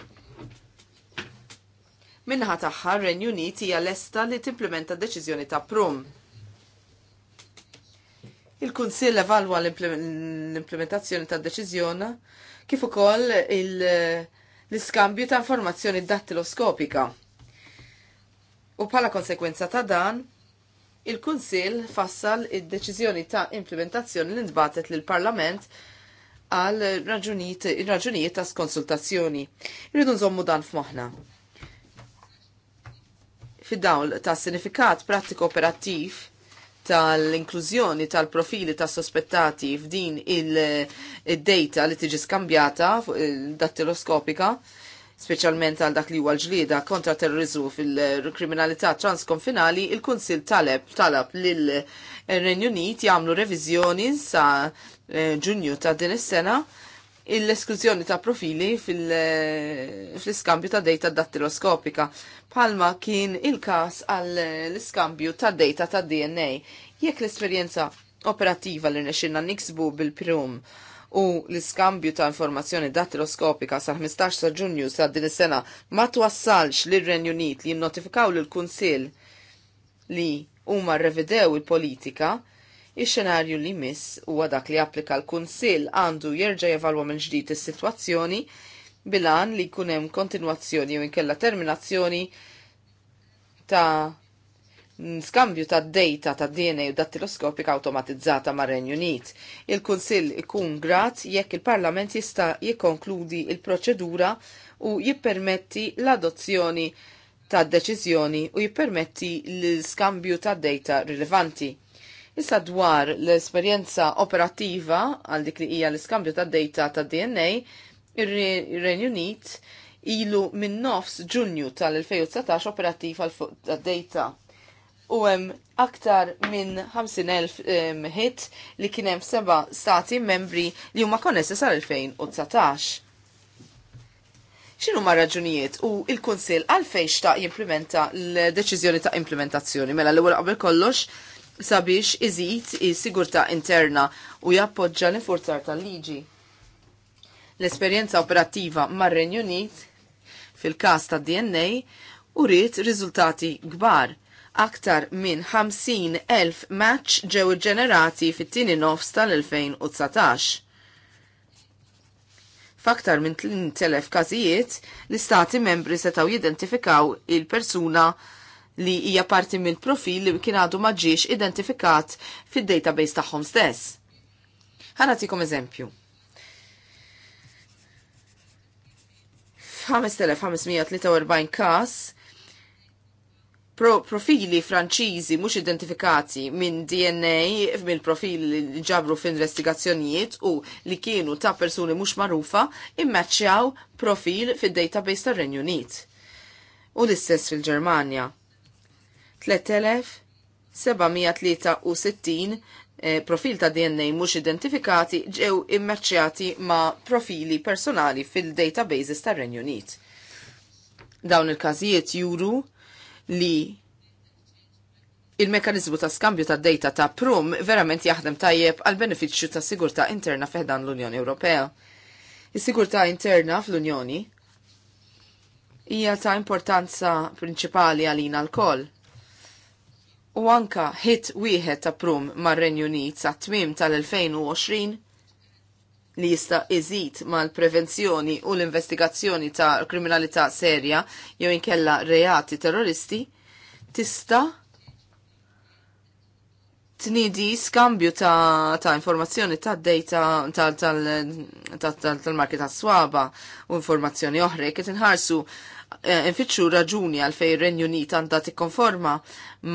Speaker 4: Minnaħa taħħa Renju Unit hija lesta li timplementa deċiżjoni ta' Prum Il-Kunsill evalwa l-implementazzjoni ta' deċiżjona kif ukoll l-iskambju ta' informazzjoni dattiloskopika. U bħala konsekwenza ta' dan, il-Kunsill fassal id-deċiżjoni ta' implementazzjoni li ntbatet lill parlament għal raġunijiet ta' konsultazzjoni. Irridu nżommu dan f'moħħna fid-dawl ta' sinifikat pratiku operattiv tal-inklużjoni tal-profili tas sospettati f'din il-data li tiġi skambjata dattiloskopika, speċjalment għal dak li huwa l-ġlieda kontra terrorizmu fil-kriminalità transkonfinali, il-Kunsil talab talab lil renju jagħmlu reviżjoni sa eh, ġunju ta' din is-sena l-esklużjoni ta' profili fil-iskambju eh, ta' data dattiloskopika, palma kien il-kas għall-iskambju ta' data ta' DNA. Jekk l-esperienza operativa li nexinna niksbu bil-prum u l-iskambju ta' informazzjoni dattiloskopika sa' 15 sa' ġunju sa' din is-sena ma twassalx l renju Unit li jinnotifikaw l kunsil li huma rrevidew il-politika, Ix-xenarju li miss huwa dak li applika l-Kunsill għandu jerġa' jevalwa minn ġdid is-sitwazzjoni bilan li jkun hemm kontinwazzjoni u inkella terminazzjoni ta' skambju ta' data ta' DNA u dattiloskopika automatizzata ma' Renju Unit. Il-Kunsill ikun grat jekk il-Parlament jista' jikkonkludi il-proċedura u jippermetti l-adozzjoni ta' deċiżjoni u jippermetti l-skambju ta' data rilevanti. Issa dwar l-esperjenza operattiva għal dik li hija l-iskambju ta' data ta' DNA, ir-Renju Unit ilu minn nofs ġunju tal-2019 operattiv għal fuq ta' data. U hemm aktar minn 50.000 hit li kien hemm seba' stati membri li huma konnessi sal-2019. X'inhu ma raġunijiet u il-Kunsill għalfejn xtaq jimplementa l-deċiżjoni ta' implementazzjoni mela l-ewwel qabel kollox sabiex iżid is-sigurtà interna u jappoġġa l-infurzar tal-liġi. L-esperjenza operattiva mar-Renju Unit fil-każ ta' DNA uriet riżultati kbar. Aktar minn 50 elf match ġew ġenerati fit-tieni nofs tal-2019. F'aktar minn 3000 każijiet, l-istati membri setgħu jidentifikaw il-persuna li hija parti mill profil li kien għadu ma identifikat fid-database tagħhom stess. Ħanatikom eżempju. 5543 kas pro profili franċiżi mhux identifikati minn DNA mill profili li ġabru f'investigazzjonijiet u li kienu ta' persuni mhux magħrufa immaċċjaw profil fid-database tar-Renju Unit. U l-istess fil-Ġermanja. 3763 eh, profil ta' DNA mhux identifikati ġew immerċjati ma' profili personali fil-databases tar renju Unit. Dawn il-każijiet juru li il-mekanizmu ta' skambju ta' data ta' prum verament jaħdem tajjeb għal benefiċċju ta' sigurtà interna fiħdan l-Unjoni Ewropea. Is-sigurtà interna fl-Unjoni hija ta' importanza prinċipali għalina l-koll u anka hit wieħed ta' prum mar-Renju Unit sa' tmim tal-2020 li jista' iżid mal-prevenzjoni u l-investigazzjoni ta' kriminalità serja jew inkella reati terroristi tista' tnidi skambju ta', ta informazzjoni ta' data tal-market ta', ta, ta, ta, swaba u informazzjoni oħra kif inħarsu Eh, infittxu raġuni għalfej Renju Unit għandha tikkonforma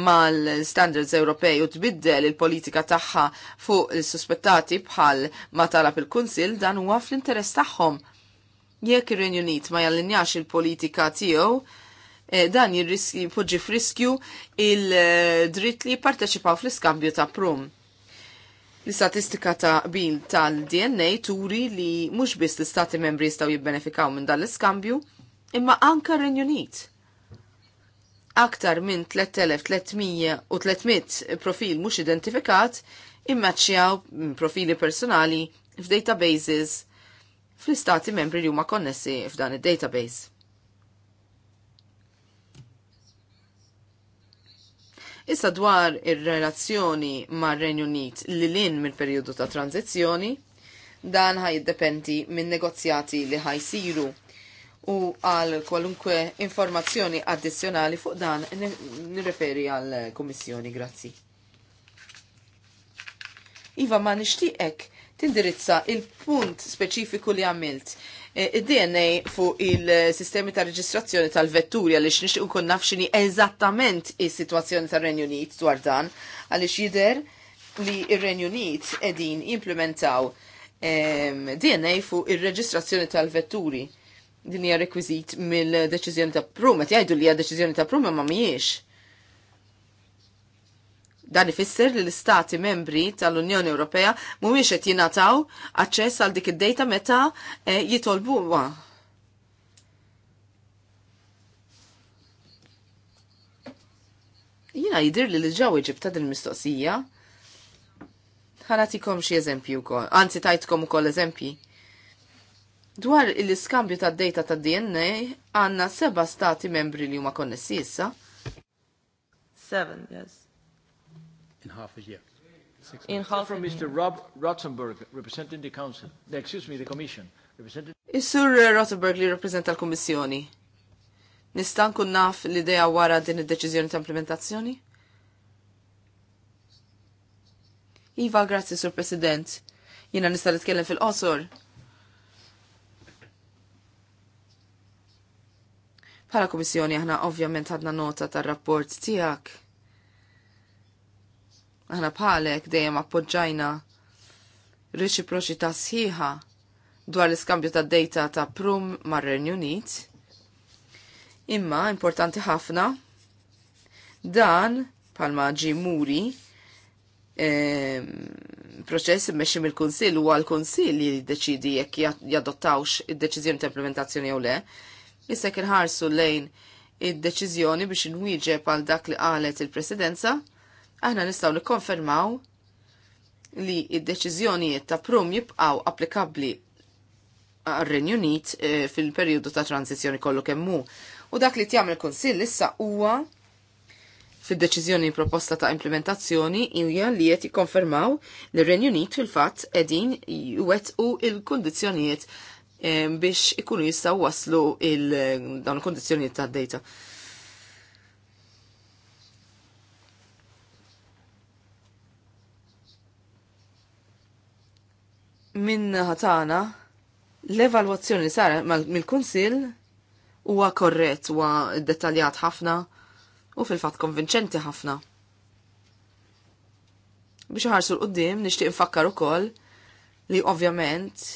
Speaker 4: mal-standards Ewropej u tbiddel il-politika tagħha fuq il-suspettati bħal ma talab il-Kunsill dan huwa fl-interess tagħhom. Jekk ir-Renju Unit ma jallinjax il-politika tiegħu, eh, dan jirriski friskju il-dritt li jipparteċipaw fl-iskambju ta' prum. L-istatistika ta' bil tal-DNA turi li mhux biss l-istati membri jistgħu jibbenefikaw minn dan l-iskambju, imma anka Renjunit. Aktar minn 3300 profil mhux identifikat immaċċjaw mm, profili personali f'databases fl-istati membri li huma konnessi f'dan id-database. Issa dwar ir-relazzjoni mar renju Unit li lin mill-perjodu ta' tranzizzjoni, dan ħaj jiddependi minn negozjati li ħajsiru. siru u għal kwalunkwe informazzjoni addizjonali fuq dan nirreferi għal Komissjoni, grazzi. Iva, ma nishtiqek tindirizza il-punt speċifiku li għamilt. E, Id-DNA fuq il-sistemi ta' reġistrazzjoni tal-vetturi għalix nishtiq nkun nafxini eżattament is-situazzjoni tal-Renju Unit dwar dan għalix jider li il renju Unit edin implementaw DNA fuq il-reġistrazzjoni tal-vetturi din hija rekwiżit mill-deċiżjoni ta' pruma, jgħidu li hija deċiżjoni ta' pruma ma mhijiex. Dan ifisser li l-istati membri tal-Unjoni Ewropea mhumiex qed jingħataw aċċess għal dik id-dejta meta eh, jitolbuha. Jina jidir li l-ġaw ta' din mistoqsija. Ħanatikom xi eżempju wkoll, anzi tajtkom ukoll eżempji Dwar l-iskambju ta' data ta' DNA għanna seba stati membri li huma konnessi issa. Seven, yes.
Speaker 1: In half a year. Six In half from Mr. Rob Rottenberg, representing the Council. The, excuse me, the Commission. Representing...
Speaker 4: Is-sur Rottenberg li rappresenta l-Kommissjoni. Nistan kun naf l-ideja wara din id-deċiżjoni ta' implementazzjoni? Iva, grazzi, Sur President. Jina nista' nitkellem fil-qosor Pala Komissjoni aħna ovvjament għadna nota tar-rapport tiegħek. Aħna bħalek dejjem appoġġajna reċiproċità sħiħa dwar l-iskambju ta' data ta' Prum mar renju Unit. Imma importanti ħafna dan palma ġi muri proċess meċi mill-Kunsill u għal kunsill li jiddeċidi jekk jadottawx id deċizjoni ta' implementazzjoni jew le. Issa kien ħarsu lejn id-deċiżjoni biex inwieġeb għal dak li qalet il-Presidenza, aħna nistgħu nikkonfermaw li id-deċiżjonijiet ta' prum jibqgħu applikabbli għar-Renju Unit eh, fil-perjodu ta' tranzizjoni kollu kemm hu. U dak li tjagħmel konsil issa huwa fid-deċiżjoni proposta ta' implementazzjoni hija li qed jikkonfermaw li r-Renju Unit fil-fatt qegħdin u il-kundizzjonijiet biex ikunu jistaw waslu il-dawn kondizjoni ta' data. Min ħatana l-evalwazzjoni sara mill-Kunsill huwa korrett huwa dettaljat ħafna u fil-fatt konvinċenti ħafna. Biex ħarsu l-qoddim nixtieq infakkar ukoll li ovvjament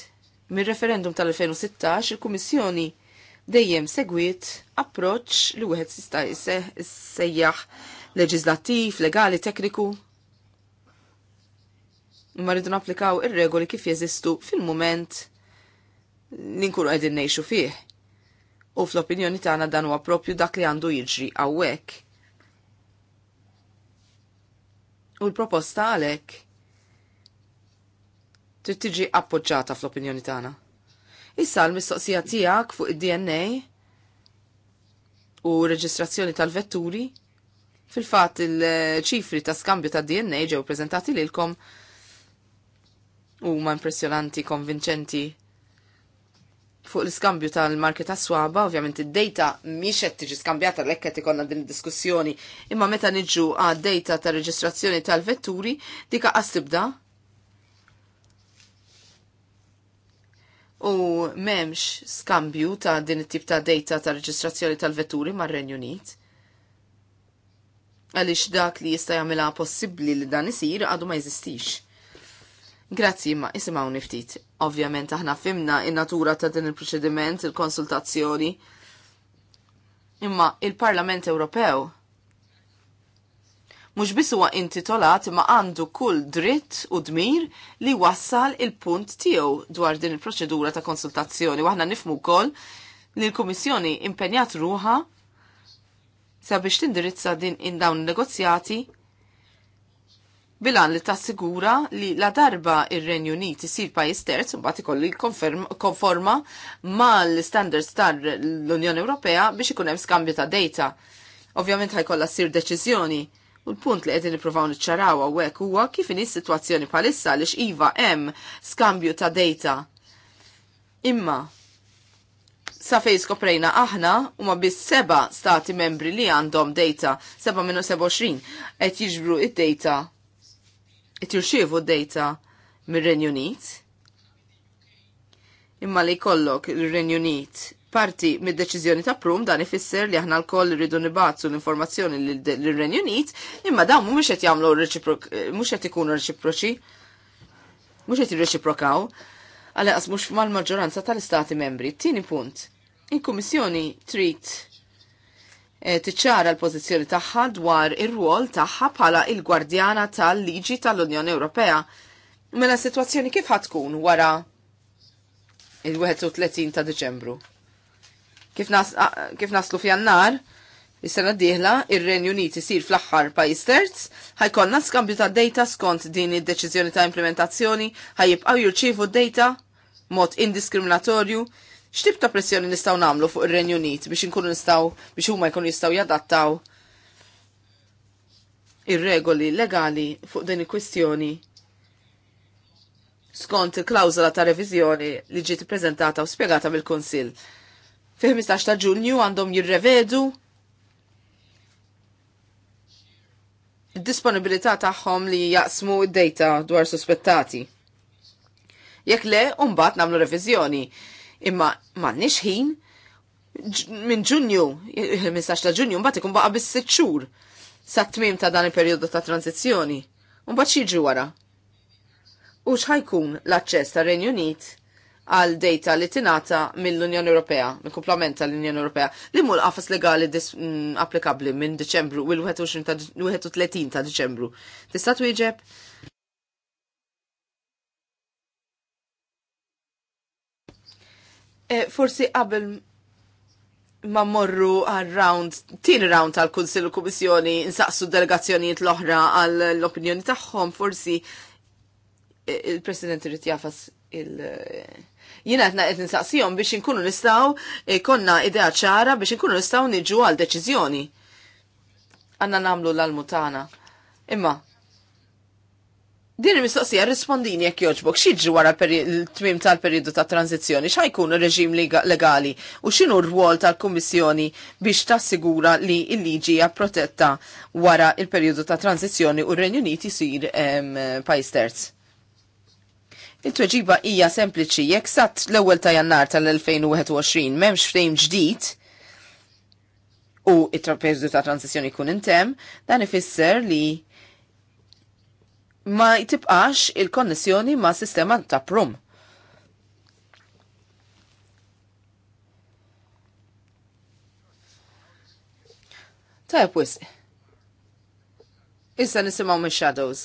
Speaker 4: mir-referendum tal-2016 il-Kummissjoni dejjem segwit approċ li wieħed jista' sejjaħ leġislattiv, legali, tekniku. Ma rridu napplikaw ir-regoli kif jeżistu fil-mument li nkunu qegħdin ngħixu fih. U fl-opinjoni tagħna dan huwa proprju dak li għandu jiġri hawnhekk. U l-proposta għalhekk trid tiġi appoġġata fl-opinjoni tagħna. Issa l-mistoqsija tiegħek fuq id-DNA u reġistrazzjoni tal-vetturi fil-fatt il-ċifri ta' skambju ta' DNA ġew preżentati lilkom ma' impressjonanti, konvinċenti fuq l skambju tal-market ta' swaba, ovvjament id-data miex qed tiġi skambjata l qed ikonna din diskussjoni, imma meta niġu għad data ta' reġistrazzjoni tal-vetturi, dik qas tibda u memx skambju ta' din it-tip ta' data ta' reġistrazzjoni tal-vetturi mar-Renju Unit. Għaliex dak li jista' jagħmilha possibbli li dan isir għadu ma jeżistix. Grazzi ma isimgħu niftit. Ovvjament aħna fimna in-natura ta' din il-proċediment, il-konsultazzjoni. Imma il-Parlament Ewropew mhux biss huwa intitolat ma għandu kull dritt u dmir li wassal il-punt tiegħu dwar din il-proċedura ta' konsultazzjoni. Waħna nifmu wkoll li l-Kummissjoni impenjat ruha sabiex tindirizza din in dawn negozjati bilan li tassigura li la darba ir-Renju Unit isir pajjiż terz mbagħad ikolli konforma mal-standards tar l-Unjoni Ewropea biex ikun hemm skambju ta' data. Ovvjament ħajkollha ssir deċiżjoni U l-punt li għedin nippruvaw nċaraw għawek huwa kif inhi situazzjoni sitwazzjoni bħalissa għaliex iva hemm skambju ta' data. Imma sa fej skoprejna aħna huma biss seba stati membri li għandhom data, seba minnu 27 qed jiġbru id-data għet jirċievu d-data mir-Renju Unit. Imma li jkollok ir-Renju Unit parti mid-deċiżjoni ta' prum dan ifisser li aħna l-koll rridu nibazzu l-informazzjoni l-Renju Unit, imma dawn mhux qed jagħmlu eh, mhux qed ikunu reċiproċi, mhux qed jirreċiprokaw, għalqas mhux mal-maġġoranza tal-istati membri. Tieni punt, il-Kummissjoni trid eh, tiċċara l-pożizzjoni tagħha dwar ir-rwol tagħha bħala il-gwardjana tal-liġi tal-Unjoni Ewropea. Mela s-sitwazzjoni kif ħatkun wara il-31 ta' Deċembru? kif, nas, kif naslu f'jannar, Is-sena d-dieħla, ir-Renju Unit isir fl-aħħar pajjiż terz, ħajkonna skambju ta' data skont din id-deċiżjoni ta' implementazzjoni, ħajibqgħu jirċievu data mod indiskriminatorju. X'tib ta' pressjoni nistgħu nagħmlu fuq ir-Renju Unit biex inkunu nistgħu biex huma jkunu jistgħu jadattaw ir-regoli legali fuq din il-kwistjoni skont il-klawżola ta' reviżjoni li ġiet ippreżentata u spjegata mill-Kunsill fil-15 ta' ġunju għandhom jirrevedu disponibilità tagħhom li jaqsmu d-data dwar suspettati. Jekk le, umbat namlu reviżjoni. Imma m'għandniex ħin minn Ġunju, 15 ta' Ġunju, mbagħad ikun baqa' bis-sitt xhur sa tmiem ta' dan il-perjodu ta' tranzizzjoni. Mbagħad xi wara. U x'ħajkun l-aċċess tar-Renju Unit għal data li tinata mill-Unjoni Ewropea, mill-komplement tal-Unjoni Ewropea, li mu l-qafas legali mm, applikabli minn Deċembru u l-31 ta' Deċembru. Tista' twieġeb? Eh, forsi qabel ma morru għal round, tieni round tal-Kunsill u Kummissjoni, insaqsu delegazzjonijiet l-oħra għal l-opinjoni tagħhom, forsi eh, il-President irid jafas il- Jina għetna għetni saqsijom biex nkunu nistaw eh, konna idea ċara biex nkunu nistaw niġu għal deċizjoni. Għanna namlu l-almutana. Imma, din il-mistoqsija rispondini jekk joġbok xieġu wara l-tmim tal-periodu ta' tranzizjoni, xajkun il-reġim legali u xinu r-rwol tal komissjoni biex tassigura li il-liġi protetta wara il-periodu ta' tranzizjoni u r-Renju Uniti sir pajis terz. Il-tweġiba hija sempliċi, jekk sat l-ewwel ta' Jannar tal-2021 m'hemmx frame ġdid u it-trapeżu ta' transizjoni jkun intemm, dan ifisser li ma jtibqax il-konnessjoni ma' sistema ta' prum. Ta' wisq. Issa nisimgħu mix-shadows.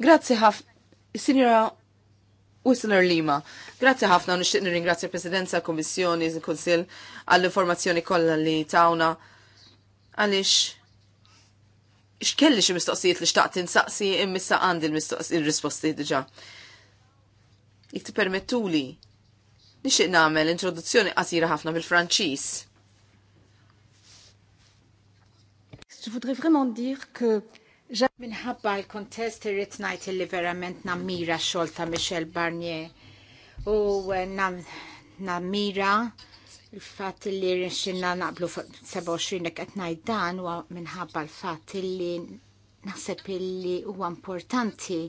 Speaker 4: Grazzi ħafna, Signora Whistler Lima. Grazzi ħafna u nixtieq nirringrazzja l-Presidenza, l-Kummissjoni, l-Kunsill għall-informazzjoni kollha li tawna għaliex x'kelli xi mistoqsijiet li xtaqt insaqsi immissa għandi l-risposti diġà. Jek permettuli nixtieq nagħmel introduzzjoni qasira ħafna bil-Franċiż.
Speaker 3: Je voudrais vraiment dire que Minħabba l-kontest irrit ngħid li verament nammira xogħol ta' Michel Barnier u eh, nammira il-fatt li rinxinna naqblu 27 qed ngħid dan u minħabba l-fatt li naħseb li huwa importanti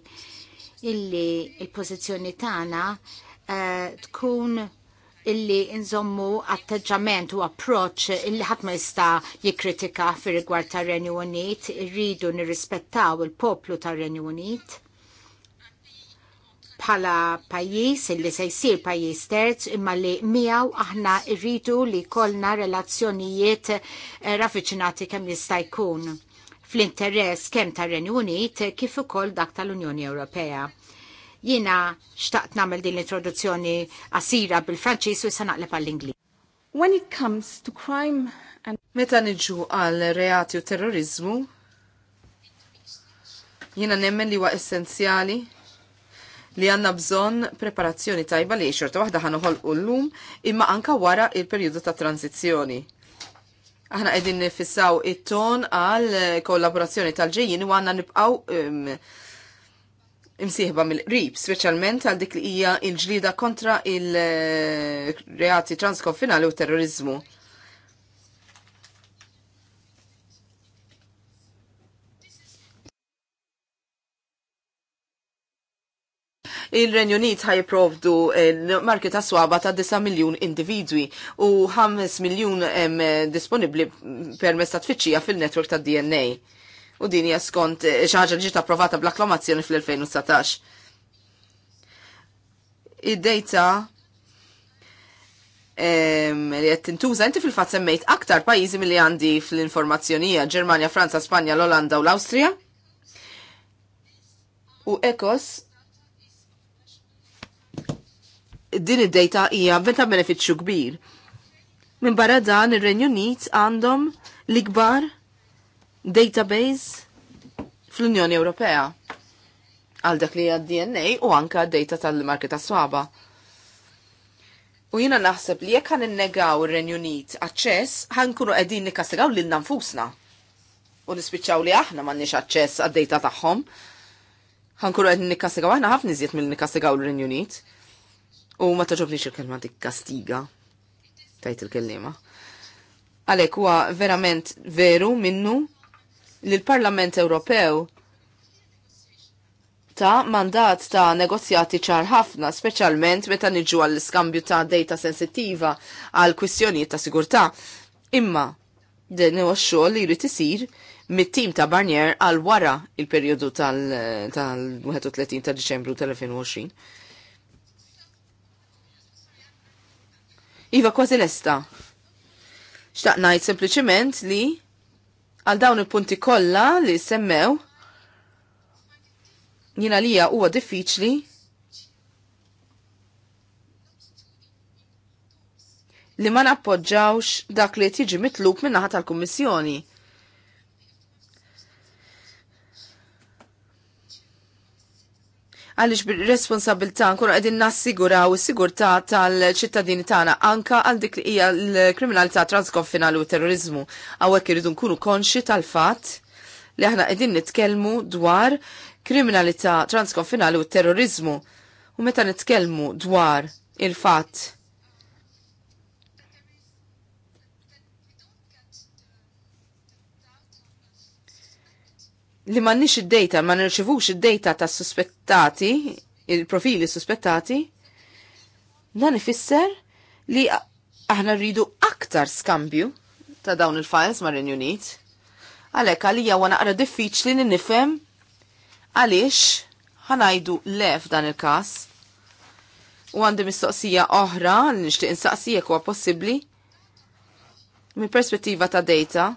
Speaker 3: illi il-pożizzjoni tagħna eh, tkun illi nżommu atteġġament u approċ illi ħadd ma jista' jikkritika fir-rigward tar-Renju Unit, irridu nirrispettaw il-poplu tar-Renju Unit bħala pajjiż illi se jsir pajjiż terz imma li miegħu aħna rridu li kollna relazzjonijiet eh, raffiċinati kemm jista' jkun fl-interess kemm tar-Renju Unit kif ukoll dak tal-Unjoni Ewropea. Jiena xtaqt namel din l-introduzzjoni asira bil-Franċis u issa naqleb għall-Ingli. When it comes to crime and... Meta niġu għal
Speaker 4: reati u terrorizmu, jiena nemmen li huwa essenzjali li għanna bżon preparazzjoni tajba li xorta waħda ħanuħol u l-lum imma anka wara il-periodu ta' tranzizjoni. Aħna qegħdin nifissaw it-ton għal kollaborazzjoni tal-ġejjin u għanna nibqaw um, imsieħba mill-qrib, speċjalment għal dik li hija l-ġlida kontra il-reati transkonfinali u terrorizmu. il-Renju Unit ħaj provdu marki ta' swaba ta' 9 miljon individwi u 5 miljon disponibli permess ta' tfittxija fil-network ta' DNA u din hija skont eh, xi ħaġa li ġiet approvata bl-akklamazzjoni fl-2019. id dejta li qed tintuża inti fil-fatt semmejt aktar pajjiżi milli għandi fl-informazzjonija Ġermanja, Franza, Spanja, l-Olanda u l-Awstrija. U ekos din id dejta hija venta benefiċċju kbir. Minn barra dan ir-Renju Unit għandhom l-ikbar database fl-Unjoni Ewropea għal dak li għad DNA u anka data tal-market swaba. U jina naħseb li jekk għan innegaw ir-Renju Unit aċċess, ħankunu qegħdin li lil nfusna. U nispiċċaw li aħna m'għandniex aċċess għad-data tagħhom. Ħankunu qegħdin nikkastigaw aħna ħafna iżjed milli nikkastigaw ir-Renju Unit. U ma taġobni il-kelma dik kastiga. Tajt il-kellima. Għalek huwa verament veru minnu li l-Parlament Ewropew ta' mandat ta' negozjati ċar ħafna, speċjalment meta niġu għall-iskambju ta' data sensittiva għal kwistjonijiet ta' sigurtà. Imma din huwa xogħol li jrid isir mit-tim ta' Barnier għal wara il-perjodu tal-31 ta' Diċembru tal-2020. Iva kważi lesta. Xtaqnajt sempliċement li għal dawn il-punti kollha li semmew jina lija huwa diffiċli li ma nappoġġawx dak li tiġi mitlub minnaħat tal-Kummissjoni għaliex bir-responsabilità nkunu qegħdin nassiguraw is-sigurtà tal-ċittadini tagħna anka għal dik li hija l-kriminalità transkonfinali u terrorizmu. Hawnhekk iridu nkunu konxi tal-fatt li aħna qegħdin nitkellmu dwar kriminalità transkonfinali u terrorizmu. U meta nitkellmu dwar il-fatt li ma nix id-data, ma nirċivux id-data ta' suspettati, il-profili suspettati, dan ifisser li aħna rridu aktar skambju ta' dawn il-files ma' Unit. Għalek, għalija għana għara diffiċli li nifem għalix ħanajdu lef dan il-kas. U għandi mistoqsija oħra li nishtiq insaqsijek huwa possibbli. Min perspettiva ta' data,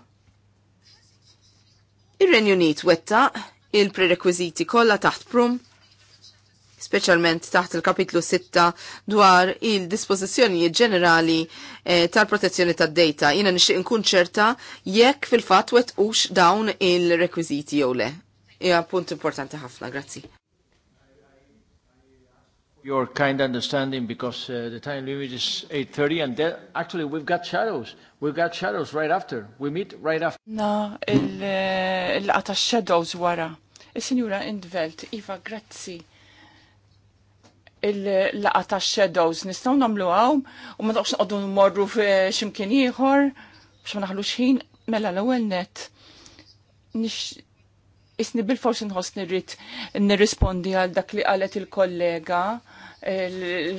Speaker 4: Ir-Renju Unit wettaq il-prerekwiziti kollha taħt prum specialment taħt il-kapitlu 6 dwar il-dispożizzjonijiet ġenerali eh, tal-protezzjoni tad data Jiena nixtieq nkun ċerta jekk fil-fatt ux dawn il-rekwiżiti jew le. punt importanti ħafna, grazzi
Speaker 1: your kind understanding because uh, the time limit is 8.30 and then actually we've got shadows. We've got shadows right after. We meet right after.
Speaker 2: Na, il-qata eh, shadows wara. il signora Indvelt, Iva, grazzi. Il-laqa eh, shadows nistaw namlu għaw u ma daqx nqoddu morru f'ximkien ieħor biex ma naħlux ħin mela l-ewwel net isni bil-forsi nħoss nirrit nirrispondi għal dak li qalet il-kollega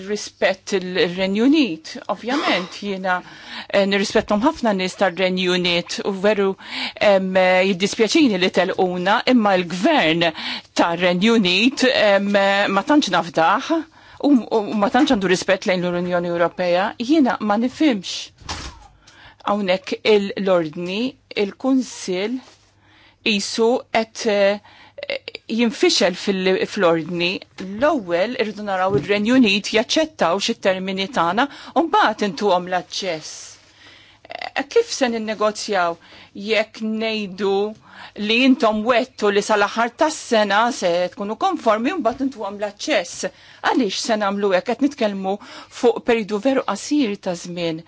Speaker 2: rispett il-Renju Unit. Ovvjament jiena eh, nirrispettom ħafna nies tar-Renju Unit u veru jiddispjaċini li tal-una imma l-gvern tar-Renju Unit ma tantx nafdaħ u ma tantx għandu rispett lejn l-Unjoni Ewropea. Jiena ma nifimx hawnhekk il-ordni il-kunsill il ordni il kunsil il il kunsill jisu et eh, jinfixel fil-ordni l-ewwel irridu naraw ir-Renju Unit jaċċettaw xit-termini tagħna u mbagħad intuhom l-aċċess. Eh, kif se ninnegozjaw jekk ngħidu li jintom wettu li sal-aħħar tas-sena se tkunu konformi mbagħad intu għam l-aċċess. Għaliex se nagħmlu hekk qed nitkellmu fuq periodu veru qasir ta' żmien.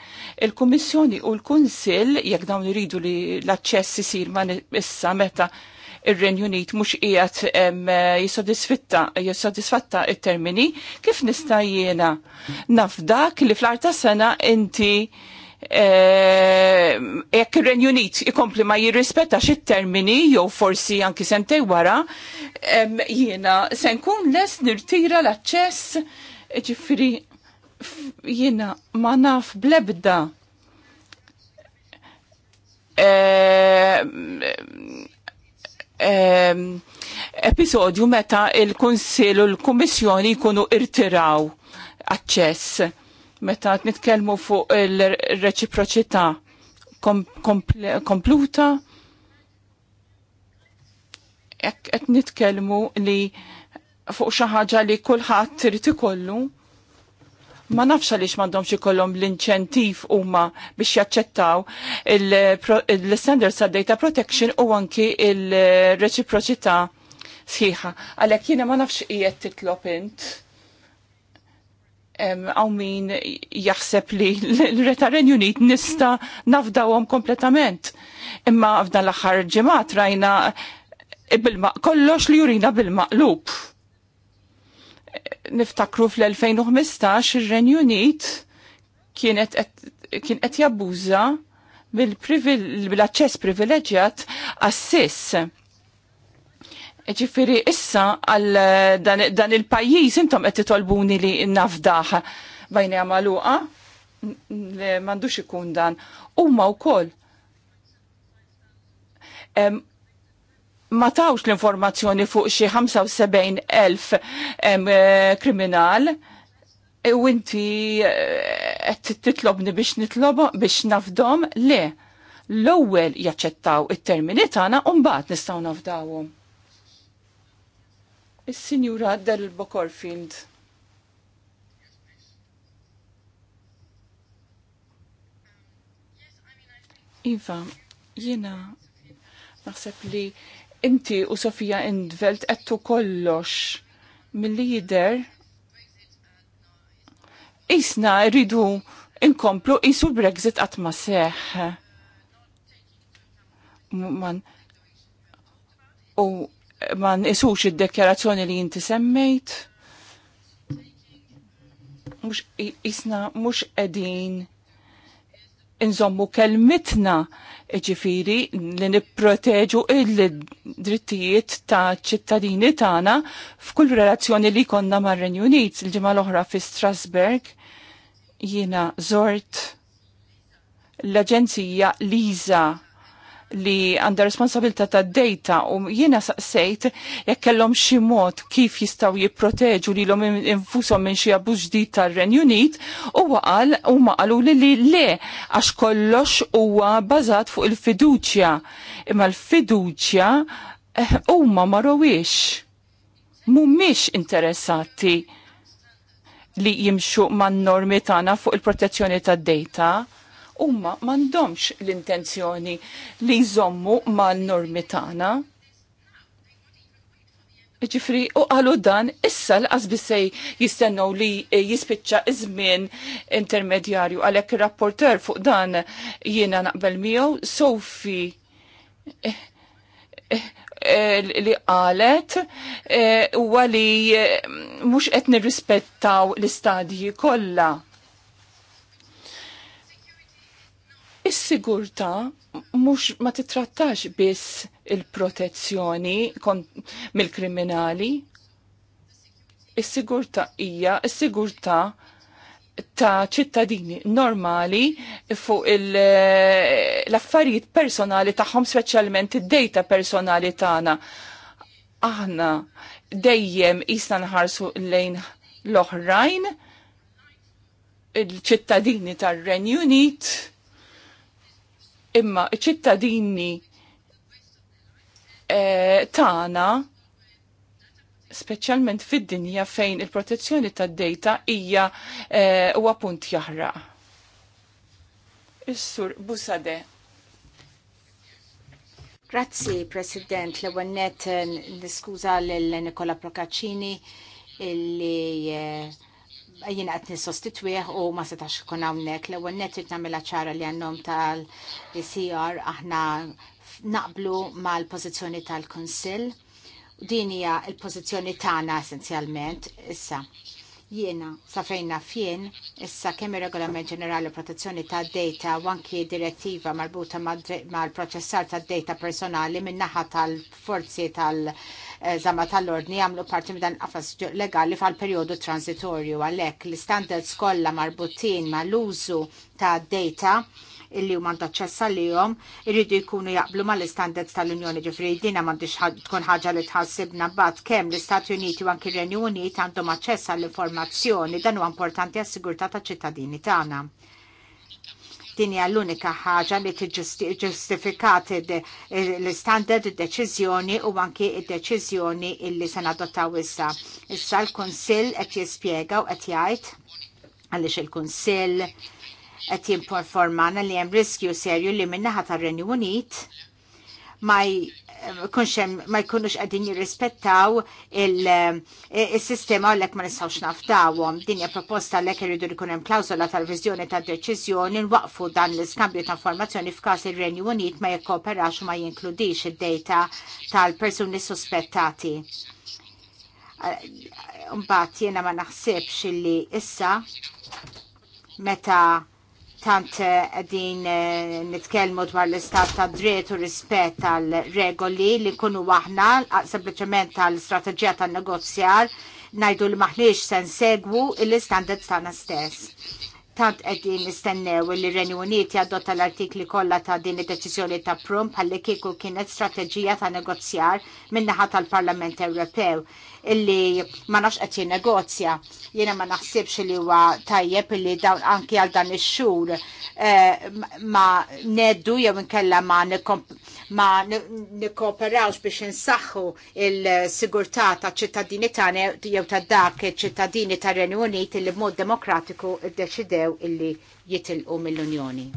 Speaker 2: Il-Kummissjoni u l-Kunsill jekk dawn iridu li l-aċċess isir ma issa meta il renju Unit mhux qiegħed jissodisfitta jissodisfatta termini kif nista' jiena naf dak li fl-ar tas-sena inti Eh, jekk e, ir-Renju Unit ikompli ma jirrispettax it-termini jew forsi anki sentej wara, jiena se nkun les nirtira l-aċċess ġifri jiena ma naf blebda e, episodju meta il-Kunsil u l-Kummissjoni jkunu irtiraw aċċess meta nitkellmu fuq il-reċiproċità kom kompluta qed nitkellmu li fuq xi ħaġa li kulħadd trid ikollu. Ma nafx għaliex m'għandhomx ikollhom l-inċentiv huma biex jaċċettaw il-standards tad data protection u anki il-reċiproċità sħiħa. Għalhekk jiena ma nafx qiegħed titlob int għaw min jaħseb li l-Retaren Unit nista nafdawom kompletament. Imma f'dan l-axar ġemat rajna kollox li jurina bil-maqlub. Niftakru fl-2015 ir-Ren Unit kien qed jabbuża bil aċċess privileġġjat għas-siss Ġifiri, issa għal eh, dan, il-pajjiż intom qed titolbuni li nafdaħ bajna li m'għandux ikun dan. Huma wkoll ma tawx l-informazzjoni fuq xi 75,000 eh, kriminal e u inti eh, qed titlobni biex nitlobu biex nafdom le. L-ewwel jaċċettaw it-termini tagħna u mbagħad nistgħu nafdawhom Is-Sinjura Del Bokorfind. Iva, jiena naħseb li inti u Sofija Indvelt għettu kollox mill-lider isna rridu inkomplu isu Brexit għatma ma seħ. Man, u ma nisux id-dekjarazzjoni li jinti semmejt. Mux isna, mux edin inżommu kelmitna ġifiri li nipproteġu il-drittijiet ta' ċittadini tagħna f'kull relazzjoni li konna mar renju Unit il-ġimgħa l-oħra fi Strasberg jiena zort l-Aġenzija Liza li għandha responsabilta ta' data u jiena saqsejt jekk kellhom xi mod kif jistgħu jipproteġu lilhom infushom minn xi abuġ ġdid tar-Renju Unit huwa qal huma qalu li li le għax kollox huwa bażat fuq il-fiduċja. Imma l-fiduċja eh, huma ma rowiex. Mhumiex interessati li jimxu man normi tagħna fuq il-protezzjoni tad-data umma mandomx l-intenzjoni li jżommu mal-normi tagħna. Ġifri, u għalu dan, issa l qas bisej jistennu li jispicċa izmin intermedjarju għalek rapporter fuq dan jiena naqbel miegħu Sofi eh, eh, eh, li qalet u għali mux qed nirrispettaw l-istadji kollha Is-sigurta mhux ma titrattax biss il-protezzjoni mill-kriminali. Is-sigurta hija is-sigurta ta' ċittadini normali fuq eh, l-affarijiet personali tagħhom speċjalment id-dejta personali tagħna. Aħna dejjem jista nħarsu lejn l-oħrajn, il-ċittadini tar-Renju Unit, Imma ċittadini e, tagħna speċjalment fid-dinja fejn il-protezzjoni tad-dejta hija huwa e, punt jaħraq.
Speaker 3: Is-sur Busade. Grazzi, President. L-ewwel niskuża lil Nikola Procaccini illi jina għat nisostitwieħ u ma setax kun hawnhekk l-ewwel nettit nagħmilha ċara li għannom tal-CR aħna naqblu mal-pożizzjoni tal-Kunsill. Din hija l-pożizzjoni tagħna essenzjalment issa Jiena, safejna fien, issa kemm ir-regolament ġenerali protezzjoni ta' data u anki direttiva marbuta mal-proċessar ta' data personali minnaħa tal-forzi tal-zama tal-ordni għamlu parti minn dan qafas legali fal periodu transitorju għalhekk l-standards kollha marbutin mal-użu ta' data illi huma aċċess għalihom irridu jkunu jaqblu mal-istandards tal-Unjoni ġifri dina m'għandix tkun ħaġa li tħassibna mbagħad kemm l-Istati Uniti u anki r-Renju Unit għandhom aċċess għall-informazzjoni dan huwa importanti għas-sigurtà taċ-ċittadini tagħna din hija l-unika ħaġa li ġustifikat l-standard id-deċiżjoni u anki il deċiżjoni illi se nadottaw issa. Issa l-Kunsill qed jispiega u qed jgħid għaliex il-Kunsill qed jimperformana li hemm riskju serju li min-naħa tar-Renju Unit ma ma jkunux għadin jirrispettaw il-sistema għalek ma nistawx naftawom. Dinja proposta għalek ek irridu li kunem klawzola tal-vizjoni tal-deċizjoni nwaqfu dan l-iskambju ta' informazzjoni f'kas il-Renju Unit ma jekkooperax ma jinkludix id-data tal-persuni sospettati. Mbagħad jiena ma naħsibx li issa meta tant eh, din eh, nitkellmu dwar l-istat ta' dritt u rispett tal regoli li kunu waħna sempliċement tal strategija tan negozjar najdu li maħliex sen segwu il-standards tagħna stess. Tant qegħdin nistennew li r-Renju Uniti adotta l-artikli kollha ta' din id-deċiżjoni ta' Prum bħalli kieku kienet strateġija ta' negozjar min-naħa tal-Parlament Ewropew illi ma nafx qed jinnegozja. Jiena ma naħsibx li huwa tajjeb illi dawn anki għal dan ix-xhur eh, ma neddu jew inkella ma nikkoperawx biex insaħħu il-sigurtà taċ ċittadini tagħna jew ta' dak iċ ċittadini tar Renju Unit illi b'mod demokratiku iddeċidew illi jitilqu mill-Unjoni.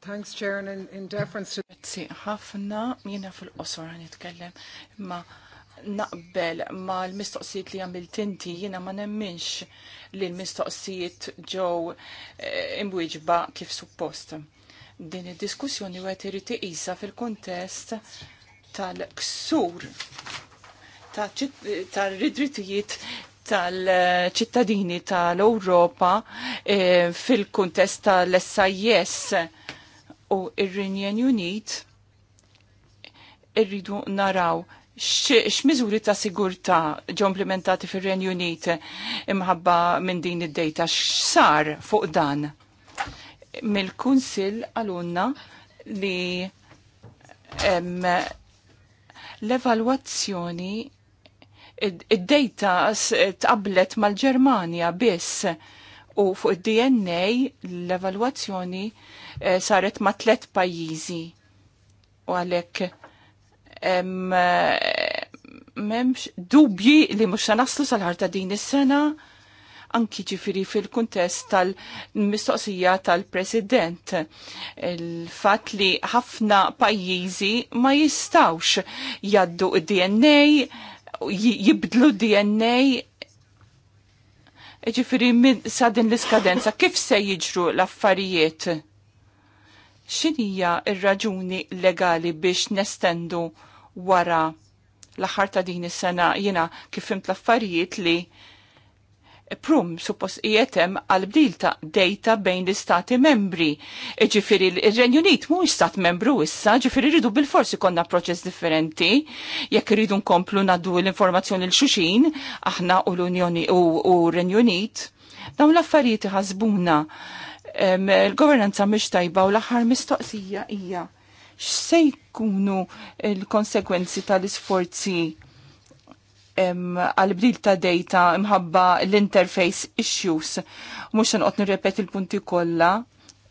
Speaker 2: Thanks, Chair, in, in deference to... Grazie, ħafna, jena fil-qosor għan jitkellem, ma naqbel ma l-mistoqsijiet li għamilt inti jiena ma nemminx li l-mistoqsijiet ġew eh, imwieġba kif suppost. Din id-diskussjoni u irid tiqisa fil-kuntest tal-ksur tal-ridritijiet tal-ċittadini tal-Europa eh, fil-kuntest tal-SIS u ir-Renjen Unit irridu naraw x'miżuri ta' sigurtà ġew implementati fir-Renju Unit imħabba minn din id-dejta x'sar fuq dan. Mill-Kunsill għalunna li l-evalwazzjoni id-dejta tqablet mal-Ġermanja biss u fuq id-DNA l-evalwazzjoni eh, saret ma' tlet pajjiżi u għalhekk memx dubji li mux naslu sal-ħarta din is-sena anki ġifiri fil-kuntest tal-mistoqsija tal-president. Il-fat li ħafna pajjiżi ma jistawx jaddu d dna jibdlu e DNA ġifiri minn sadin l-iskadenza, kif se jiġru l-affarijiet? Xinija ir-raġuni legali biex nestendu wara l-aħħar ta' din is-sena jiena kif fimt l-affarijiet li prum suppost jietem għal-bdil ta' data bejn l-istati membri. Ġifiri il-Renju Unit mu stat membru issa, ġifiri rridu bil-forsi konna proċess differenti, jekk rridu nkomplu naddu l-informazzjoni l-xuxin, aħna u l-Unjoni u Renju Unit. Dawn l-affarijiet ħasbuna l-governanza mhix tajba u l-aħħar mistoqsija hija x'sejt kunu il-konsekwenzi tal-isforzi għal-bdil ta' data imħabba l-interface issues. Mux nqot nirrepet il-punti kolla,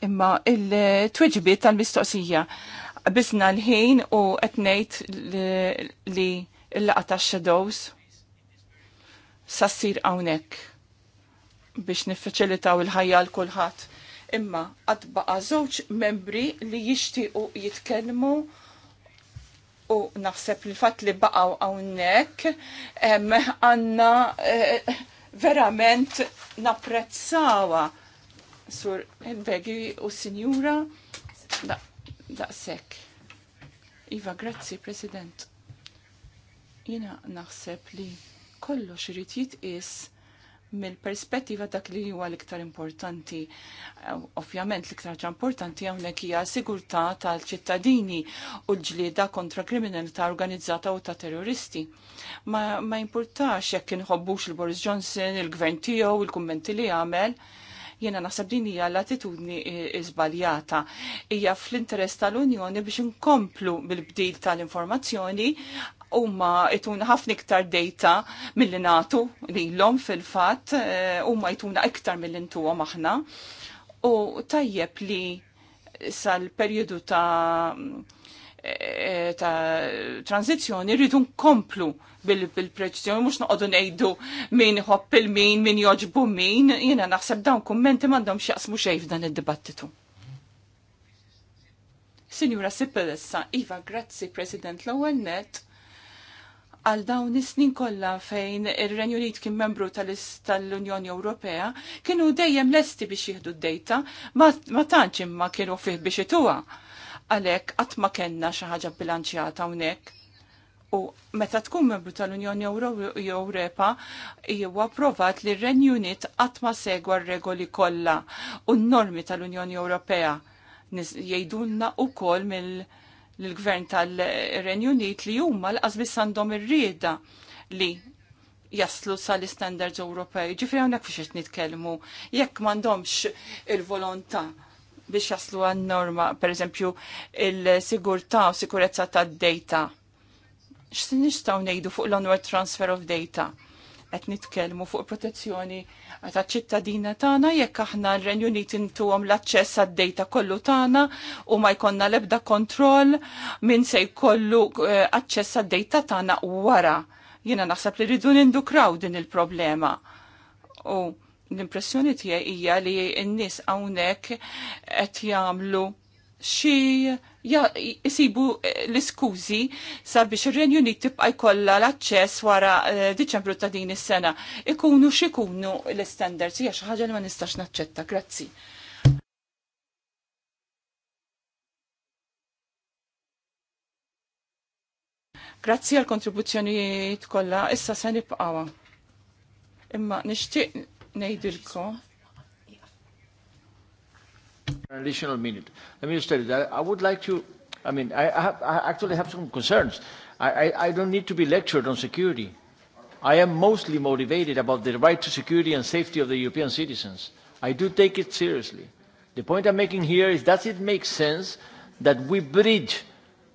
Speaker 2: imma il-tweġbi tal-mistoqsija. Bisna l-ħin u etnejt li l laqta ta' shadows sassir għawnek biex niffaċilitaw il-ħajja l-kulħat. Imma għadbaqa zoċ membri li jishtiqu jitkelmu u naħseb li fatt li baqaw għawnek għanna eh, verament naprezzawa sur il-begi u sinjura da, Da iva, grazzi, President. Jina naħseb li kollox irid jitqis mill-perspettiva dak li huwa l-iktar importanti. Ovvjament l-iktar importanti hawnhekk hija sigurtà tal-ċittadini u l-ġlieda kontra kriminalità organizzata u ta' terroristi. Ma, ma importax jekk inħobbux il-Boris Johnson, il-gvern tiegħu, il-kummenti li għamel, jena naħseb din hija l-attitudni iżbaljata. Hija fl-interess tal-Unjoni biex inkomplu bil-bdil tal-informazzjoni huma jtuna ħafna iktar data mill-li natu lilhom fil-fatt, eh, huma jtuna iktar mill-li ntuhom aħna. U tajjeb li sal-perjodu ta' eh, ta' tranzizjoni rridu nkomplu bil-preċizjoni, mux noqodu nejdu min hopp il-min, min joġbu min, jena naħseb dawn kummenti mandom xieqsmu xej f'dan id-dibattitu. Signora Sipelessa, Iva, grazzi President l net għal dawn is-snin kollha fejn ir-Renju Unit kien membru tal-Unjoni Ewropea kienu dejjem lesti biex jieħdu d-dejta ma tantx imma kienu fih biex ituha. Għalhekk qatt ma kellna xi ħaġa bilanċjata hawnhekk. U meta tkun membru tal-Unjoni Ewropa huwa provat li r-Renju Unit qatt ma segwa r-regoli kollha u n-normi tal-Unjoni Ewropea jgħidulna u kol mill- l-gvern tal-Renju Unit li huma l biss għandhom ir-rieda li jaslu sal-standards Ewropej. Ġifri hawnhekk fiex qed nitkellmu jekk m'għandhomx il-volontà biex jaslu għan norma, per eżempju, il-sigurtà u sikurezza tad-data. X'nistgħu ngħidu fuq l-onward transfer of data? qed nitkellmu fuq protezzjoni ta' ċittadina tagħna jekk aħna r-Renju Unit intuhom l-aċċess għad-dejta kollu tagħna u ma jkollna l-ebda kontroll min se jkollu eh, aċċess għad-dejta tagħna wara. Jiena naħseb li rridu nindukraw din il-problema. U l-impressjoni tiegħi hija li n-nies hawnhekk qed jagħmlu xi jisibu eh, l-iskużi sabiex ir-Renju Unit tibqa' jkollha l-aċċess wara eh, Diċembru ta' din is-sena. Ikunu x'ikunu l-istandards hija xi ħaġa li ma nistax naċċetta. Grazzi. Grazzi għal kontribuzzjonijiet kollha, issa se nibqgħu Imma nixtieq ngħidilkom
Speaker 1: An additional minute. Let me just tell you that I would like to, I mean, I, I, have, I actually have some concerns. I, I, I don't need to be lectured on security. I am mostly motivated about the right to security and safety of the European citizens. I do take it seriously. The point I'm making here is does it make sense that we bridge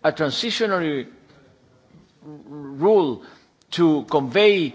Speaker 1: a transitionary rule to convey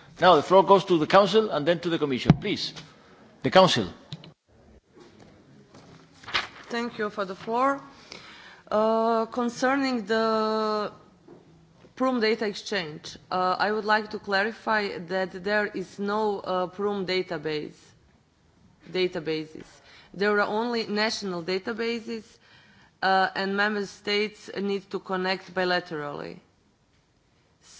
Speaker 1: Now the floor goes to the Council and then to the Commission. Please, the Council.
Speaker 5: Thank you for the floor. Uh, concerning the PRUM data exchange, uh, I would like to clarify that there is no uh, PRUM database, databases. There are only national databases uh, and member states need to connect bilaterally.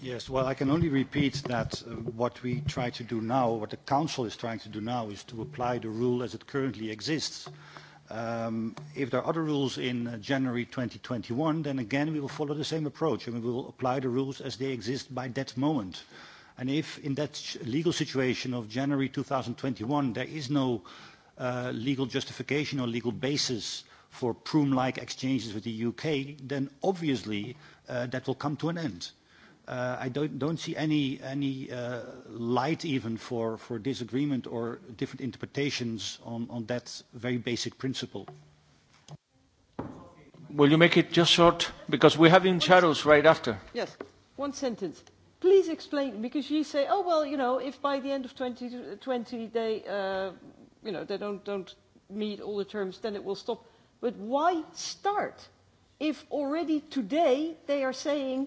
Speaker 1: Yes, well, I can only repeat that uh, what we try to do now, what the Council is trying to do now, is to apply the rule as it currently exists. Um, if there are other rules in uh, January 2021, then again we will follow the same approach and we will apply the rules as they exist by that moment. And if in that legal situation of January 2021 there is no uh, legal justification or legal basis for Prüm-like exchanges with the UK, then obviously uh, that will come to an end uh, I don't, don't see any, any uh, light even for, for disagreement or different interpretations on, on that very basic principle. Will you make it just short? Because we we're in shadows right after.
Speaker 6: Yes, one sentence. Please explain, because you say, oh, well, you know, if by the end of 2020 they, uh, you know, they don't, don't meet all the terms, then it will stop. But why start if already today they are saying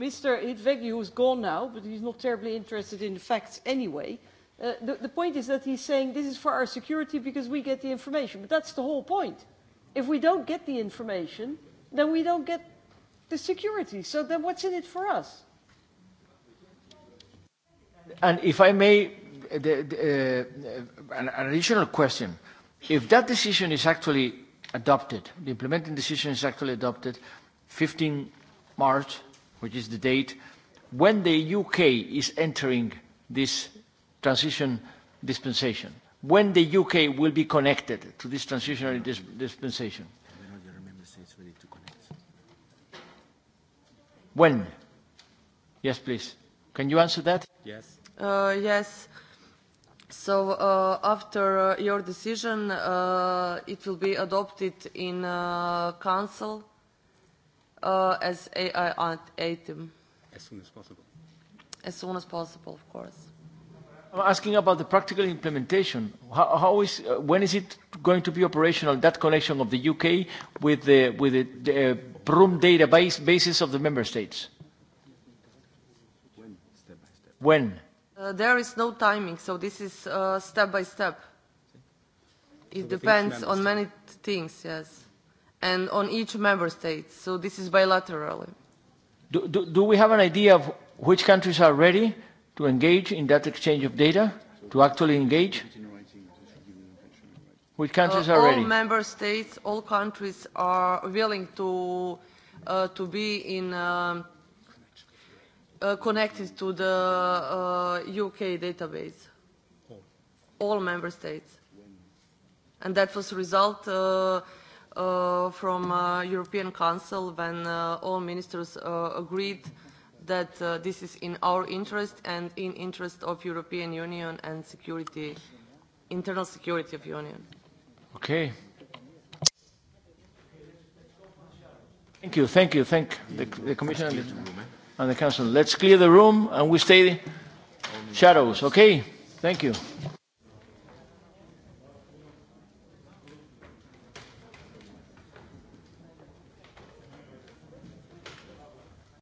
Speaker 6: Mr. Hidvegi, who's gone now, but he's not terribly interested in the facts anyway, uh, the, the point is that he's saying this is for our security because we get the information. But that's the whole point. If we don't get the information, then we don't get the security. So then what's in it for us?
Speaker 1: And if I may, the, the, uh, an, an additional question. If that decision is actually adopted, the implementing decision is actually adopted 15 March which is the date when the UK is entering this transition dispensation, when the UK will be connected to this transitional dis dispensation. When? Yes, please. Can you answer that? Yes.
Speaker 5: Uh, yes. So uh, after uh, your decision, uh, it will be adopted in uh, Council uh, as AI item. As soon as possible. As soon as possible, of course.
Speaker 1: I'm asking about the practical implementation. How, how is, uh, when is it going to be operational, that connection of the UK with the, with the, the uh, PRUM database basis of the member states?
Speaker 5: When? Step
Speaker 1: by step. When?
Speaker 5: Uh, there is no timing, so this is uh, step by step. It so depends on many things, yes and on each member state. So this is bilaterally.
Speaker 1: Do, do, do we have an idea of which countries are ready to engage in that exchange of data, to actually engage? Which countries uh, are all ready? All
Speaker 5: member states, all countries are willing to, uh, to be in, um, uh, connected to the uh, UK database. All member states. And that was result uh, uh, from uh, European Council when uh, all ministers uh, agreed that uh, this is in our interest and in interest of European Union and security, internal security of Union.
Speaker 1: Okay. Thank you, thank you, thank the, the Commission and the, and the Council. Let's clear the room and we stay shadows, okay? Thank you.